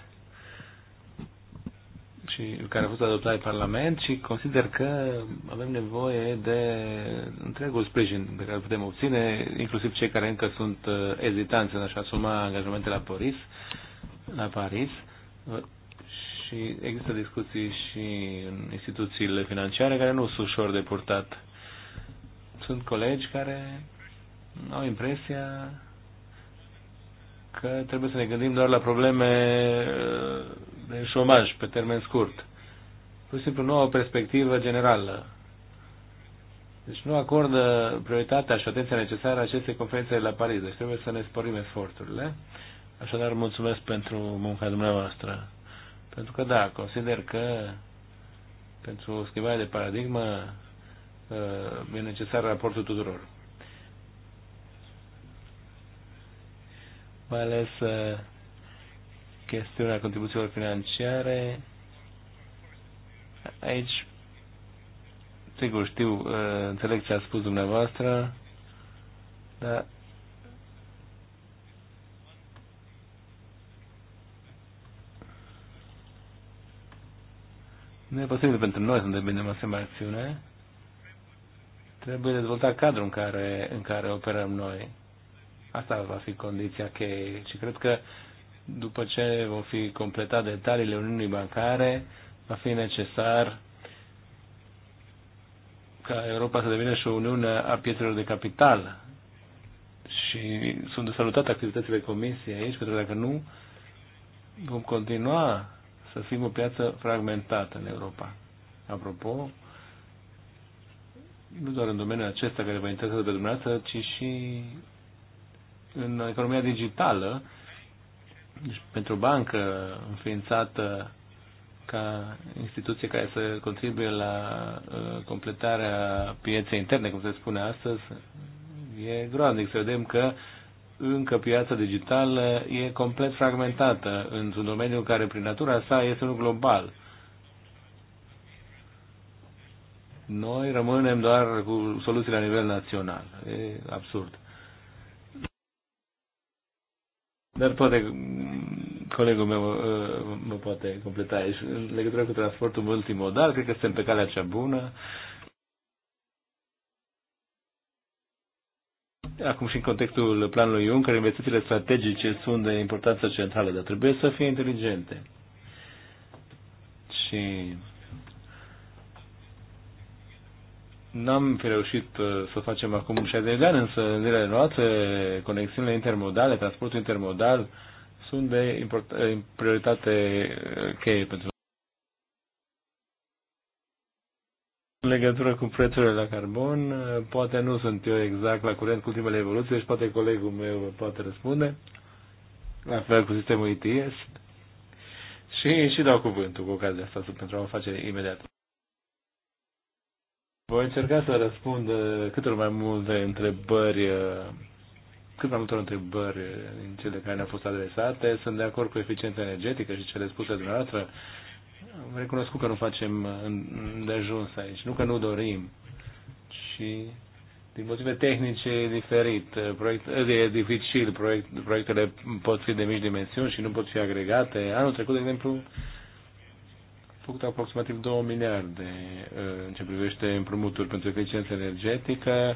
și care a fost adoptat de Parlament și consider că avem nevoie de întregul sprijin pe care îl putem obține, inclusiv cei care încă sunt uh, ezitanți în a-și asuma angajamente la Paris, la Paris. Și există discuții și în instituțiile financiare care nu sunt ușor de purtat. Sunt colegi care au impresia că trebuie să ne gândim doar la probleme uh, de șomaj pe termen scurt. Pur și simplu nu au o perspectivă generală. Deci nu acordă prioritatea și atenția necesară acestei conferințe de la Paris. Deci trebuie să ne sporim eforturile. Așadar, mulțumesc pentru munca dumneavoastră. Pentru că, da, consider că pentru o schimbare de paradigmă uh, e necesar raportul tuturor. Mai ales uh, chestiunea contribuțiilor financiare. Aici, sigur, știu, uh, înțeleg ce a spus dumneavoastră, dar Nu e posibil pentru noi să întreprindem asemenea acțiune. Trebuie dezvoltat cadrul în care, în care operăm noi. Asta va fi condiția cheie și cred că după ce vom fi completat detaliile Uniunii Bancare, va fi necesar ca Europa să devină și o uniune a pietrelor de capital. Și sunt de salutat activitățile Comisiei aici, pentru că dacă nu, vom continua să fim o piață fragmentată în Europa. Apropo, nu doar în domeniul acesta care vă interesează pe dumneavoastră, ci și în economia digitală, deci pentru bancă înființată ca instituție care să contribuie la uh, completarea pieței interne, cum se spune astăzi, e groaznic să vedem că încă piața digitală e complet fragmentată într-un domeniu care, prin natura sa, este unul global. Noi rămânem doar cu soluții la nivel național. E absurd. Dar poate colegul meu uh, mă poate completa aici. În legătură cu transportul multimodal, cred că suntem pe calea cea bună. Acum și în contextul planului Juncker, investițiile strategice sunt de importanță centrală, dar trebuie să fie inteligente. Și N-am fi reușit uh, să facem acum 60 de ani, însă în zilele noastre conexiunile intermodale, transportul intermodal sunt de eh, prioritate eh, cheie pentru În legătură cu prețurile la carbon, eh, poate nu sunt eu exact la curent cu ultimele evoluții, deci poate colegul meu vă poate răspunde, la fel cu sistemul ITS. Și, și dau cuvântul cu ocazia asta pentru a o face imediat. Voi încerca să răspund uh, cât mai multe întrebări, uh, cât mai multe întrebări din cele care ne-au fost adresate. Sunt de acord cu eficiența energetică și cele spuse dumneavoastră. Am recunoscut că nu facem uh, de ajuns aici, nu că nu dorim, și din motive tehnice e diferit. Proiect, e dificil, proiect, proiectele pot fi de mici dimensiuni și nu pot fi agregate. Anul trecut, de exemplu, făcut aproximativ 2 miliarde uh, în ce privește împrumuturi pentru eficiență energetică,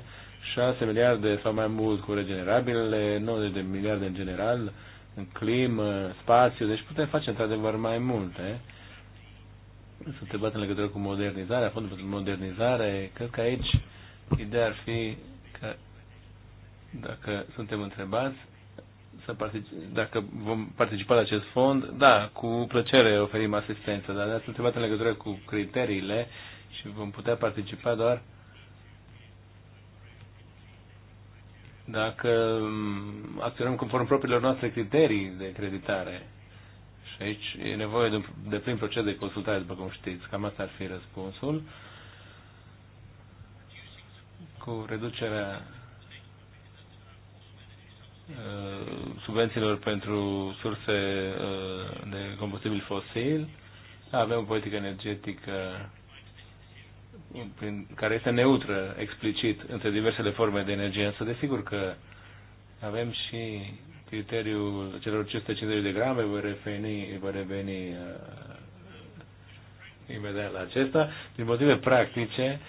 6 miliarde sau mai mult cu regenerabilele, 90 de miliarde în general, în climă, spațiu, deci putem face într-adevăr mai multe. Sunt întrebat în legătură cu modernizarea, fondul pentru modernizare, cred că aici ideea ar fi că dacă suntem întrebați, să partic- dacă vom participa la acest fond, da, cu plăcere oferim asistență, dar ne-ați întrebat în legătură cu criteriile și vom putea participa doar dacă mm, acționăm conform propriilor noastre criterii de creditare. Și aici e nevoie de, de plin proces de consultare, după cum știți. Cam asta ar fi răspunsul. Cu reducerea Uh, subvențiilor pentru surse uh, de combustibil fosil. Avem o politică energetică care este neutră explicit între diversele forme de energie, însă desigur că avem și criteriul celor 550 de grame, voi reveni, voi reveni uh, imediat la acesta, din motive practice, uh,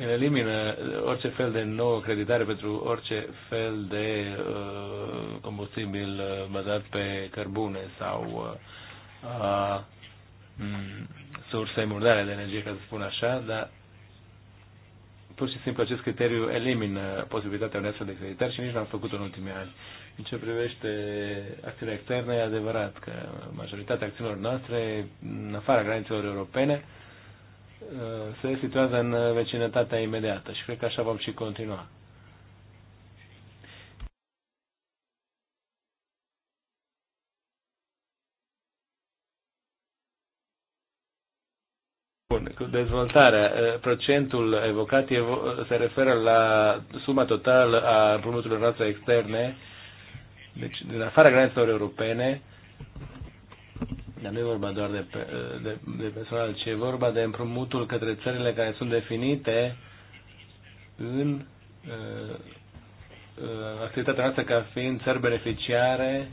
el elimină orice fel de nouă creditare pentru orice fel de uh, combustibil uh, bazat pe cărbune sau uh, uh, mm, surse murdare de energie, ca să spun așa, dar pur și simplu acest criteriu elimină posibilitatea unei astfel de creditare și nici nu am făcut-o în ultimii ani. În ce privește acțiunea externă, e adevărat că majoritatea acțiunilor noastre, în afara granițelor europene, Uh, se situează în uh, vecinătatea imediată și cred că așa vom și continua. Bun, dezvoltarea. Uh, procentul evocat se referă la suma totală a împrumuturilor noastre externe, deci din afara granițelor europene, dar nu e vorba doar de, de, de personal, ci e vorba de împrumutul către țările care sunt definite în uh, uh, activitatea noastră ca fiind țări beneficiare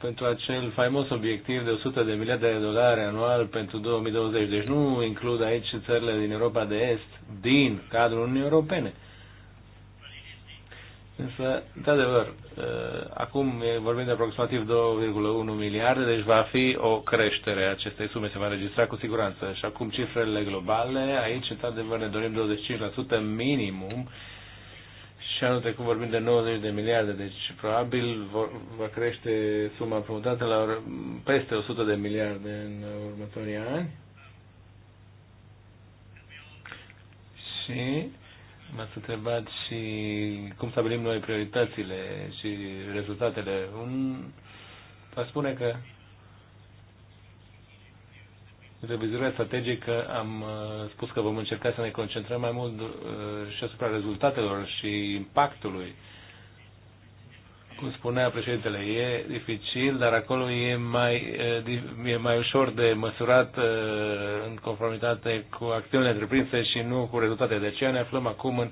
pentru acel faimos obiectiv de 100 de miliarde de dolari anual pentru 2020. Deci nu includ aici țările din Europa de Est, din cadrul Uniunii Europene. Însă, într-adevăr, ă, acum vorbim de aproximativ 2,1 miliarde, deci va fi o creștere a acestei sume, se va registra cu siguranță. Și acum cifrele globale, aici, într-adevăr, ne dorim 25% minimum și anul trecut vorbim de 90 de miliarde, deci probabil va crește suma promutată la peste 100 de miliarde în următorii ani. Și M-ați întrebat și cum stabilim noi prioritățile și rezultatele. Un, aș spune că revizuirea strategică am uh, spus că vom încerca să ne concentrăm mai mult uh, și asupra rezultatelor și impactului cum spunea președintele, e dificil, dar acolo e mai, e mai ușor de măsurat în conformitate cu acțiunile întreprinse și nu cu rezultate. De aceea ne aflăm acum în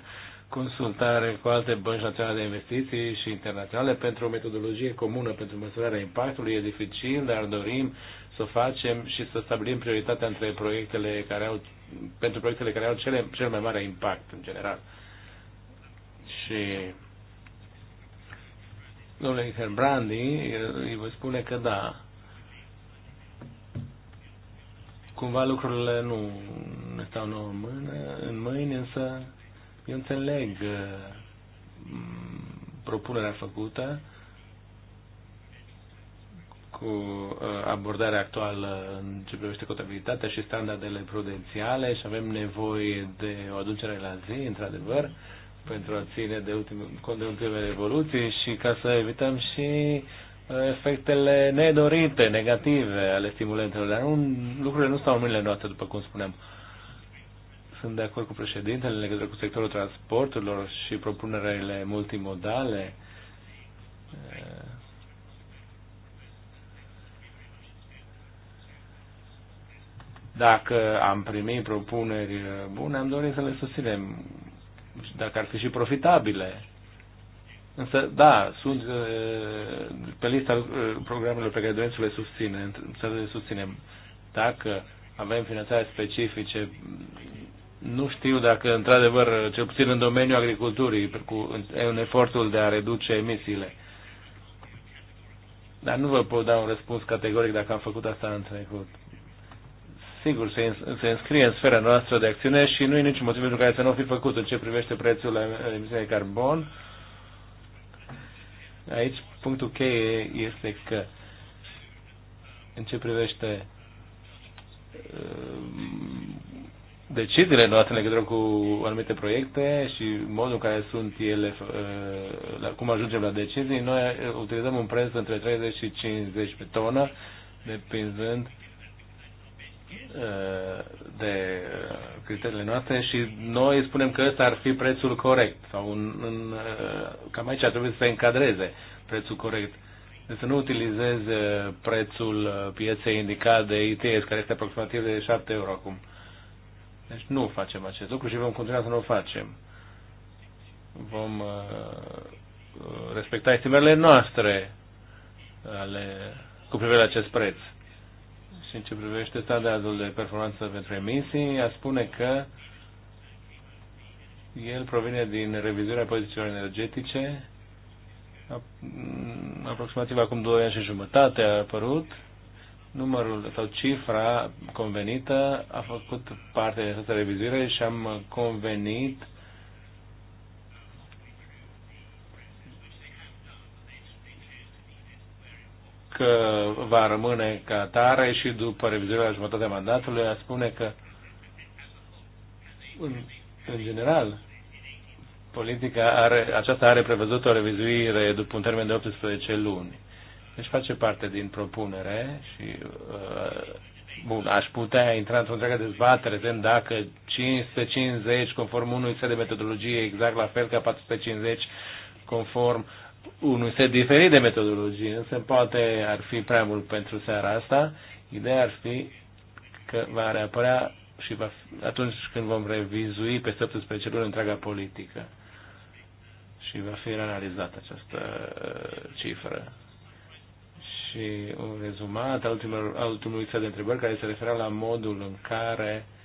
consultare cu alte bănci naționale de investiții și internaționale pentru o metodologie comună pentru măsurarea impactului. E dificil, dar dorim să o facem și să stabilim prioritatea între proiectele care au, pentru proiectele care au cele, cel mai mare impact în general. Și domnului Herbrandi, îi voi spune că da. Cumva lucrurile nu ne stau nouă în, mână, în mâini, însă eu înțeleg uh, propunerea făcută cu uh, abordarea actuală în ce privește contabilitatea și standardele prudențiale și avem nevoie de o aducere la zi, într-adevăr, pentru a ține de ultime, cont de ultimele evoluții și ca să evităm și uh, efectele nedorite, negative ale stimulentelor. Dar nu, lucrurile nu stau în mâinile noastre, după cum spuneam. Sunt de acord cu președintele în legătură cu sectorul transporturilor și propunerile multimodale. Dacă am primit propuneri bune, am dorit să le susținem dacă ar fi și profitabile. Însă, da, sunt pe lista programelor pe care dorim să le susținem, să le susținem. Dacă avem finanțare specifice, nu știu dacă, într-adevăr, cel puțin în domeniul agriculturii, cu, un efortul de a reduce emisiile. Dar nu vă pot da un răspuns categoric dacă am făcut asta în trecut sigur, se, se înscrie în sfera noastră de acțiune și nu e niciun motiv pentru care să nu fi făcut în ce privește prețul la emisiunea de carbon. Aici punctul cheie este că în ce privește uh, deciziile noastre în legătură cu anumite proiecte și modul în care sunt ele, uh, cum ajungem la decizii, noi utilizăm un preț între 30 și 50 pe tonă, depinzând de criteriile noastre și noi spunem că ăsta ar fi prețul corect sau un un, uh, cam aici ar trebui să se încadreze prețul corect. Deci să nu utilizeze prețul pieței indicat de ITS, care este aproximativ de 7 euro acum. Deci nu facem acest lucru și vom continua să nu o facem. Vom uh, uh, respecta estimările noastre ale, cu privire la acest preț și în ce privește standardul de performanță pentru emisii, ea spune că el provine din revizuirea pozițiilor energetice, mm, aproximativ acum 2 ani și jumătate a apărut, numărul sau cifra convenită a făcut parte din această revizuire și am convenit că va rămâne ca tare și după revizuirea la jumătatea mandatului a spune că în, în general politica are, aceasta are prevăzut o revizuire după un termen de 18 luni. Deci face parte din propunere și uh, bun, aș putea intra într-o întreagă dezbatere, semn dacă 550 conform unui set de metodologie exact la fel ca 450 conform unui set diferit de metodologie, însă poate ar fi prea mult pentru seara asta. Ideea ar fi că va reapărea și va fi, atunci când vom revizui pe 17 luni întreaga politică și va fi analizată această uh, cifră. Și un rezumat al ultimului, al ultimului set de întrebări care se referă la modul în care uh,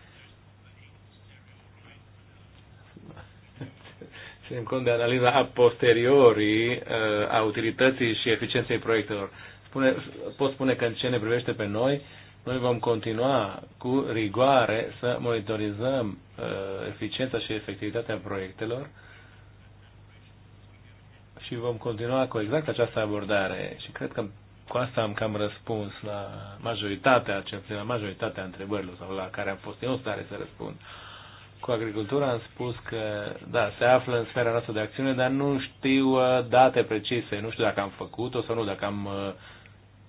ținem cont de analiza a posteriori uh, a utilității și eficienței proiectelor. Spune, pot spune că în ce ne privește pe noi, noi vom continua cu rigoare să monitorizăm uh, eficiența și efectivitatea proiectelor și vom continua cu exact această abordare. Și cred că cu asta am cam răspuns la majoritatea, cel puțin la majoritatea întrebărilor sau la care am fost eu stare să răspund. Uh, cu agricultura am spus că, da, se află în sfera noastră de acțiune, dar nu știu uh, date precise. Nu știu dacă am făcut-o sau nu, dacă am uh,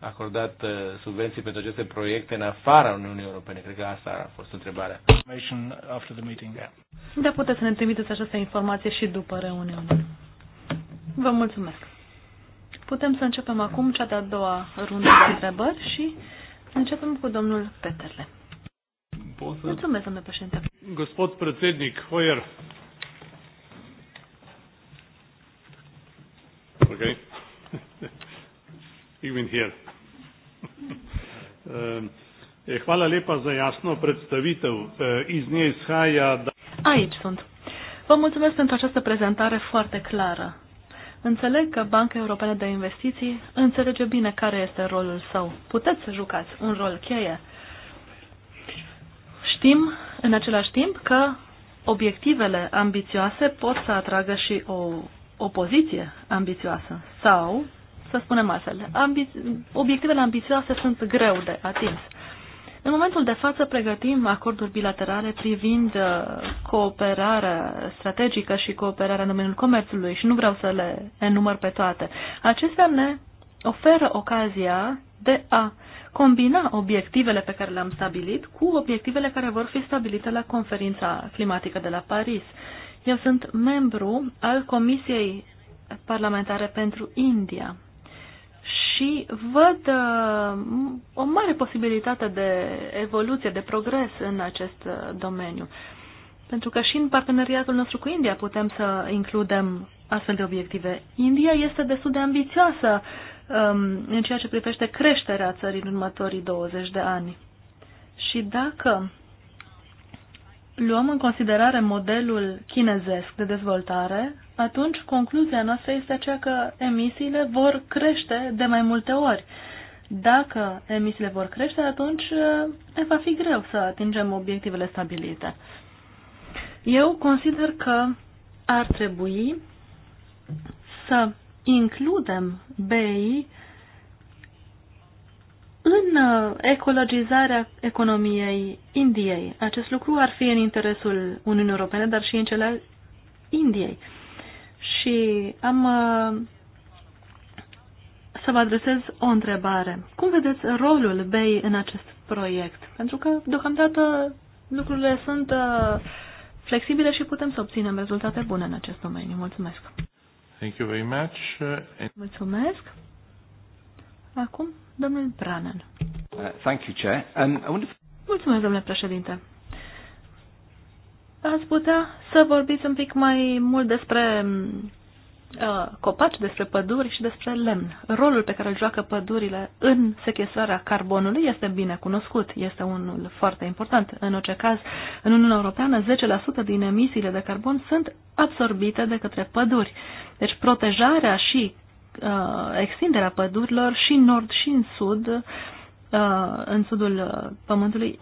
acordat uh, subvenții pentru aceste proiecte în afara Uniunii Europene. Cred că asta a fost întrebarea. Da, puteți să ne trimiteți această informație și după reuniune. Vă mulțumesc. Putem să începem acum cea de-a doua rundă de întrebări și începem cu domnul Peterle. Să... Mulțumesc, domnule președinte. Gospod predsednik Hojer. Okay. Ik ben hier. E, hvala lepa za jasno predstavitev. E, iz nje izhaja, da... Aici sunt. Vă mulțumesc pentru această prezentare foarte clară. Înțeleg că Banca Europeană de Investiții înțelege bine care este rolul său. Puteți să jucați un rol cheie. Știm în același timp că obiectivele ambițioase pot să atragă și o opoziție ambițioasă sau, să spunem altfel, ambi obiectivele ambițioase sunt greu de atins. În momentul de față pregătim acorduri bilaterale privind uh, cooperarea strategică și cooperarea în domeniul comerțului și nu vreau să le enumăr pe toate. Acestea ne oferă ocazia de a combina obiectivele pe care le-am stabilit cu obiectivele care vor fi stabilite la conferința climatică de la Paris. Eu sunt membru al Comisiei Parlamentare pentru India și văd uh, o mare posibilitate de evoluție, de progres în acest uh, domeniu. Pentru că și în parteneriatul nostru cu India putem să includem astfel de obiective. India este destul de ambițioasă Um, în ceea ce privește creșterea țării în următorii 20 de ani. Și dacă luăm în considerare modelul chinezesc de dezvoltare, atunci concluzia noastră este aceea că emisiile vor crește de mai multe ori. Dacă emisiile vor crește, atunci uh, ne va fi greu să atingem obiectivele stabilite. Eu consider că ar trebui să includem BEI în uh, ecologizarea economiei Indiei. Acest lucru ar fi în interesul Uniunii Europene, dar și în cel al Indiei. Și am uh, să vă adresez o întrebare. Cum vedeți rolul BEI în acest proiect? Pentru că, deocamdată, lucrurile sunt uh, flexibile și putem să obținem rezultate bune în acest domeniu. Mulțumesc! Thank you very much. Uh, Mulțumesc. Acum, domnul Branan. Uh, thank you, Chair. Um, I wonder if... Mulțumesc, domnule președinte. Ați putea să vorbiți un pic mai mult despre uh, copaci, despre păduri și despre lemn. Rolul pe care îl joacă pădurile în sequestrarea carbonului este bine cunoscut, este unul foarte important. În orice caz, în Uniunea Europeană, 10% din emisiile de carbon sunt absorbite de către păduri. Uh, deci protejarea și uh, extinderea pădurilor și în nord și în sud, uh, în sudul uh, pământului,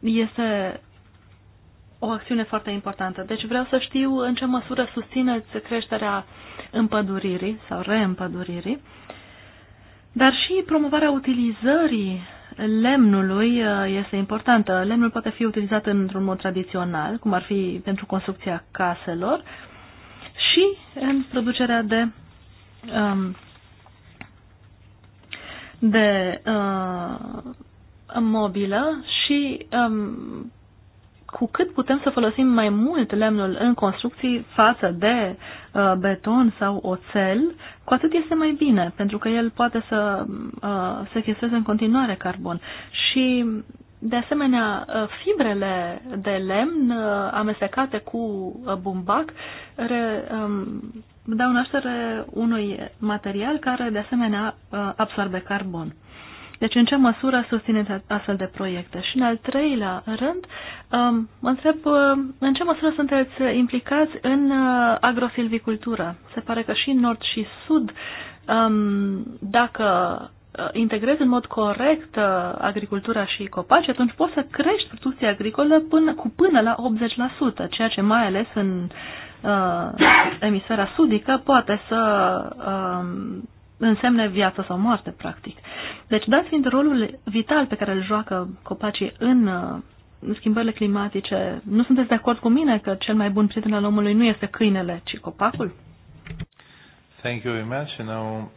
este o acțiune foarte importantă. Deci vreau să știu în ce măsură susțineți creșterea împăduririi sau reîmpăduririi, dar și promovarea utilizării lemnului uh, este importantă. Lemnul poate fi utilizat într-un mod tradițional, cum ar fi pentru construcția caselor, uh, și în producerea de, um, de uh, mobilă și um, cu cât putem să folosim mai mult lemnul în construcții față de uh, beton sau oțel, cu atât este mai bine, pentru că el poate să uh, sequestreze în continuare carbon. Și de asemenea, uh, fibrele de lemn uh, amestecate cu uh, bumbac re, um, dau naștere unui material care, de asemenea, absorbe carbon. Deci, în ce măsură susțineți astfel de proiecte? Și, în al treilea rând, um, mă întreb în ce măsură sunteți implicați în agrosilvicultură? Se pare că și în nord și sud, um, dacă Uh, integrezi în mod corect uh, agricultura și copaci, atunci poți să crești producția agricolă până, cu până la 80%, ceea ce mai ales în uh, emisfera sudică poate să uh, însemne viață sau moarte, practic. Deci, dat fiind rolul vital pe care îl joacă copacii în uh, schimbările climatice, nu sunteți de acord cu mine că cel mai bun prieten al omului nu este câinele, ci copacul? Thank you very much. Now...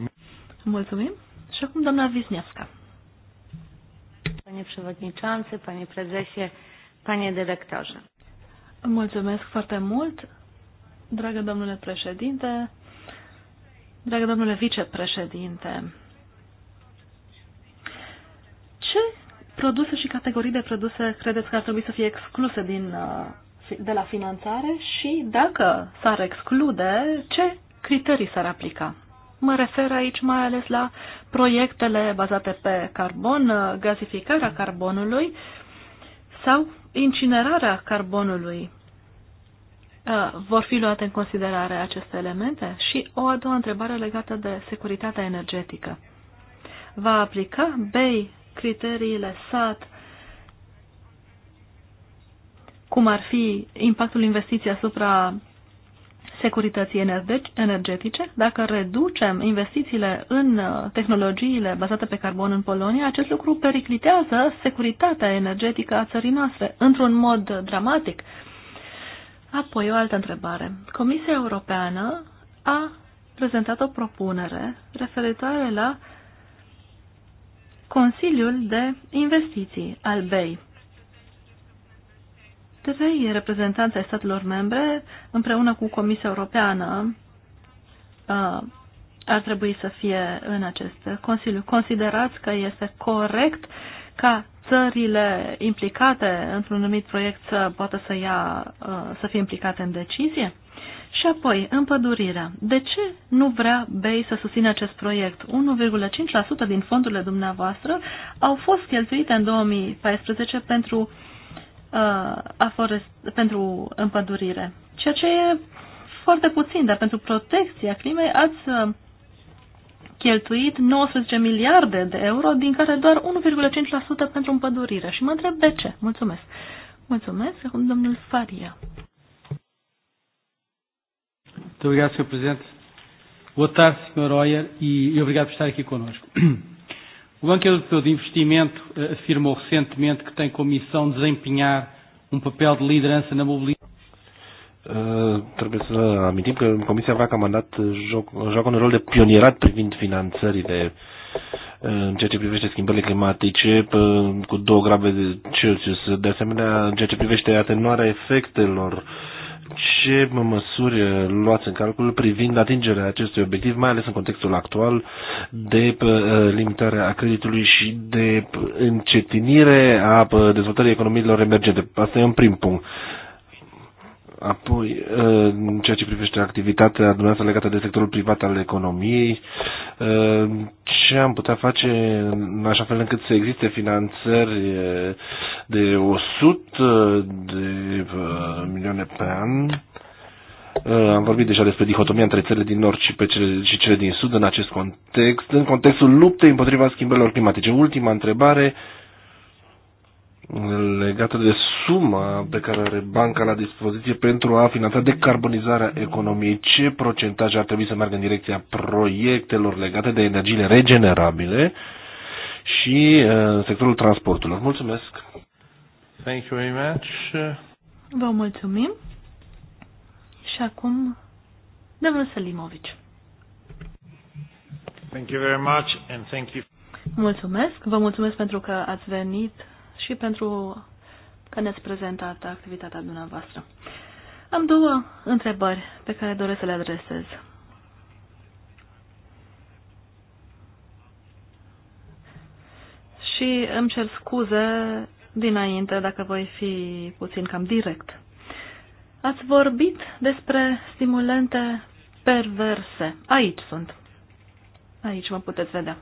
Mulțumim. Și acum doamna Wisniewska. Panie Przewodniczący, Panie Prezesie, Panie Dyrektorze. Mulțumesc foarte mult, dragă domnule președinte, dragă domnule vicepreședinte. Ce produse și categorii de produse credeți că ar trebui să fie excluse din, uh, de la finanțare și dacă s-ar exclude, ce criterii s-ar aplica? Mă refer aici mai ales la proiectele bazate pe carbon, gazificarea carbonului sau incinerarea carbonului. Uh, vor fi luate în considerare aceste elemente? Și o a doua întrebare legată de securitatea energetică. Va aplica BEI criteriile SAT cum ar fi impactul investiției asupra securității energetice, dacă reducem investițiile în uh, tehnologiile bazate pe carbon în Polonia, acest lucru periclitează securitatea energetică a țării noastre într-un mod dramatic. Apoi o altă întrebare. Comisia Europeană a prezentat o propunere referitoare la Consiliul de Investiții al BEI. Trei reprezentanți ai statelor membre, împreună cu Comisia Europeană, uh, ar trebui să fie în acest Consiliu. Considerați că este corect ca țările implicate într-un anumit proiect să poată să, ia, uh, să fie implicate în decizie? Și apoi, împădurirea. De ce nu vrea BEI să susțină acest proiect? 1,5% din fondurile dumneavoastră au fost cheltuite în 2014 pentru uh, aforest, pentru împădurire, ceea ce e foarte puțin, dar pentru protecția climei ați uh, cheltuit 19 miliarde de euro, din care doar 1,5% pentru împădurire. Și mă întreb de ce. Mulțumesc. Mulțumesc. Acum domnul Faria. Muito obrigado, Sr. Presidente. Boa tarde, Sr. Royer, e obrigado por estar aqui conosco. *clears throat* O Banco Europeu de Investimento eh, afirmou recentemente que tem como missão desempenhar um papel de liderança na mobilidade. Uh, trebuie să amintim că Comisia VACA a mandat eh, joc, joacă un rol de pionierat privind finanțările uh, în ceea ce privește schimbările climatice uh, cu două grave de Celsius. De asemenea, în ceea ce privește atenuarea efectelor uh, ce măsuri eh, luați în calcul privind atingerea acestui obiectiv, mai ales în contextul actual de eh, limitarea a creditului și de eh, încetinire a dezvoltării economiilor emergente. Asta e un prim punct. Apoi, în ceea ce privește activitatea dumneavoastră legată de sectorul privat al economiei, Ehm, ce am putea face în așa fel încât să existe finanțări eh, de 100 de eh, milioane pe an. Eh, am vorbit deja despre dihotomia între țările din nord și, pe cele, și cele din sud în acest context, în contextul luptei împotriva schimbărilor climatice. Ultima întrebare uh, legată de suma pe care are banca la dispoziție pentru a finanța decarbonizarea economiei. Ce procentaj ar trebui să meargă în direcția proiectelor legate de energiile regenerabile și uh, în sectorul transporturilor? Mulțumesc! Thank you very much. Vă mulțumim. Și acum, domnul Salimovic. Thank you very much and thank you. Mulțumesc, vă mulțumesc pentru că ați venit și pentru că ne-ați prezentat activitatea dumneavoastră. Am două întrebări pe care doresc să le adresez. Și îmi cer scuze dinainte dacă voi fi puțin cam direct. Ați vorbit despre stimulente perverse. Aici sunt. Aici mă puteți vedea.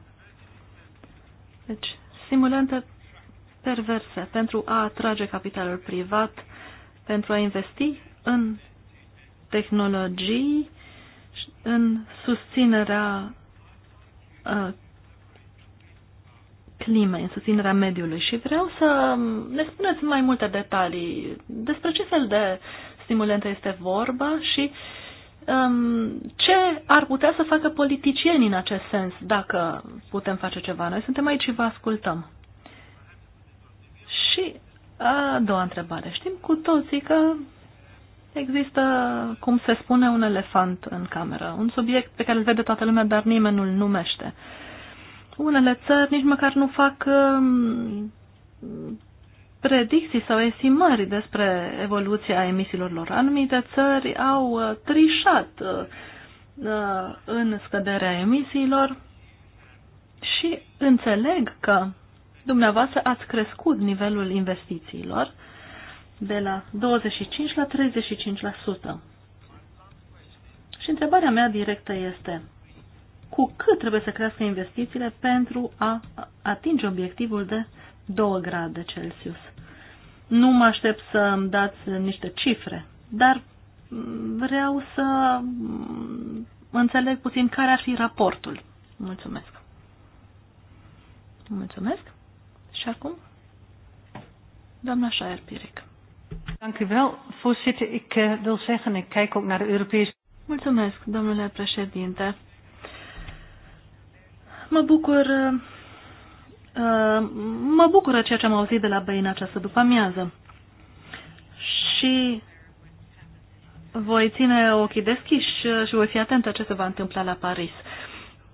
Deci, stimulente perverse pentru a atrage capitalul privat, pentru a investi în tehnologii, în susținerea uh, climei, în susținerea mediului. Și vreau să ne spuneți mai multe detalii despre ce fel de stimulente este vorba și um, ce ar putea să facă politicienii în acest sens, dacă putem face ceva. Noi suntem aici și vă ascultăm. Și a doua întrebare. Știm cu toții că există, cum se spune, un elefant în cameră, un subiect pe care îl vede toată lumea, dar nimeni nu-l numește. Unele țări nici măcar nu fac um, predicții sau estimări despre evoluția emisiilor lor. Anumite țări au uh, trișat uh, uh, în scăderea emisiilor și înțeleg că dumneavoastră ați crescut nivelul investițiilor de la 25 la 35%. Și întrebarea mea directă este, cu cât trebuie să crească investițiile pentru a atinge obiectivul de 2 grade Celsius? Nu mă aștept să îmi dați niște cifre, dar vreau să înțeleg puțin care ar fi raportul. Mulțumesc. Mulțumesc. Și acum, doamna Shire Pirec. Eh, Mulțumesc, domnule președinte. Mă bucur, eh, eh, mă bucură ceea ce am auzit de la Băi în această după amiază. Și voi ține ochii deschiși și voi fi atent la ce se va întâmpla la Paris.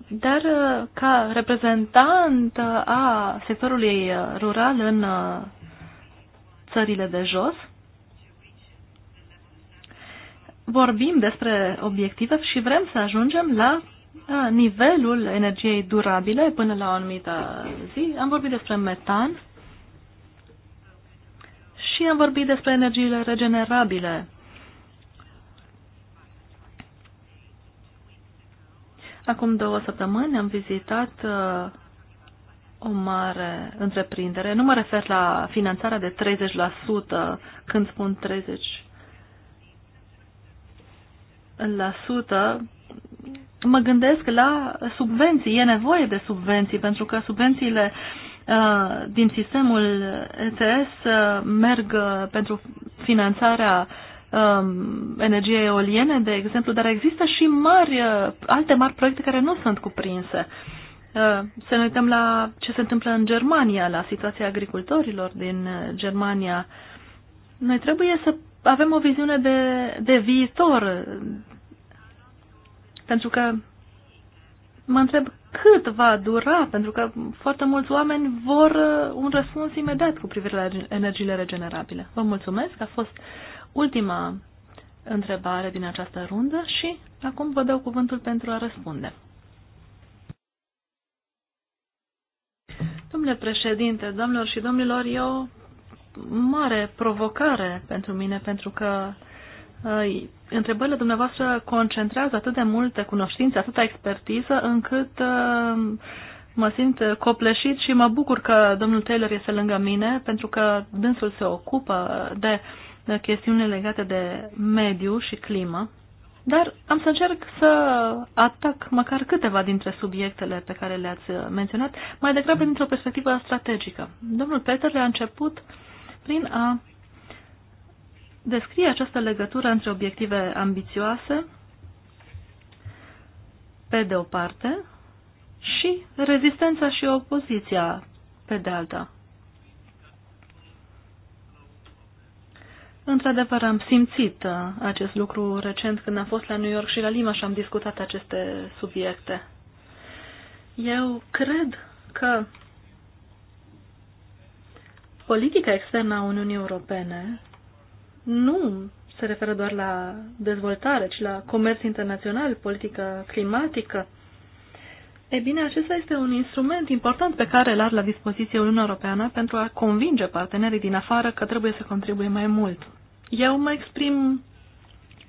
Dar uh, ca reprezentant uh, a sectorului uh, rural în țările de jos, vorbim despre obiective și vrem să ajungem la nivelul energiei durabile până la o anumită zi. Am vorbit despre metan și am vorbit despre energiile regenerabile. Acum două săptămâni am vizitat uh, o mare întreprindere. Nu mă refer la finanțarea de 30% când spun 30 la sută, mă gândesc la subvenții. E nevoie de subvenții pentru că subvențiile uh, din sistemul ETS uh, merg uh, pentru finanțarea Um, energie eoliene, de exemplu, dar există și mari, uh, alte mari proiecte care nu sunt cuprinse. Uh, să ne uităm la ce se întâmplă în Germania, la situația agricultorilor din uh, Germania. Noi trebuie să avem o viziune de, de viitor, pentru că mă întreb cât va dura, pentru că foarte mulți oameni vor un răspuns imediat cu privire la energiile regenerabile. Vă mulțumesc, a fost ultima întrebare din această rundă și acum vă dau cuvântul pentru a răspunde. Domnule președinte, domnilor și domnilor, e o mare provocare pentru mine, pentru că uh, întrebările dumneavoastră concentrează atât de multe cunoștințe, atâta expertiză, încât uh, mă simt copleșit și mă bucur că domnul Taylor este lângă mine, pentru că dânsul se ocupă de uh, Uh, chestiuni legate de mediu și climă, dar am să încerc să atac măcar câteva dintre subiectele pe care le-ați menționat, mai degrabă dintr-o perspectivă strategică. Domnul Peter a început prin a descrie această legătură între obiective ambițioase, pe de o parte, și rezistența și opoziția, pe de alta. Într-adevăr, am simțit uh, acest lucru recent când am fost la New York și la Lima și am discutat aceste subiecte. Eu cred că politica externă a Uniunii Europene nu se referă doar la dezvoltare, ci la comerț internațional, politică climatică. Ei bine, acesta este un instrument important pe care îl are la dispoziție Uniunea Europeană pentru a convinge partenerii din afară că trebuie să contribuie mai mult. Eu mă exprim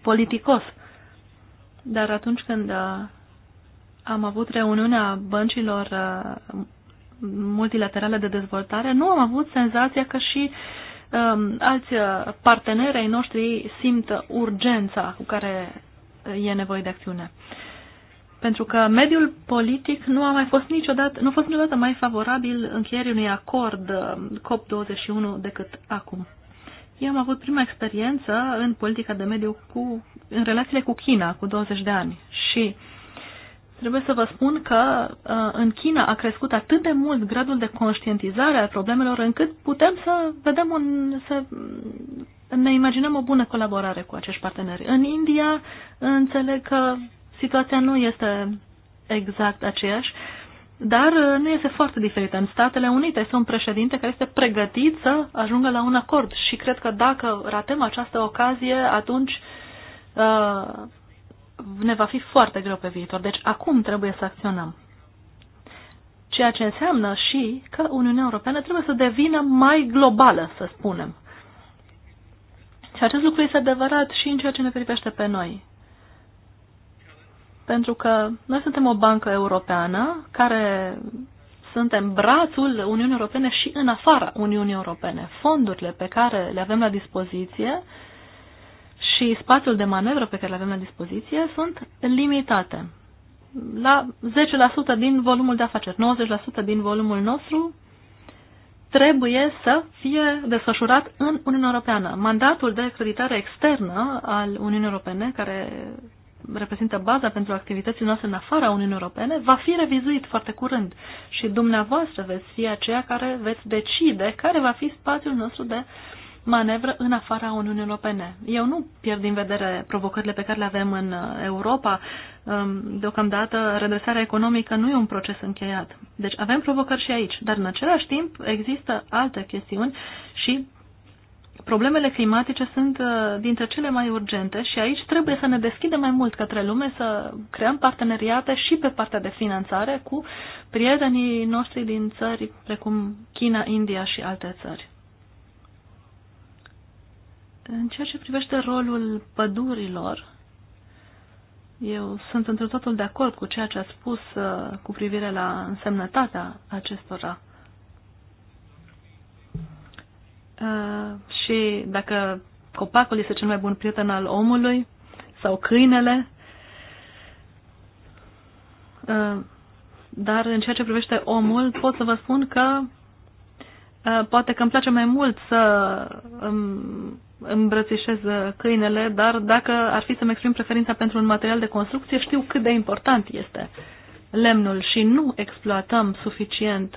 politicos, dar atunci când uh, am avut reuniunea băncilor uh, multilaterale de dezvoltare, nu am avut senzația că și um, alți uh, parteneri ai noștri simt urgența cu care e nevoie de acțiune. Pentru că mediul politic nu a mai fost niciodată, nu a fost niciodată mai favorabil încheierii unui acord COP21 decât acum. Eu am avut prima experiență în politica de mediu cu, în relațiile cu China, cu 20 de ani. Și trebuie să vă spun că uh, în China a crescut atât de mult gradul de conștientizare al problemelor încât putem să vedem un, să ne imaginăm o bună colaborare cu acești parteneri. În India înțeleg că situația nu este exact aceeași dar uh, nu este foarte diferit. În Statele Unite este un președinte care este pregătit să ajungă la un acord și cred că dacă ratăm această ocazie, atunci uh, ne va fi foarte greu pe viitor. Deci acum trebuie să acționăm. Ceea ce înseamnă și că Uniunea Europeană trebuie să devină mai globală, să spunem. Și acest lucru este adevărat și în ceea ce ne privește pe noi pentru că noi suntem o bancă europeană care suntem brațul Uniunii Europene și în afara Uniunii Europene. Fondurile pe care le avem la dispoziție și spațiul de manevră pe care le avem la dispoziție sunt limitate. La 10% din volumul de afaceri, 90% din volumul nostru trebuie să fie desfășurat în Uniunea Europeană. Mandatul de creditare externă al Uniunii Europene, care reprezintă baza pentru activității noastre în afara Uniunii Europene, va fi revizuit foarte curând și dumneavoastră veți fi aceea care veți decide care va fi spațiul nostru de manevră în afara Uniunii Europene. Eu nu pierd din vedere provocările pe care le avem în Europa. Ehm, deocamdată, redresarea economică nu e un proces încheiat. Deci avem provocări și aici, dar în același timp există alte chestiuni și problemele climatice sunt uh, dintre cele mai urgente și aici trebuie să ne deschidem mai mult către lume, să creăm parteneriate și pe partea de finanțare cu prietenii noștri din țări precum China, India și alte țări. În ceea ce privește rolul pădurilor, eu sunt într totul de acord cu ceea ce a spus uh, cu privire la însemnătatea acestora Ah, și dacă copacul este cel mai bun prieten al omului sau câinele, ah, dar în ceea ce privește omul, pot să vă spun că ah, poate că îmi place mai mult să um, îmbrățișez câinele, dar dacă ar fi să-mi exprim preferința pentru un material de construcție, știu cât de important este lemnul și nu exploatăm suficient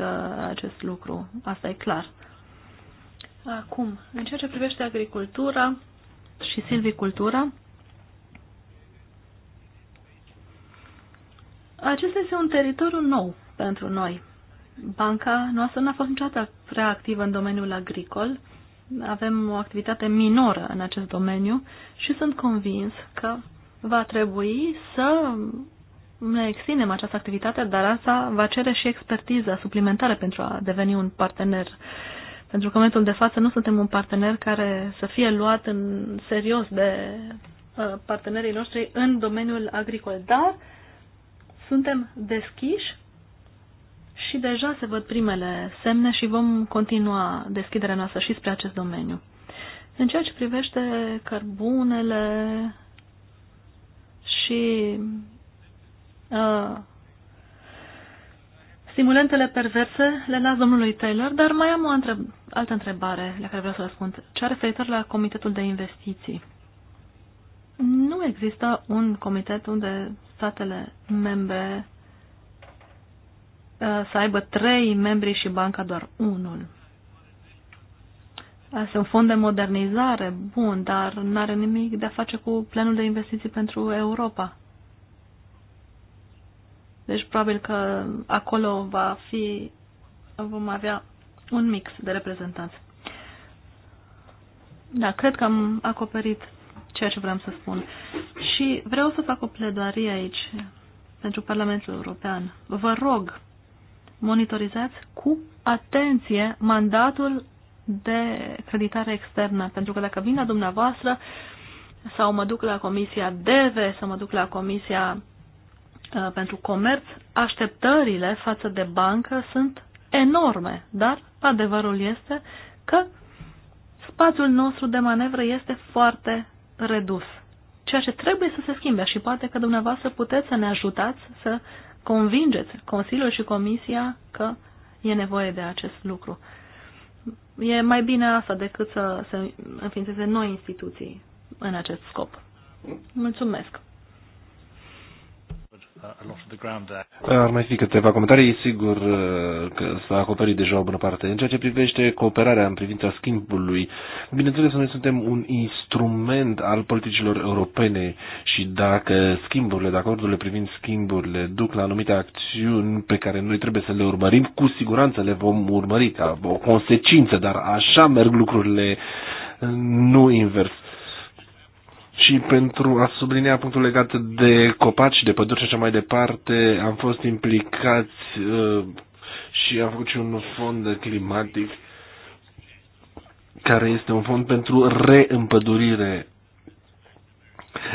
acest lucru. Asta e clar. Acum, în ceea ce privește agricultura și silvicultura, acesta este un teritoriu nou pentru noi. Banca noastră n-a fost niciodată prea activă în domeniul agricol. Avem o activitate minoră în acest domeniu și sunt convins că va trebui să ne extindem această activitate, dar asta va cere și expertiza suplimentară pentru a deveni un partener uh, pentru că în momentul de față nu suntem un partener care să fie luat în serios de uh, partenerii noștri în domeniul agricol, dar suntem deschiși și deja se văd primele semne și vom continua deschiderea noastră și spre acest domeniu. În ceea ce privește cărbunele și uh, stimulentele perverse le las domnului Taylor, dar mai am o întreb altă întrebare la care vreau să răspund. are referitor la Comitetul de Investiții. Nu există un comitet unde statele membre uh, să aibă trei membri și banca doar unul. Este uh, un fond de modernizare bun, dar nu are nimic de a face cu planul de investiții pentru Europa. Deci probabil că acolo va fi, vom avea un mix de reprezentanți. Da, cred că am acoperit ceea ce vreau să spun. Și vreau să fac o pledoarie aici pentru Parlamentul European. Vă rog, monitorizați cu atenție mandatul de creditare externă, pentru că dacă vin la dumneavoastră sau mă duc la Comisia DEVE, să mă duc la Comisia Uh, pentru comerț, așteptările față de bancă sunt enorme, dar adevărul este că spațiul nostru de manevră este foarte redus. Ceea ce trebuie să se schimbe și poate că dumneavoastră puteți să ne ajutați să convingeți Consiliul și Comisia că e nevoie de acest lucru. E mai bine asta decât să, se înființeze noi instituții în acest scop. Mulțumesc! Uh, Ar mai fi câteva comentarii. Sigur uh, că s-a acoperit deja o bună parte. În ceea ce privește cooperarea în privința schimbului, bineînțeles noi suntem un instrument al politicilor europene și dacă schimburile, dacă acordurile privind schimburile duc la anumite acțiuni pe care noi trebuie să le urmărim, cu siguranță le vom urmări ca o consecință, dar așa merg lucrurile, nu invers și pentru a sublinia punctul legat de copaci, de păduri și așa mai departe, am fost implicați uh, și am făcut și un fond climatic care este un fond pentru reîmpădurire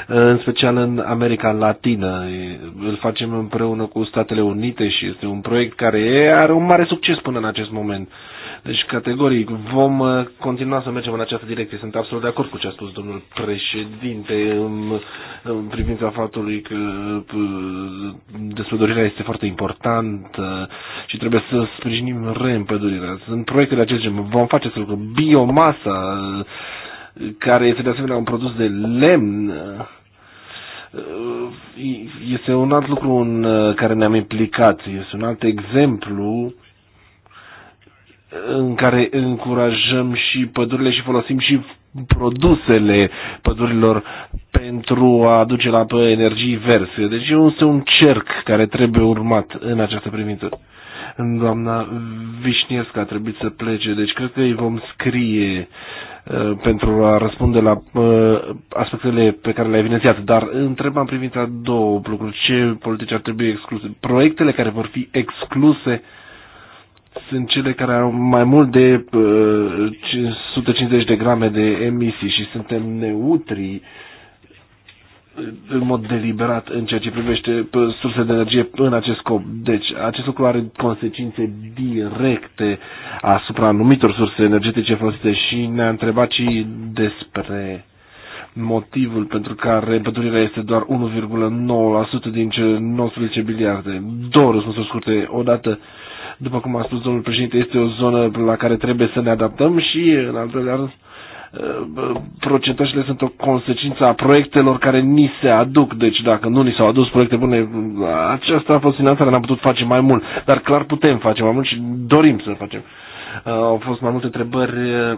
în special în America Latină. Îl facem împreună cu Statele Unite și este un proiect care are un mare succes până în acest moment. Uh, deci, categoric, vom uh, continua să mergem în această direcție. Sunt absolut de acord cu ce a spus domnul președinte în, în privința faptului că uh, despădurirea este foarte importantă și trebuie să sprijinim reîmpădurirea. Sunt acest gen. vom face să lucrăm. Biomasa, uh, care este de asemenea un produs de lemn, este un alt lucru în care ne-am implicat. Este un alt exemplu în care încurajăm și pădurile și folosim și produsele pădurilor pentru a aduce la energii verzi. Deci este un cerc care trebuie urmat în această privință. Doamna Vișniescu a trebuit să plece, deci cred că îi vom scrie uh, pentru a răspunde la uh, aspectele pe care le ai evidențiat, dar întrebam în privința două lucruri. Ce politici ar trebui excluse? Proiectele care vor fi excluse uh, sunt cele care au mai mult de uh, 550 de grame de emisii și suntem neutri în mod deliberat în ceea ce privește uh, surse de energie în acest scop. Deci, acest lucru are consecințe directe asupra anumitor surse energetice folosite și ne-a întrebat și despre motivul pentru care pădurirea este doar 1,9% din cele 19 miliarde. Două răspunsuri scurte. Odată, uh, după cum a spus domnul președinte, este o zonă la care trebuie să ne adaptăm și, în al doilea rând, uh, procentajele sunt o consecință a proiectelor care ni se aduc. Deci dacă nu ni s-au adus proiecte bune, aceasta a fost finanțarea, n-am putut face mai mult. Dar clar putem face mai mult și dorim să facem. Uh, au fost mai multe întrebări uh,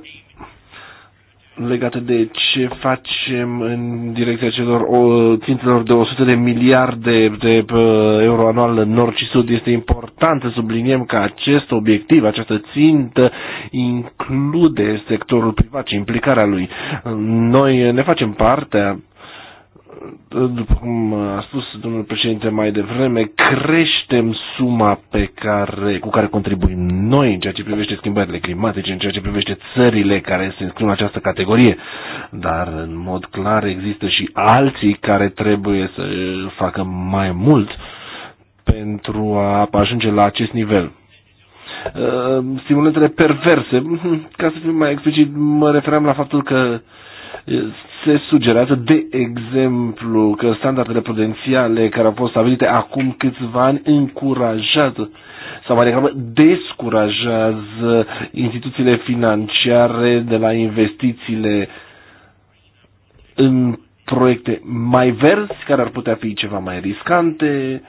legate de ce facem în direcția celor o, țintelor de 100 de miliarde de uh, euro anual în nord și sud, este important să subliniem că acest obiectiv, această țintă include sectorul privat și implicarea lui. Noi ne facem partea după cum a spus domnul președinte mai devreme, creștem suma pe care, cu care contribuim noi în ceea ce privește schimbările climatice, în ceea ce privește țările care se înscriu în această categorie. Dar, în mod clar, există și alții care trebuie să facă mai mult pentru a ajunge la acest nivel uh, stimulentele perverse. *laughs* Ca să fiu mai explicit, mă refeream la faptul că uh, se sugerează, de exemplu, că standardele prudențiale care au fost stabilite acum câțiva ani încurajează sau mai degrabă descurajează instituțiile financiare de la investițiile în proiecte mai verzi, care ar putea fi ceva mai riscante, uh,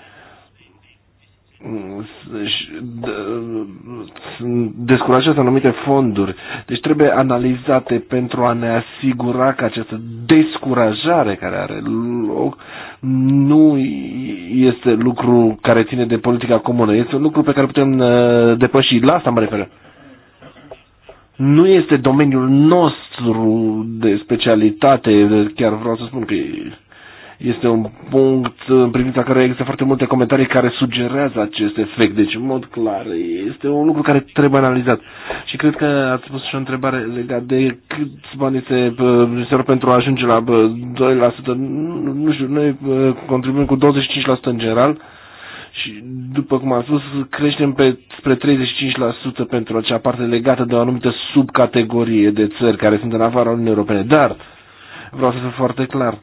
descurajează anumite fonduri. Deci trebuie analizate pentru a ne asigura că această descurajare care are loc nu este lucru care ține de politica comună, este un lucru pe care putem uh, depăși. La asta mă refer. Nu este domeniul nostru de specialitate, chiar vreau să spun că e este un punct în privința care există foarte multe comentarii care sugerează acest efect. Deci, în mod clar, este un lucru care trebuie analizat. Și cred că ați pus și o întrebare legată de câți bani este necesar uh, pentru a ajunge la 2%. Uh, nu știu, noi uh, contribuim cu 25% în general și după cum am spus, creștem pe, spre 35% pentru acea parte legată de o anumită subcategorie de țări care sunt în afara Uniunii Europene. Dar vreau să fiu foarte clar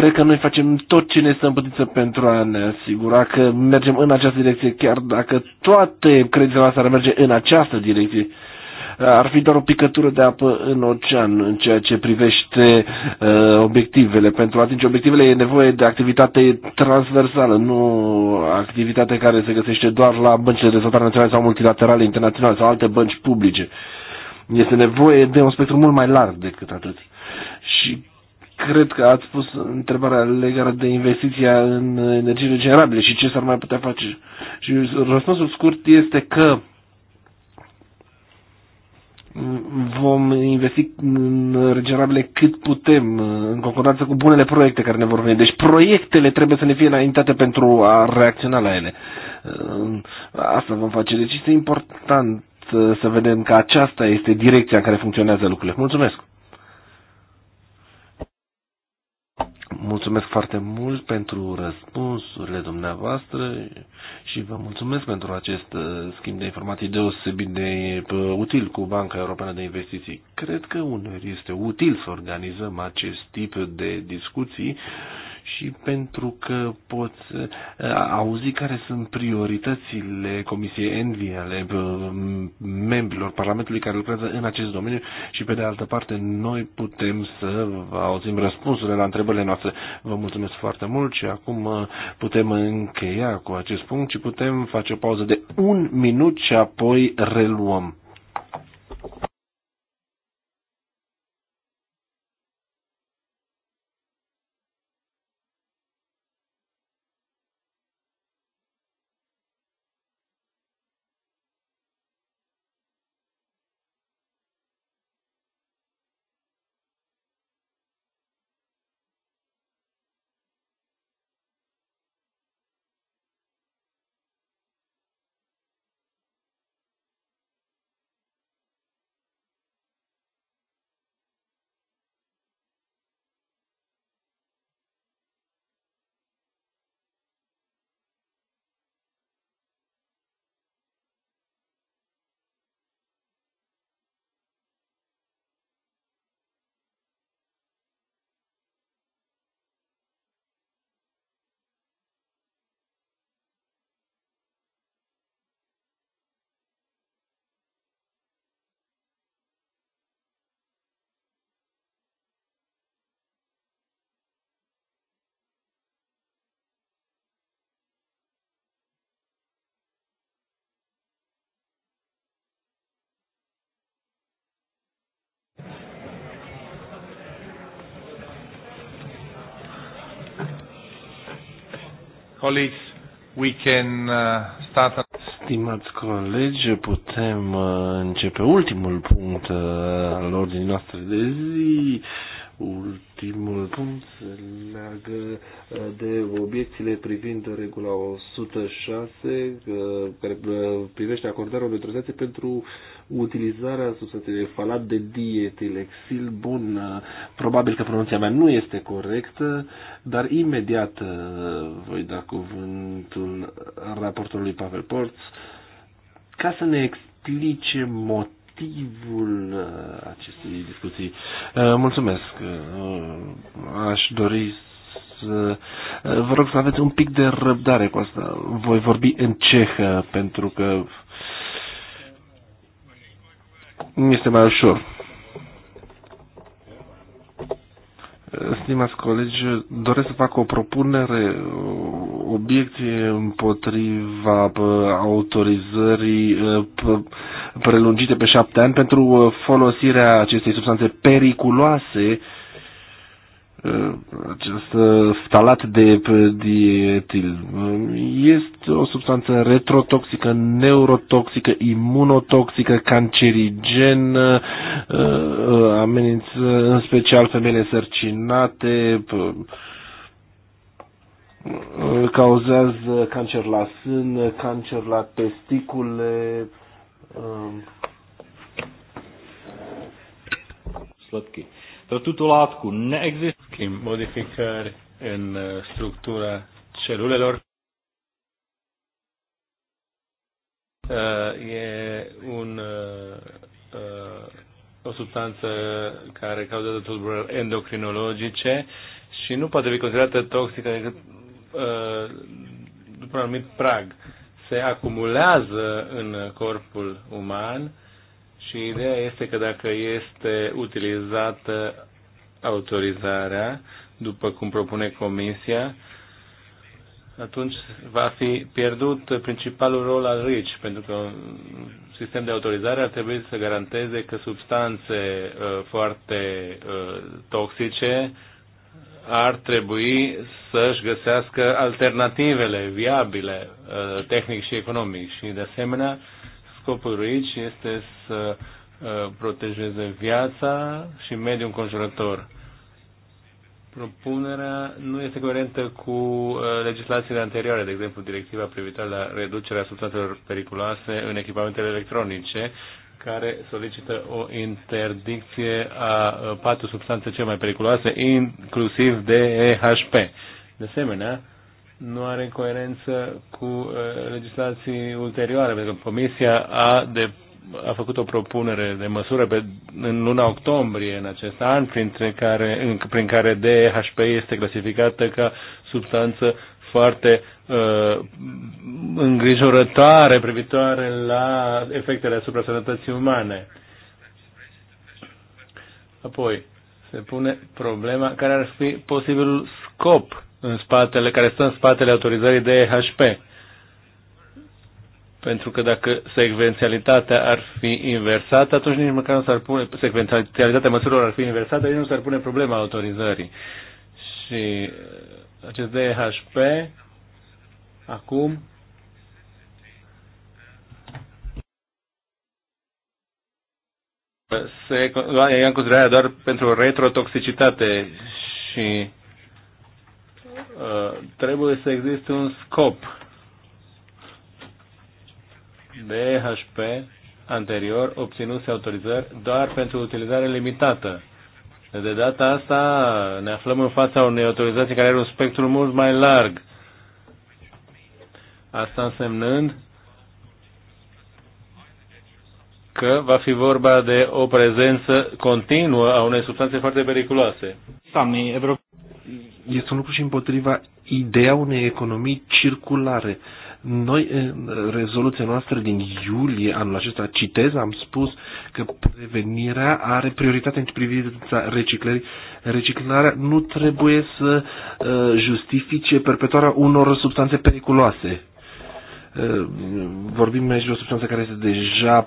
cred că noi facem tot ce ne stă în putință pentru a ne asigura că mergem în această direcție, chiar dacă toate credințele noastre ar merge în această direcție. Ar fi doar o picătură de apă în ocean în ceea ce privește uh, obiectivele. Pentru a atinge obiectivele e nevoie de activitate transversală, nu activitate care se găsește doar la băncile de dezvoltare naționale sau multilaterale internaționale sau alte bănci publice. Este nevoie de un spectru mult mai larg decât atât. Și Cred că ați pus întrebarea legată de investiția în energie regenerabile și ce s-ar mai putea face. Și răspunsul scurt este că vom investi în regenerabile cât putem, în concordanță cu bunele proiecte care ne vor veni. Deci proiectele trebuie să ne fie înaintate pentru a reacționa la ele. Asta vom face. Deci este important să vedem că aceasta este direcția în care funcționează lucrurile. Mulțumesc! mulțumesc foarte mult pentru răspunsurile dumneavoastră și vă mulțumesc pentru acest uh, schimb de informații deosebit de uh, util cu Banca Europeană de Investiții. Cred că uneori este util să organizăm acest tip de discuții și pentru că poți eh, auzi care sunt prioritățile Comisiei Envi ale eh, membrilor Parlamentului care lucrează în acest domeniu și pe de altă parte noi putem să auzim răspunsurile la întrebările noastre. Vă mulțumesc foarte mult și acum eh, putem încheia cu acest punct și putem face o pauză de un minut și apoi reluăm. Colleagues, we can uh, start. Stimați colegi, putem uh, începe ultimul punct uh, al ordinii noastre de zi. Ultimul punct se leagă de obiecțiile privind regula 106 care privește acordarea unei pentru uh, utilizarea substanțelor falat de dietilexil. Bun, uh, probabil că pronunția mea nu este corectă, dar imediat uh, voi da cuvântul raportului Pavel Porț ca să ne explice motivul motivul uh, acestei discuții. Mulțumesc. Aș dori să vă rog să aveți un pic de răbdare cu asta. Voi vorbi în cehă pentru că este mai ușor. Stimați colegi, doresc să fac o propunere, obiecție împotriva autorizării prelungite pe șapte ani pentru folosirea acestei substanțe periculoase Uh, acest ftalat uh, de dietil uh, este o substanță retrotoxică, neurotoxică, imunotoxică, cancerigen, amenință în special femeile sărcinate, cauzează cancer la sân, cancer la testicule, Sladki tuto látku neexistují Schimb in în uh, structura celulelor. Uh, e un, uh, o substanță care cauzează tulburări endocrinologice și nu poate fi considerată toxică decât după un anumit prag. Se acumulează în corpul uman și ideea este că dacă este utilizată autorizarea, după cum propune Comisia, atunci va fi pierdut principalul rol al RICI, pentru că un sistem de autorizare ar trebui să garanteze că substanțe uh, foarte uh, toxice ar trebui să-și găsească alternativele viabile uh, tehnic și economic și, de asemenea, Scopul RICI este să uh, protejeze viața și mediul înconjurător. Propunerea nu este coerentă cu uh, legislațiile anterioare, de exemplu directiva privitoare la reducerea substanțelor periculoase în echipamentele electronice, care solicită o interdicție a uh, patru substanțe cele mai periculoase, inclusiv de EHP. De asemenea, nu are coerență cu uh, legislații ulterioare, pentru că Comisia a, de, a făcut o propunere de măsură pe, în luna octombrie în acest an, printre care, în, prin care DHP este clasificată ca substanță foarte uh, îngrijorătoare privitoare la efectele asupra sănătății umane. Apoi, se pune problema care ar fi posibilul scop în spatele, care stă în spatele autorizării de EHP. Pentru că dacă secvențialitatea ar fi inversată, atunci nici măcar nu s-ar pune, secvențialitatea măsurilor ar fi inversată, nici nu s-ar pune problema autorizării. Și acest DHP acum se ia în considerare doar pentru retrotoxicitate și Uh, trebuie să existe un scop DHP anterior obținuse autorizări doar pentru utilizare limitată. De data asta ne aflăm în fața unei autorizații care are un spectru mult mai larg. Asta însemnând că va fi vorba de o prezență continuă a unei substanțe foarte periculoase este un lucru și împotriva ideea unei economii circulare. Noi, în rezoluția noastră din iulie anul acesta, citez, am spus că prevenirea are prioritate în privința reciclării. Reciclarea nu trebuie să uh, justifice perpetuarea unor substanțe periculoase. Eh, vorbim aici de o substanță care este deja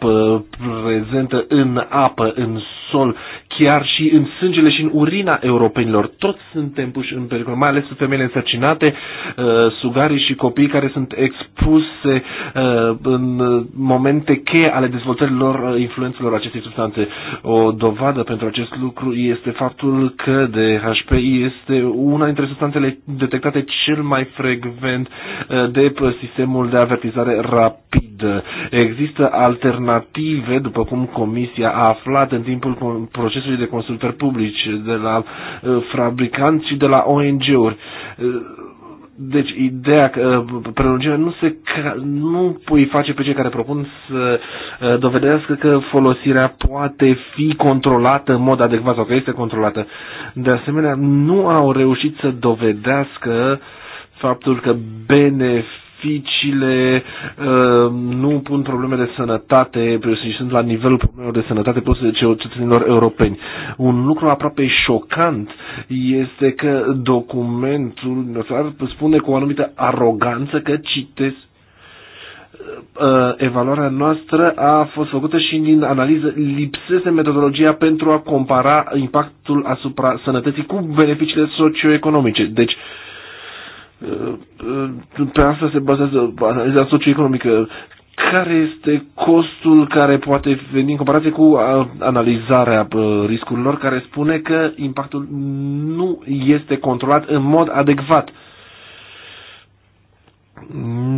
prezentă în apă, în sol, chiar și în sângele și în urina europenilor. Toți suntem puși în pericol, mai ales femeile însărcinate, eh, sugarii și copiii care sunt expuse eh, în momente cheie ale dezvoltărilor influențelor acestei substanțe. O dovadă pentru acest lucru este faptul că DHP este una dintre substanțele detectate cel mai frecvent de sistemul de avertizare privatizare rapidă. Există alternative, după cum Comisia a aflat în timpul procesului de consultări publice de la uh, fabricanți și de la ONG-uri. Uh, deci ideea că uh, prelungirea nu, se, nu îi face pe cei care propun să dovedească că folosirea poate fi controlată în mod adecvat sau că este controlată. De asemenea, nu au reușit să dovedească faptul că benefic beneficiile uh, nu pun probleme de sănătate și sunt la nivelul problemelor de sănătate puse de cetățenilor europeni. Un lucru aproape șocant este că documentul spune cu o anumită aroganță că citesc uh, evaluarea noastră a fost făcută și din analiză lipsese metodologia pentru a compara impactul asupra sănătății cu beneficiile socioeconomice. Deci, uh, Uh, pe asta se bazează analiza socioeconomică. Care este costul care poate veni în comparație cu analizarea uh, riscurilor care spune că impactul nu este controlat în mod adecvat?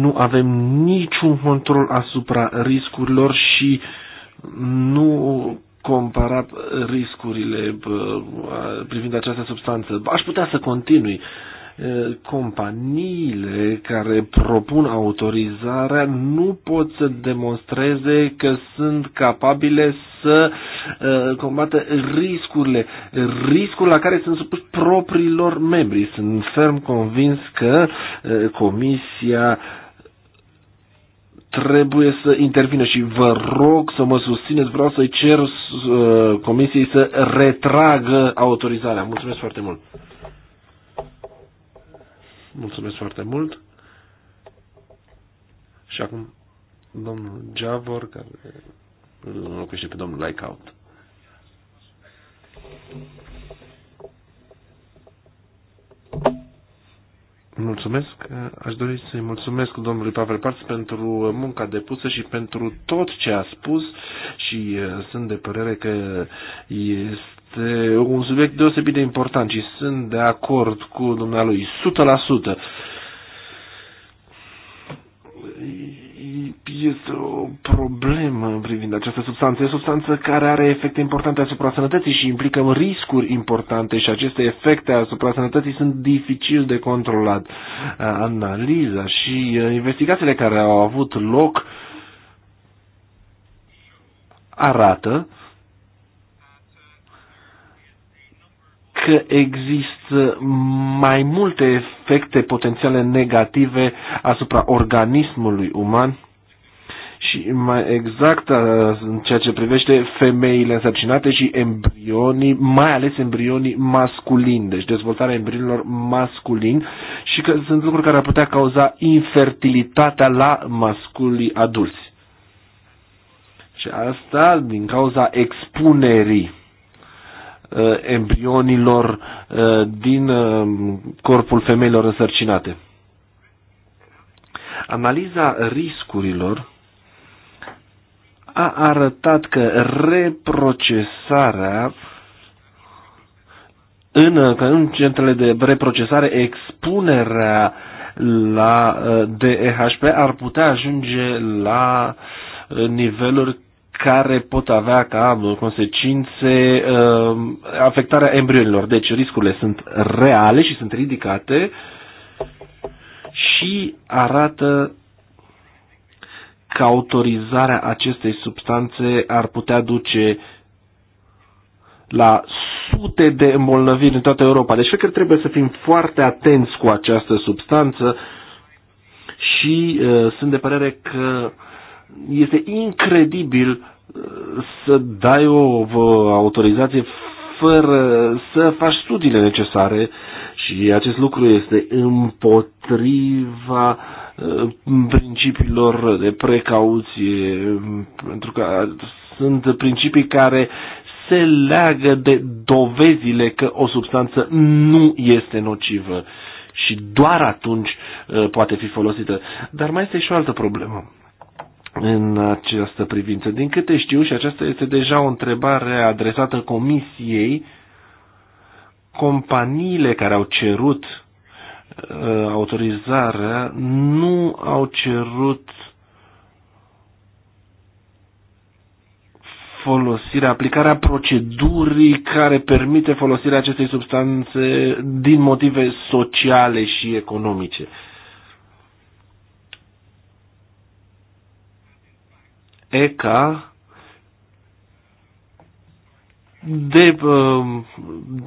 Nu avem niciun control asupra riscurilor și nu comparat riscurile uh, privind această substanță. Aș putea să continui. Eh, companiile care propun autorizarea nu pot să demonstreze că sunt capabile să eh, combată riscurile, riscul la care sunt supuși propriilor membri. Sunt ferm convins că eh, Comisia trebuie să intervină și vă rog să mă susțineți, vreau să-i cer uh, comisiei să retragă autorizarea. Mulțumesc foarte mult! Mulțumesc foarte mult. Și acum domnul Javor, care îl înlocuiește pe domnul Likeout. Thank you. Mulțumesc. Aș dori să-i mulțumesc domnului Pavel Parț pentru munca depusă și pentru tot ce a spus și uh, sunt de părere că este un subiect deosebit de important și sunt de acord cu dumnealui 100% este o problemă privind această substanță. E o substanță care are efecte importante asupra sănătății și implică riscuri importante și aceste efecte asupra sănătății sunt dificil de controlat. Uh, analiza și uh, investigațiile care au avut loc arată că există mai multe efecte potențiale negative asupra organismului uman și mai exact uh, în ceea ce privește femeile însărcinate și embrionii, mai ales embrionii masculini, deci dezvoltarea embrionilor masculini și că sunt lucruri care ar putea cauza infertilitatea la masculii adulți. Și asta din cauza expunerii Uh, embrionilor uh, din uh, corpul femeilor însărcinate. Analiza riscurilor a arătat că reprocesarea în, că în centrele de reprocesare expunerea la DEHP ar putea ajunge la niveluri care pot avea ca consecințe uh, afectarea embrionilor. Deci riscurile sunt reale și sunt ridicate și arată că autorizarea acestei substanțe ar putea duce la sute de îmbolnăviri în toată Europa. Deci cred că trebuie să fim foarte atenți cu această substanță și uh, sunt de părere că uh, este incredibil uh, să dai o autorizație fără să faci studiile necesare și acest lucru este împotriva uh, principiilor de precauție, pentru că sunt principii care se leagă de dovezile că o substanță nu este nocivă și doar atunci uh, poate fi folosită. Dar mai este și o altă problemă în această privință. Din câte știu, și aceasta este deja o întrebare adresată Comisiei, companiile care au cerut uh, autorizarea nu au cerut folosirea, aplicarea procedurii care permite folosirea acestei substanțe din motive sociale și economice. Uh, ECA de, uh,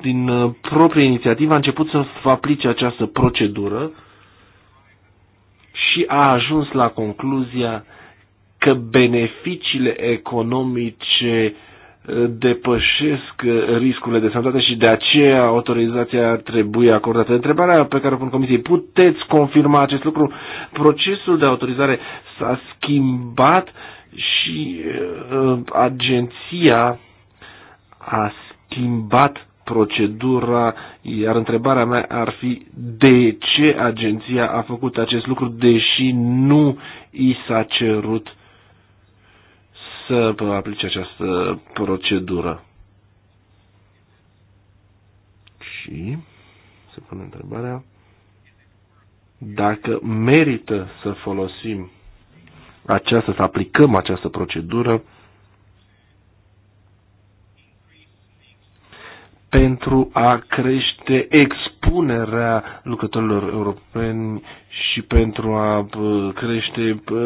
din uh, proprie inițiativă a început să aplice această procedură și a ajuns la concluzia că beneficiile economice uh, depășesc riscurile de sănătate și de aceea autorizația trebuie acordată. Întrebarea pe care o pun comisiei, puteți confirma acest lucru? Procesul de autorizare s-a schimbat uh, și uh, agenția a schimbat procedura, iar întrebarea mea ar fi de ce agenția a făcut acest lucru, deși nu i s-a cerut să aplice această procedură. Și se pune întrebarea dacă merită să folosim aceasta, să aplicăm această procedură pentru a crește expunerea lucrătorilor europeni și pentru a uh, crește uh,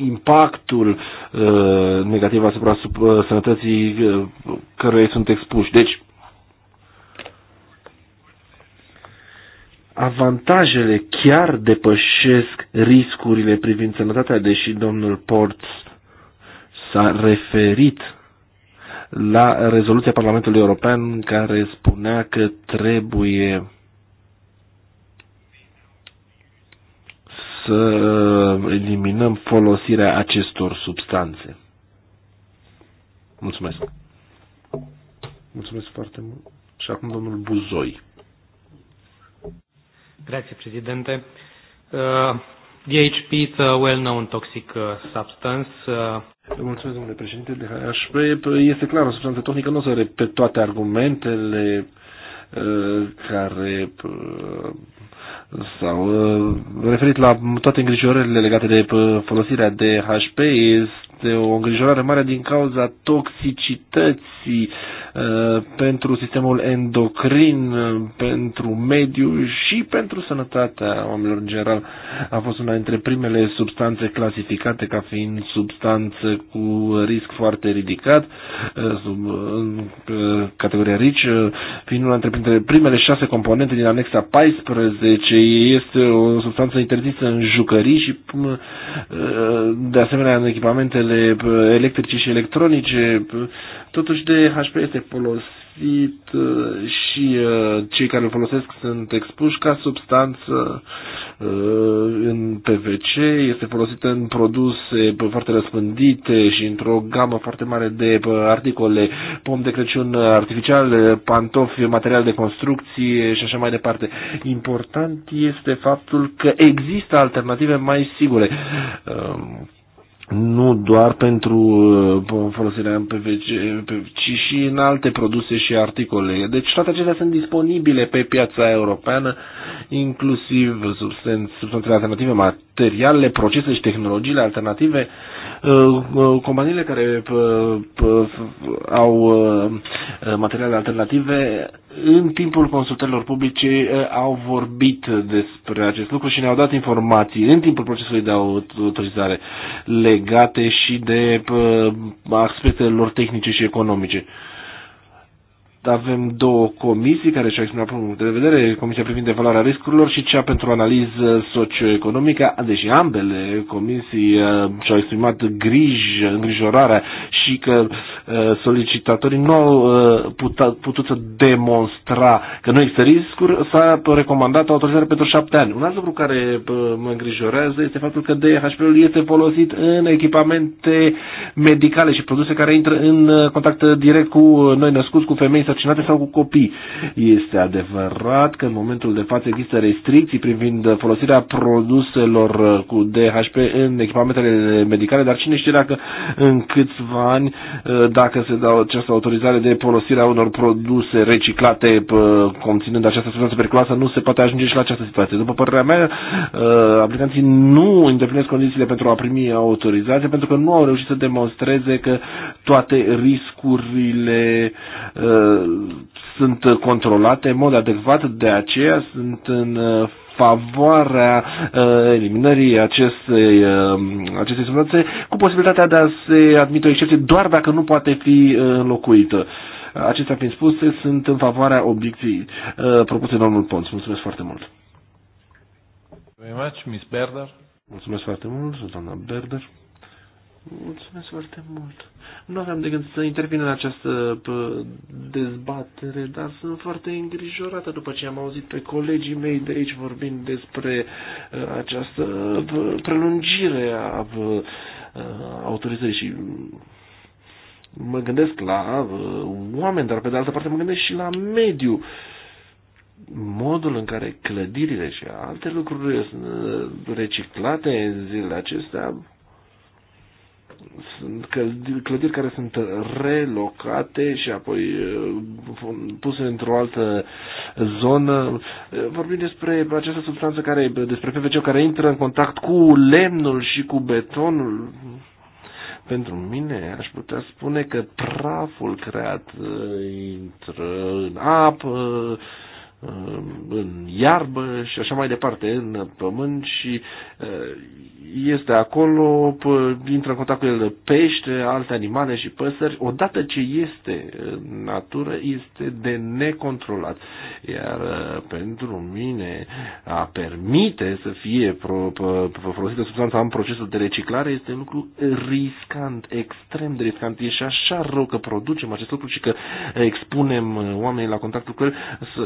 impactul uh, negativ asupra sănătății căruia sunt expuși. Deci, avantajele chiar depășesc riscurile privind sănătatea, deși domnul Ports s-a referit la rezoluția Parlamentului European care spunea că trebuie să eliminăm folosirea acestor substanțe. Mulțumesc. Mulțumesc foarte mult. Și acum domnul Buzoi. Grazie, Presidente. Uh, DHP is a well-known toxic uh, substance. Uh... Mulțumesc, domnule președinte. este clar o substanță tehnică, nu o să repet toate argumentele uh, care uh, sau uh, referit la toate îngrijorările legate de uh, folosirea de HP, este o îngrijorare mare din cauza toxicității Uh, pentru sistemul endocrin, uh, pentru mediu și pentru sănătatea oamenilor în general. A fost una dintre primele substanțe clasificate ca fiind substanță cu risc foarte ridicat, uh, sub, în categoria RICI, fiind una dintre primele șase componente din anexa 14. Este o substanță interzisă în jucării și de asemenea în echipamentele electrice și electronice Totuși de HP este folosit uh, și uh, cei care îl folosesc sunt expuși ca substanță uh, în PVC, este folosit în produse foarte răspândite și într-o gamă foarte mare de articole, pom de Crăciun artificial, pantofi, material de construcție și așa mai departe. Important este faptul că există alternative mai sigure. Um, nu doar pentru uh, folosirea în PVC, ci și în alte produse și articole. Deci toate acestea sunt disponibile pe piața europeană, inclusiv substanțe alternative, materialele, procese și tehnologiile alternative Uh, uh, companiile care uh, au materiale alternative în timpul consultărilor publice au vorbit despre acest lucru și ne-au dat informații în timpul procesului de autorizare legate și de aspectele lor tehnice și economice. Uh, avem două comisii care și-au exprimat punctul de vedere, Comisia privind evaluarea riscurilor și cea pentru analiză socioeconomică, deși ambele comisii uh, și-au exprimat griji, îngrijorarea și că uh, solicitatorii nu au uh, putut să demonstra că nu există riscuri, s-a recomandat autorizare pentru șapte ani. Un alt lucru care mă îngrijorează este faptul că DHP-ul este folosit în echipamente medicale și produse care intră în contact direct cu noi născuți, cu femei însărcinate sau cu copii. Este adevărat că în momentul de față există restricții privind folosirea produselor cu DHP în echipamentele medicale, dar cine știe dacă în câțiva ani, dacă se dă această autorizare de folosire a unor produse reciclate conținând această substanță periculoasă, nu se poate ajunge și la această situație. După părerea mea, ă, aplicanții nu îndeplinesc condițiile pentru a primi autorizație pentru că nu au reușit să demonstreze că toate riscurile uh, sunt controlate în mod adecvat, de aceea sunt în uh, favoarea uh, eliminării acestei, uh, acestei substanțe cu posibilitatea de a se admite o excepție doar dacă nu poate fi uh, înlocuită. Acestea fiind spuse, sunt în favoarea obiecției uh, propuse domnul Pons. Mulțumesc foarte mult! Mulțumesc foarte mult, doamna Berder. Mulțumesc foarte mult. Nu aveam de gând să intervin în această dezbatere, dar sunt foarte îngrijorată după ce am auzit pe colegii mei de aici vorbind despre uh, această prelungire a uh, autorizării și mă gândesc la oameni, dar pe de altă parte mă gândesc și la mediu modul în care clădirile și alte lucruri sunt uh, reciclate în zilele acestea clădiri care sunt relocate și apoi uh, puse într-o altă zonă. Uh, vorbim despre această substanță care, despre PVC care intră în contact cu lemnul și cu betonul. Pentru mine aș putea spune că praful creat uh, intră în apă, Uh, în iarbă și așa mai departe, în pământ și uh, este acolo, intră în contact cu el pește, alte animale și păsări. Odată ce este în natură, este de necontrolat. Iar uh, pentru mine a permite să fie pro, pro, pro, folosită substanța în procesul de reciclare este un lucru riscant, extrem de riscant. E și așa rău că producem acest lucru și că expunem oamenii la contactul cu el, să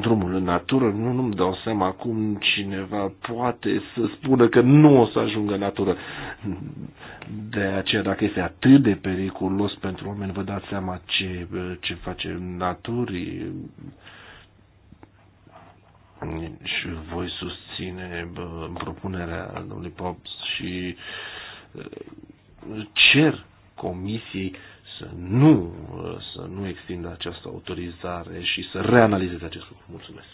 drumul în natură, nu, nu-mi dau seama cum cineva poate să spună că nu o să ajungă în natură. De aceea, dacă este atât de periculos pentru oameni, vă dați seama ce, ce face naturii și voi susține bă, propunerea domnului Pops și cer comisiei să nu, să nu extindă această autorizare și să reanalizeze acest lucru. Mulțumesc.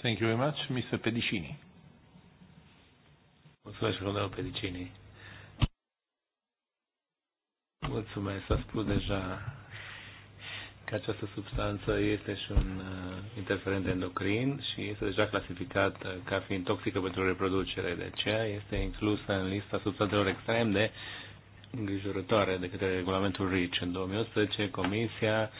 Thank you very much, Mr. Pedicini. Mulțumesc, domnul Pedicini. Mulțumesc, s-a spus deja că această substanță este și un uh, interferent endocrin și este deja clasificat ca fiind toxică pentru reproducere. De aceea este inclusă în lista substanțelor extrem de îngrijorătoare de către regulamentul RIC. În 2018, Comisia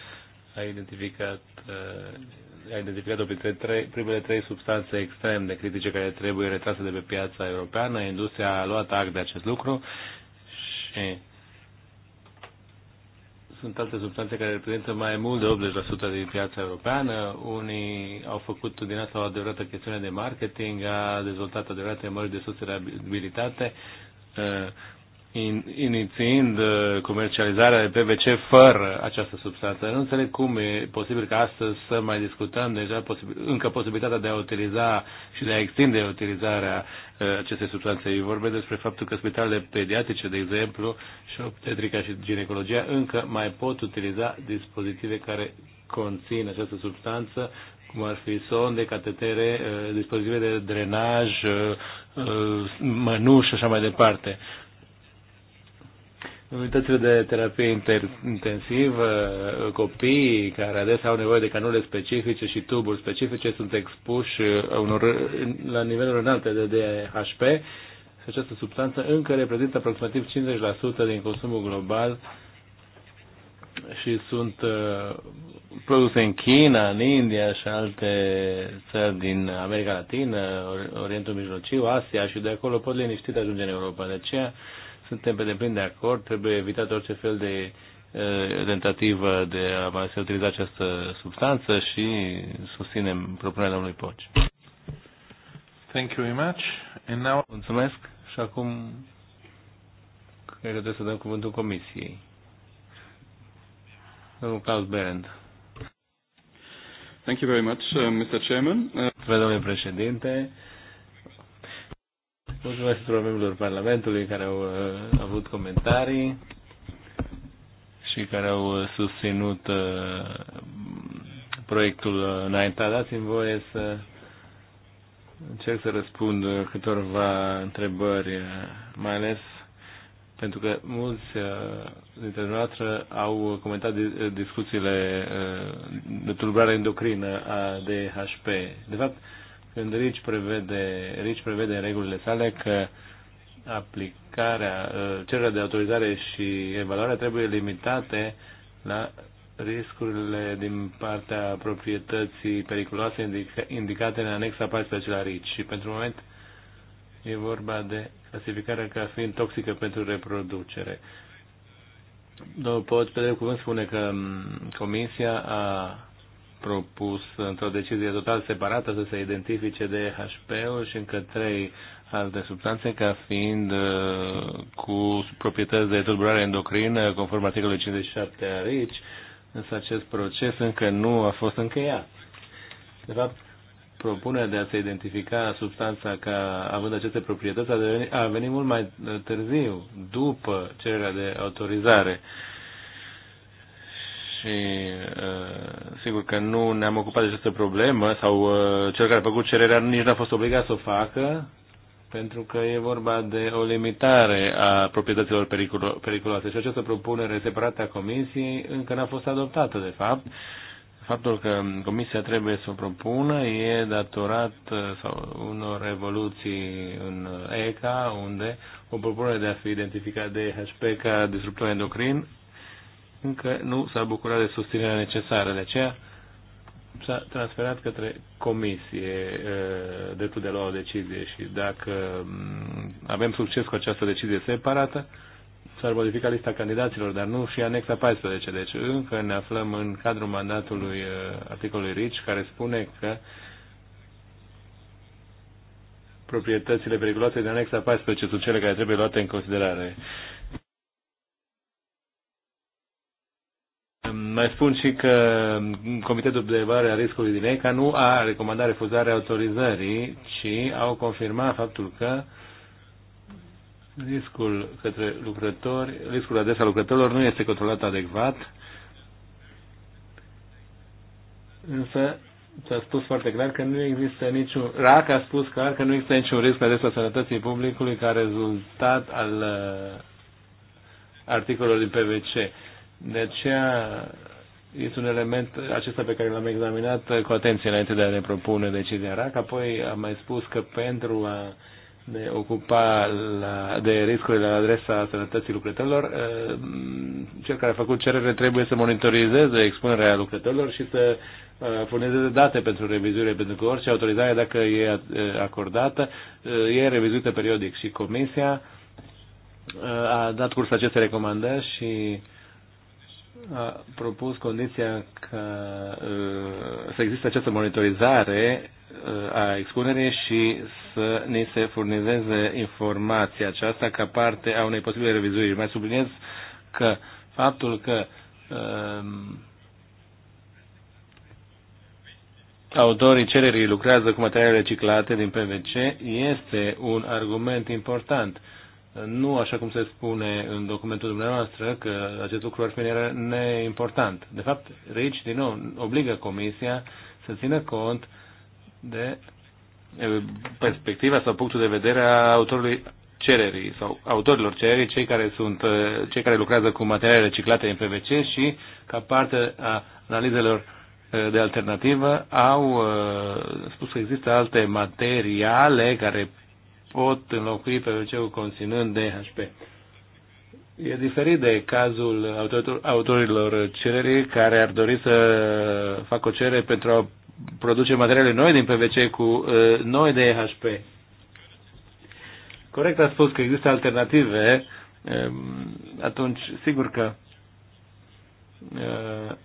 a identificat, uh, a identificat printre trei, primele trei substanțe extrem de critice care trebuie retrase de pe piața europeană. Industria a luat act de acest lucru și sunt alte substanțe care reprezintă mai mult de 80% din piața europeană. Unii au făcut din asta o adevărată chestiune de marketing, a dezvoltat adevărate mări de sustenabilitate uh, inițiind uh, comercializarea de PVC fără această substanță. Nu înțeleg cum e posibil ca astăzi să mai discutăm deja posibil, încă posibilitatea de a utiliza și de a extinde utilizarea uh, acestei substanțe. Eu vorbesc despre faptul că spitalele pediatrice, de exemplu, și obstetrica și ginecologia încă mai pot utiliza dispozitive care conțin această substanță cum ar fi sonde, catetere, uh, dispozitive de drenaj, mănuși și așa mai departe. Unitățile de terapie inter- intensivă, copiii care adesea au nevoie de canule specifice și tuburi specifice sunt expuși unor, la niveluri înalte de DHP și această substanță încă reprezintă aproximativ 50% din consumul global și sunt uh, produse în China, în India și alte țări din America Latină, Orientul Mijlociu, Asia și de acolo pot liniștit ajunge în Europa. De aceea suntem pe deplin de acord, trebuie evitat orice fel de tentativă de a mai se utiliza această substanță și susținem propunerea domnului Poci. Thank you very much. And now... Mulțumesc și acum cred că trebuie să dăm cuvântul comisiei. Domnul Klaus Berend. Thank you very much, uh, Mr. Chairman. Uh... Mulțumesc, domnule președinte. Mulțumesc tuturor membrilor Parlamentului care au uh, avut comentarii și care au uh, susținut uh, proiectul înainte. Dați-mi voie să încerc să răspund câtorva întrebări, uh, mai ales pentru că mulți uh, dintre noastre au comentat discuțiile de tulburare endocrină a DHP. De fapt, când RICI prevede, RICI prevede în regulile sale că aplicarea, uh, cererea de autorizare și evaluarea trebuie limitate la riscurile din partea proprietății periculoase indicate în anexa 14 la RIC Și pentru moment e vorba de clasificarea ca fiind toxică pentru reproducere. Domnul Pot, pe drept cuvânt, spune că mm, Comisia a propus într-o decizie total separată să se identifice hp ul și încă trei alte substanțe ca fiind uh, cu proprietăți de tulburare endocrină conform articolului 57 a însă acest proces încă nu a fost încheiat. De fapt, propunerea de a se identifica substanța ca având aceste proprietăți a, devenit, a venit mult mai târziu, după cererea de autorizare. Uh, și uh, sigur că nu ne-am ocupat de această problemă sau uh, cel care a făcut cererea nici n-a fost obligat să o facă pentru că e vorba de o limitare a proprietăților periculo periculoase și această propunere separată a Comisiei încă n-a fost adoptată, de fapt. Faptul că Comisia trebuie să o propună e datorat uh, sau, unor evoluții în ECA, unde o propunere de a fi identificat de HP ca disruptor endocrin încă nu s-a bucurat de susținerea necesară. De aceea s-a transferat către comisie dreptul de a lua o decizie și dacă mm, avem succes cu această decizie separată, s-ar modifica lista candidaților, dar nu și anexa 14. Deci încă ne aflăm în cadrul mandatului articolului RICI care spune că proprietățile periculoase din anexa 14 sunt cele care trebuie luate în considerare. Mai spun și că Comitetul de Evaluare a Riscului din ECA nu a recomandat refuzarea autorizării, ci au confirmat faptul că riscul către lucrători, riscul adesea lucrătorilor nu este controlat adecvat, însă s-a spus foarte clar că nu există niciun, RAC a spus clar că nu există niciun risc adesea sănătății publicului ca rezultat al uh, articolului din PVC. De aceea este un element acesta pe care l-am examinat cu atenție înainte de a ne propune decizia RAC. Apoi am mai spus că pentru a ne ocupa la, de riscurile la adresa sănătății lucrătorilor, uh, cel care a făcut cerere trebuie să monitorizeze expunerea lucrătorilor și să uh, furnizeze date pentru revizuire, pentru că orice autorizare, dacă e uh, acordată, e revizuită periodic și Comisia a dat curs aceste recomandări și uh, a propus condiția ca uh, să existe această monitorizare uh, a expunerii și să ni se furnizeze informația aceasta ca parte a unei posibile revizuiri. Mai subliniez că faptul că uh, autorii cererii lucrează cu materiale reciclate din PVC este un argument important uh, nu așa cum se spune în documentul dumneavoastră că acest lucru ar fi neimportant. De fapt, RICI, din nou, obligă Comisia să țină cont de perspectiva sau punctul de vedere a autorului cererii sau autorilor cererii, cei care, sunt, cei care lucrează cu materiale reciclate în PVC și ca parte a analizelor de alternativă au spus că există alte materiale care pot înlocui pe wc conținând DHP. E diferit de cazul autorilor cererii care ar dori să facă o cerere pentru a produce materiale noi din PVC cu uh, noi DHP. Corect a spus că există alternative, um, atunci sigur că uh,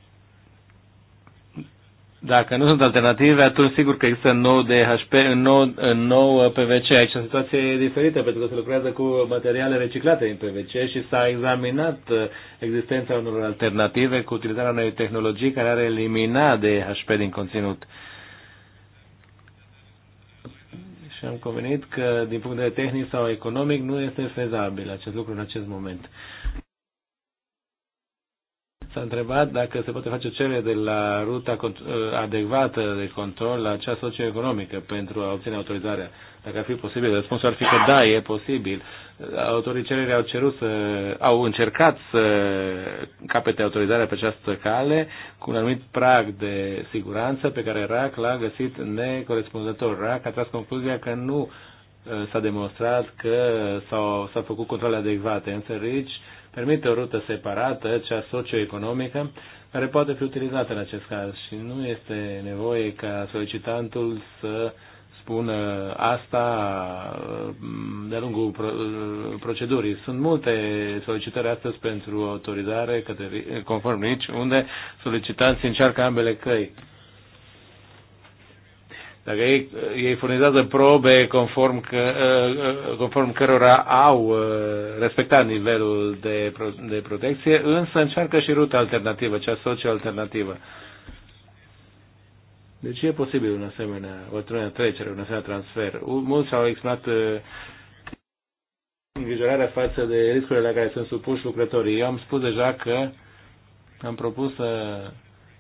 dacă nu sunt alternative, atunci sigur că există nou DHP nou, nou uh, PVC. Aici situația e diferită, pentru că se lucrează cu materiale reciclate în PVC și s-a examinat uh, existența unor alternative cu utilizarea unei tehnologii care ar elimina DHP din conținut. Și am convenit că, din punct de vedere tehnic sau economic, nu este fezabil acest lucru în acest moment. S-a întrebat dacă se poate face cerere de la ruta adecvată de control la cea socioeconomică pentru a obține autorizarea. Dacă ar fi posibil, răspunsul ar fi că da, e posibil. Autorii cererii au cerut să, au încercat să capete autorizarea pe această cale cu un anumit prag de siguranță pe care RAC l-a găsit necorespunzător. RAC a tras concluzia că nu uh, s-a demonstrat că s-au, s-au făcut controle adecvate, însă RICI permite o rută separată, cea socioeconomică, care poate fi utilizată în acest caz și nu este nevoie ca solicitantul să spună asta mm, de-a lungul procedurii. Sunt multe solicitări astăzi pentru autorizare către, conform nici, unde solicitanții încearcă ambele căi. Dacă ei, ei furnizează probe conform, că, uh, conform cărora au uh, respectat nivelul de, de protecție, însă încearcă și ruta alternativă, cea socio-alternativă. Deci e posibil un asemenea, o asemenea trecere, un asemenea transfer. Mulți au exprimat uh, îngrijorarea față de riscurile la care sunt supuși lucrătorii. Eu am spus deja că am propus să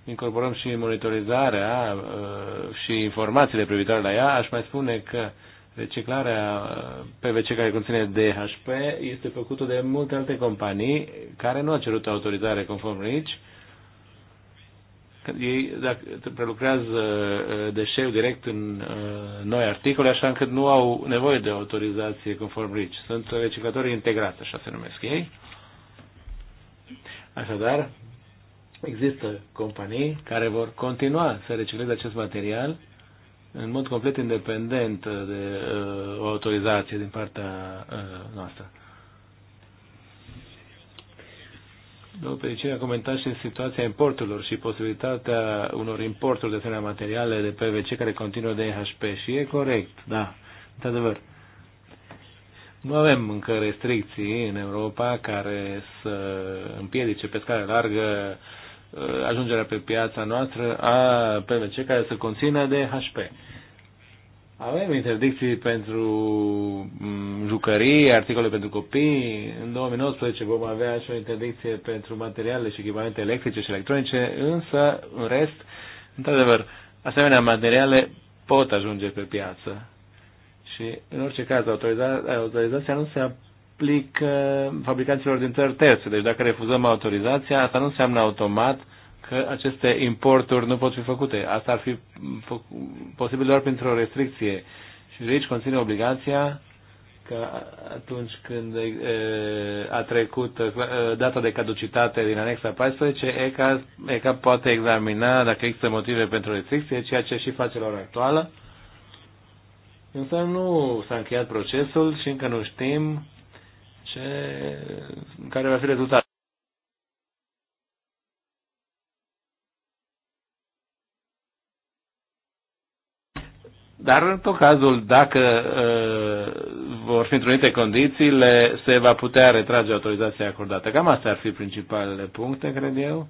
incorporăm și monitorizarea uh, și informațiile privitoare la ea, aș mai spune că reciclarea uh, PVC care conține DHP este făcută de multe alte companii care nu au cerut autorizare conform RICI. Ei prelucrează uh, deșeul direct în noi articole, așa încât nu au nevoie de autorizație conform RICI. Sunt reciclatori integrați, așa se numesc ei. Așadar, Există companii care vor continua să recicleze acest material în mod complet independent de uh, o autorizație din partea uh, noastră. Domnul Pericini a comentat și situația importurilor și posibilitatea unor importuri de asemenea materiale de PVC care continuă de HP și e corect, da, într-adevăr. Nu avem încă restricții în Europa care să împiedice pe scară largă Uh, ajungerea pe piața noastră a PVC care să conțină DHP. Avem interdicții pentru mm, jucării, articole pentru copii. În 2019 vom avea și o interdicție pentru materiale și echipamente electrice și electronice, însă, în rest, într-adevăr, asemenea materiale pot ajunge pe piață. Și, în orice caz, autoriza autorizația nu se aplic fabricanților din țări terțe. Deci dacă refuzăm autorizația, asta nu înseamnă automat că aceste importuri nu pot fi făcute. Asta ar fi posibil doar printr-o restricție. Și aici conține obligația că atunci când a trecut data de caducitate din anexa 14, ECA, ECA poate examina dacă există motive pentru restricție, ceea ce și face la ora actuală. Însă nu s-a încheiat procesul și încă nu știm ce, care va fi rezultatul. Dar, în tot cazul, dacă uh, vor fi întrunite condițiile, se va putea retrage autorizația acordată. Cam astea ar fi principalele puncte, cred eu,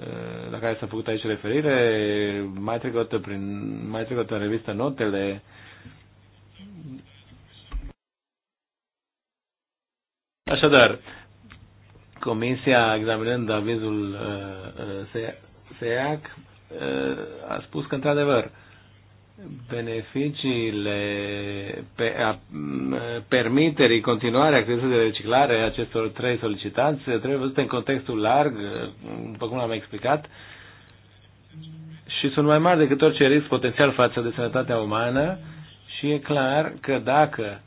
uh, la care s-a făcut aici referire. Mai trecută, prin, mai trecută în revistă notele Așadar, Comisia, examinând avizul uh, uh, SEAC, uh, a spus că, într-adevăr, beneficiile pe, a, permiterii continuare activității de reciclare a acestor trei solicitanți trebuie văzute în contextul larg, după cum am explicat, și sunt mai mari decât orice risc potențial față de sănătatea umană și e clar că dacă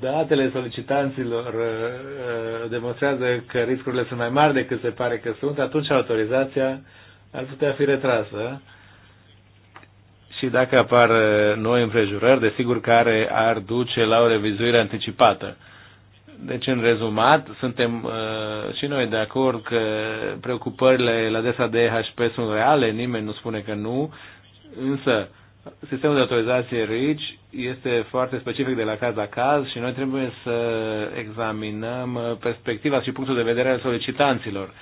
datele solicitanților uh, uh, demonstrează că riscurile sunt mai mari decât se pare că sunt, atunci autorizația ar putea fi retrasă. Și dacă apar uh, noi împrejurări, desigur, care ar duce la o revizuire anticipată. Deci, în rezumat, suntem uh, și noi de acord că preocupările la adresa de HP sunt reale, nimeni nu spune că nu, însă Sistemul de autorizație RIC este foarte specific de la caz la caz și noi trebuie să examinăm perspectiva și punctul de vedere al solicitanților.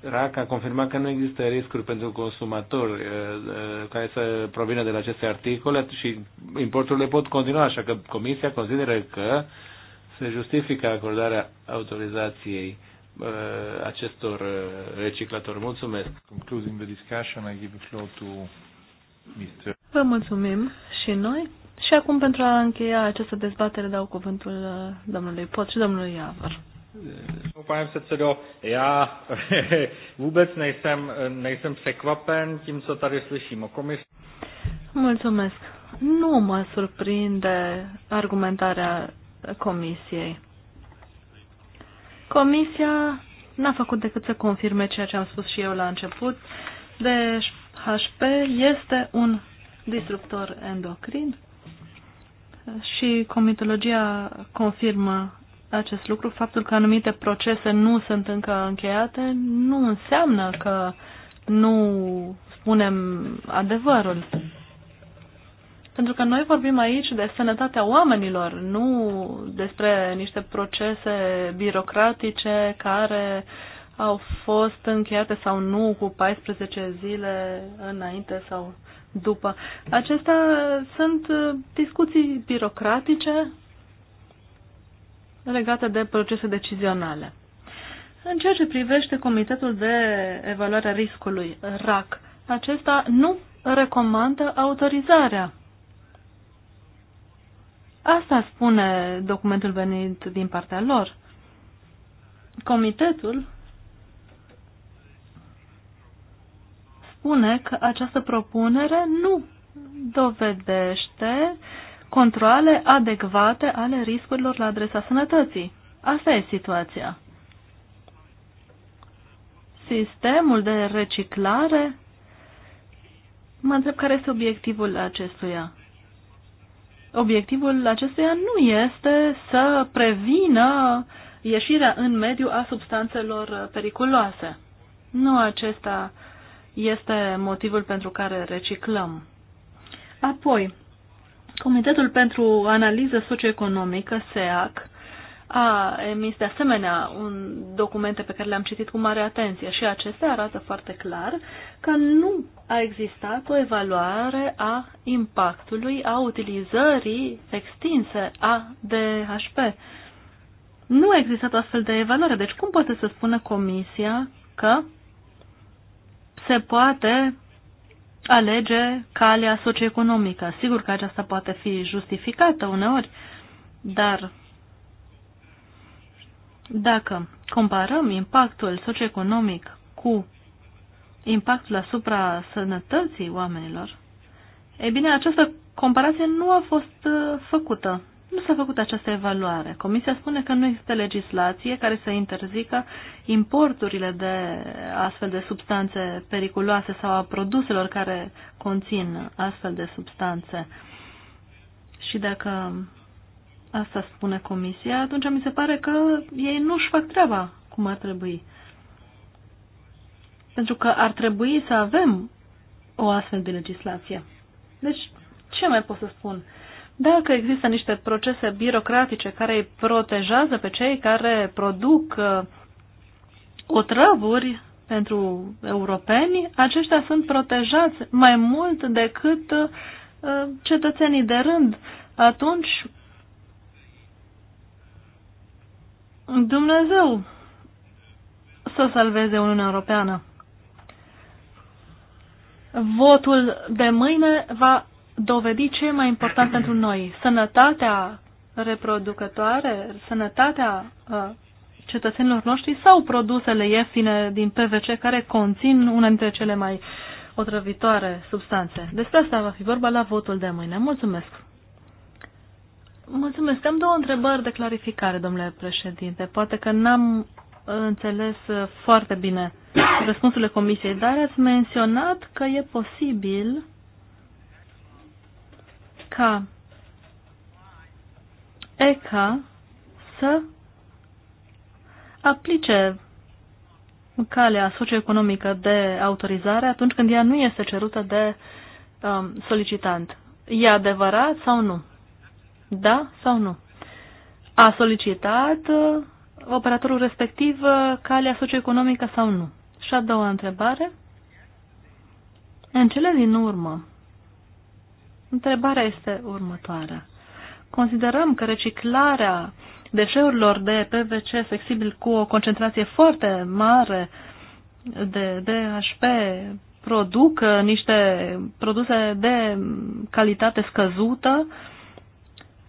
RAC a confirmat că nu există riscuri pentru consumatori eh, eh, care să provină de la aceste articole și importurile pot continua, așa că Comisia consideră că se justifică acordarea autorizației eh, acestor reciclatori. Mulțumesc. Concluding the discussion, I give the floor to Mr. Vă mulțumim și noi. Și acum, pentru a încheia această dezbatere, dau cuvântul uh, domnului Pot și domnului Iavăr. Pane předsedo, já *laughs* vůbec nejsem, nejsem překvapen tím, co tady slyším o komisi. Mulțumesc. Nu mă surprinde argumentarea comisiei. Comisia n-a făcut decât să confirme ceea ce am spus și eu la început. Deci, HP este un disruptor endocrin și comitologia confirmă acest lucru. Faptul că anumite procese nu sunt încă încheiate nu înseamnă că nu spunem adevărul. Pentru că noi vorbim aici de sănătatea oamenilor, nu despre niște procese birocratice care au fost încheiate sau nu cu 14 zile înainte sau după. Acestea sunt uh, discuții birocratice legate de procese decizionale. În ceea ce privește Comitetul de Evaluare a Riscului, RAC, acesta nu recomandă autorizarea. Asta spune documentul venit din partea lor. Comitetul spune că această propunere nu dovedește controle adecvate ale riscurilor la adresa sănătății. Asta e situația. Sistemul de reciclare? Mă întreb care este obiectivul acestuia. Obiectivul acestuia nu este să prevină ieșirea în mediu a substanțelor periculoase. Nu acesta este motivul pentru care reciclăm. Apoi, Comitetul pentru Analiză Socioeconomică, SEAC, a emis de asemenea un documente pe care le-am citit cu mare atenție și acestea arată foarte clar că nu a existat o evaluare a impactului, a utilizării extinse a DHP. Nu a existat astfel de evaluare. Deci cum poate să spună Comisia că se poate alege calea socioeconomică. Sigur că aceasta poate fi justificată uneori, dar dacă comparăm impactul socioeconomic cu impactul asupra sănătății oamenilor, e bine, această comparație nu a fost uh, făcută nu s-a făcut această evaluare. Comisia spune că nu există legislație care să interzică importurile de astfel de substanțe periculoase sau a produselor care conțin astfel de substanțe. Și dacă asta spune Comisia, atunci mi se pare că ei nu își fac treaba cum ar trebui. Pentru că ar trebui să avem o astfel de legislație. Deci, ce mai pot să spun? Uh, dacă există niște procese birocratice care îi protejează pe cei care produc uh, otrăvuri pentru europeni, aceștia sunt protejați mai mult decât uh, cetățenii de rând. Atunci, Dumnezeu să salveze Uniunea Europeană. Votul de mâine va dovedi ce e mai important pentru noi. Sănătatea reproducătoare, sănătatea uh, cetățenilor noștri sau produsele ieftine din PVC care conțin una dintre cele mai otrăvitoare substanțe. Despre asta va fi vorba la votul de mâine. Mulțumesc! Mulțumesc! Am două întrebări de clarificare, domnule președinte. Poate că n-am înțeles uh, foarte bine răspunsurile comisiei, dar ați menționat că e posibil ca ECA să aplice calea socioeconomică de autorizare atunci când ea nu este cerută de um, solicitant. E adevărat sau nu? Da sau nu? A solicitat uh, operatorul respectiv uh, calea socioeconomică sau nu? Și a doua întrebare. În cele din urmă, Întrebarea este următoarea. Considerăm că reciclarea deșeurilor de PVC flexibil cu o concentrație foarte mare de DHP produc uh, niște produse de calitate scăzută,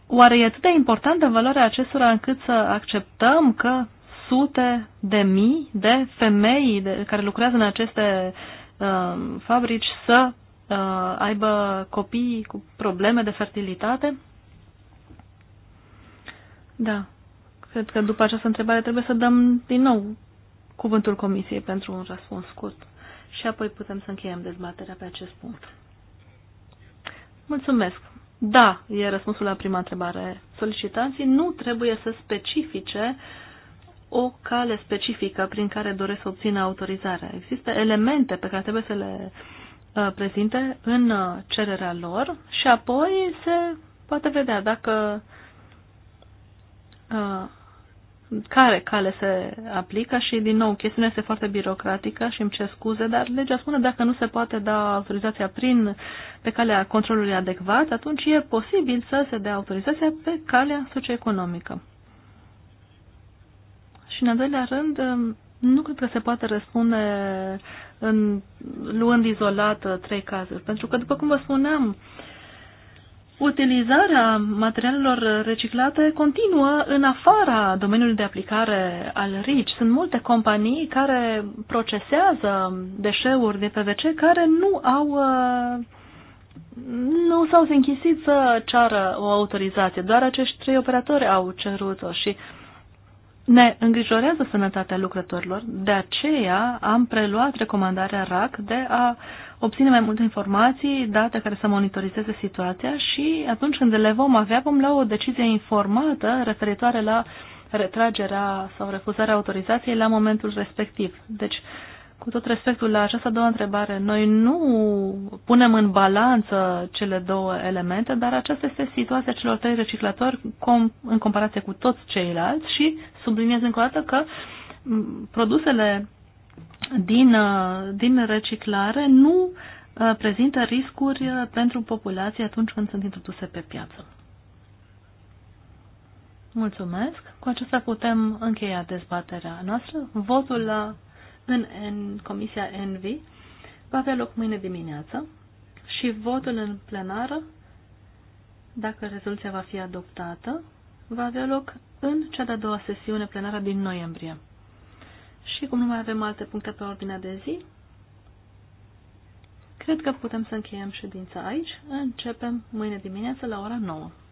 oare e atât de importantă valoarea acestora încât să acceptăm că sute de mii de femei de, care lucrează în aceste uh, fabrici să uh, aibă copii cu probleme de fertilitate? Da. Cred că după această întrebare trebuie să dăm din nou cuvântul Comisiei pentru un răspuns scurt și apoi putem să încheiem dezbaterea pe acest punct. Mulțumesc. Da, e răspunsul la prima întrebare. Solicitanții nu trebuie să specifice o cale specifică prin care doresc să obțină autorizarea. Există elemente pe care trebuie să le uh, Uh, prezinte în uh, cererea lor și apoi se poate vedea dacă uh, care cale se aplică și, din nou, chestiunea este foarte birocratică și îmi cer scuze, dar legea spune dacă nu se poate da autorizația prin, pe calea controlului adecvat, atunci e posibil să se dea autorizația pe calea socioeconomică. Și, în al doilea rând, um, nu cred că se poate răspunde în, luând izolat uh, trei cazuri. Pentru că, după cum vă spuneam, utilizarea materialelor reciclate continuă în afara domeniului de aplicare al RIC. Sunt multe companii care procesează deșeuri de PVC care nu au uh, nu s-au închisit să ceară o autorizație, doar acești trei operatori au cerut-o și uh, ne îngrijorează sănătatea lucrătorilor, de aceea am preluat recomandarea RAC de a obține mai multe informații, date care să monitorizeze situația și atunci când le vom avea, vom lua o decizie informată referitoare la retragerea sau refuzarea autorizației la momentul respectiv. Deci, uh, cu tot respectul la această două întrebare, noi nu punem în balanță cele două elemente, dar aceasta este situația celor trei reciclatori com- în comparație cu toți ceilalți și subliniez încă o dată că produsele din, uh, din reciclare nu uh, prezintă riscuri uh, pentru populație atunci când sunt introduse pe piață. Mulțumesc. Cu acesta putem încheia dezbaterea noastră. Votul la în, în Comisia NV va avea loc mâine dimineață și votul în plenară, dacă rezoluția va fi adoptată, va avea loc în cea de-a doua sesiune plenară din noiembrie. Și cum nu mai avem alte puncte pe ordinea de zi, cred că putem să încheiem ședința aici. Începem mâine dimineață la ora 9.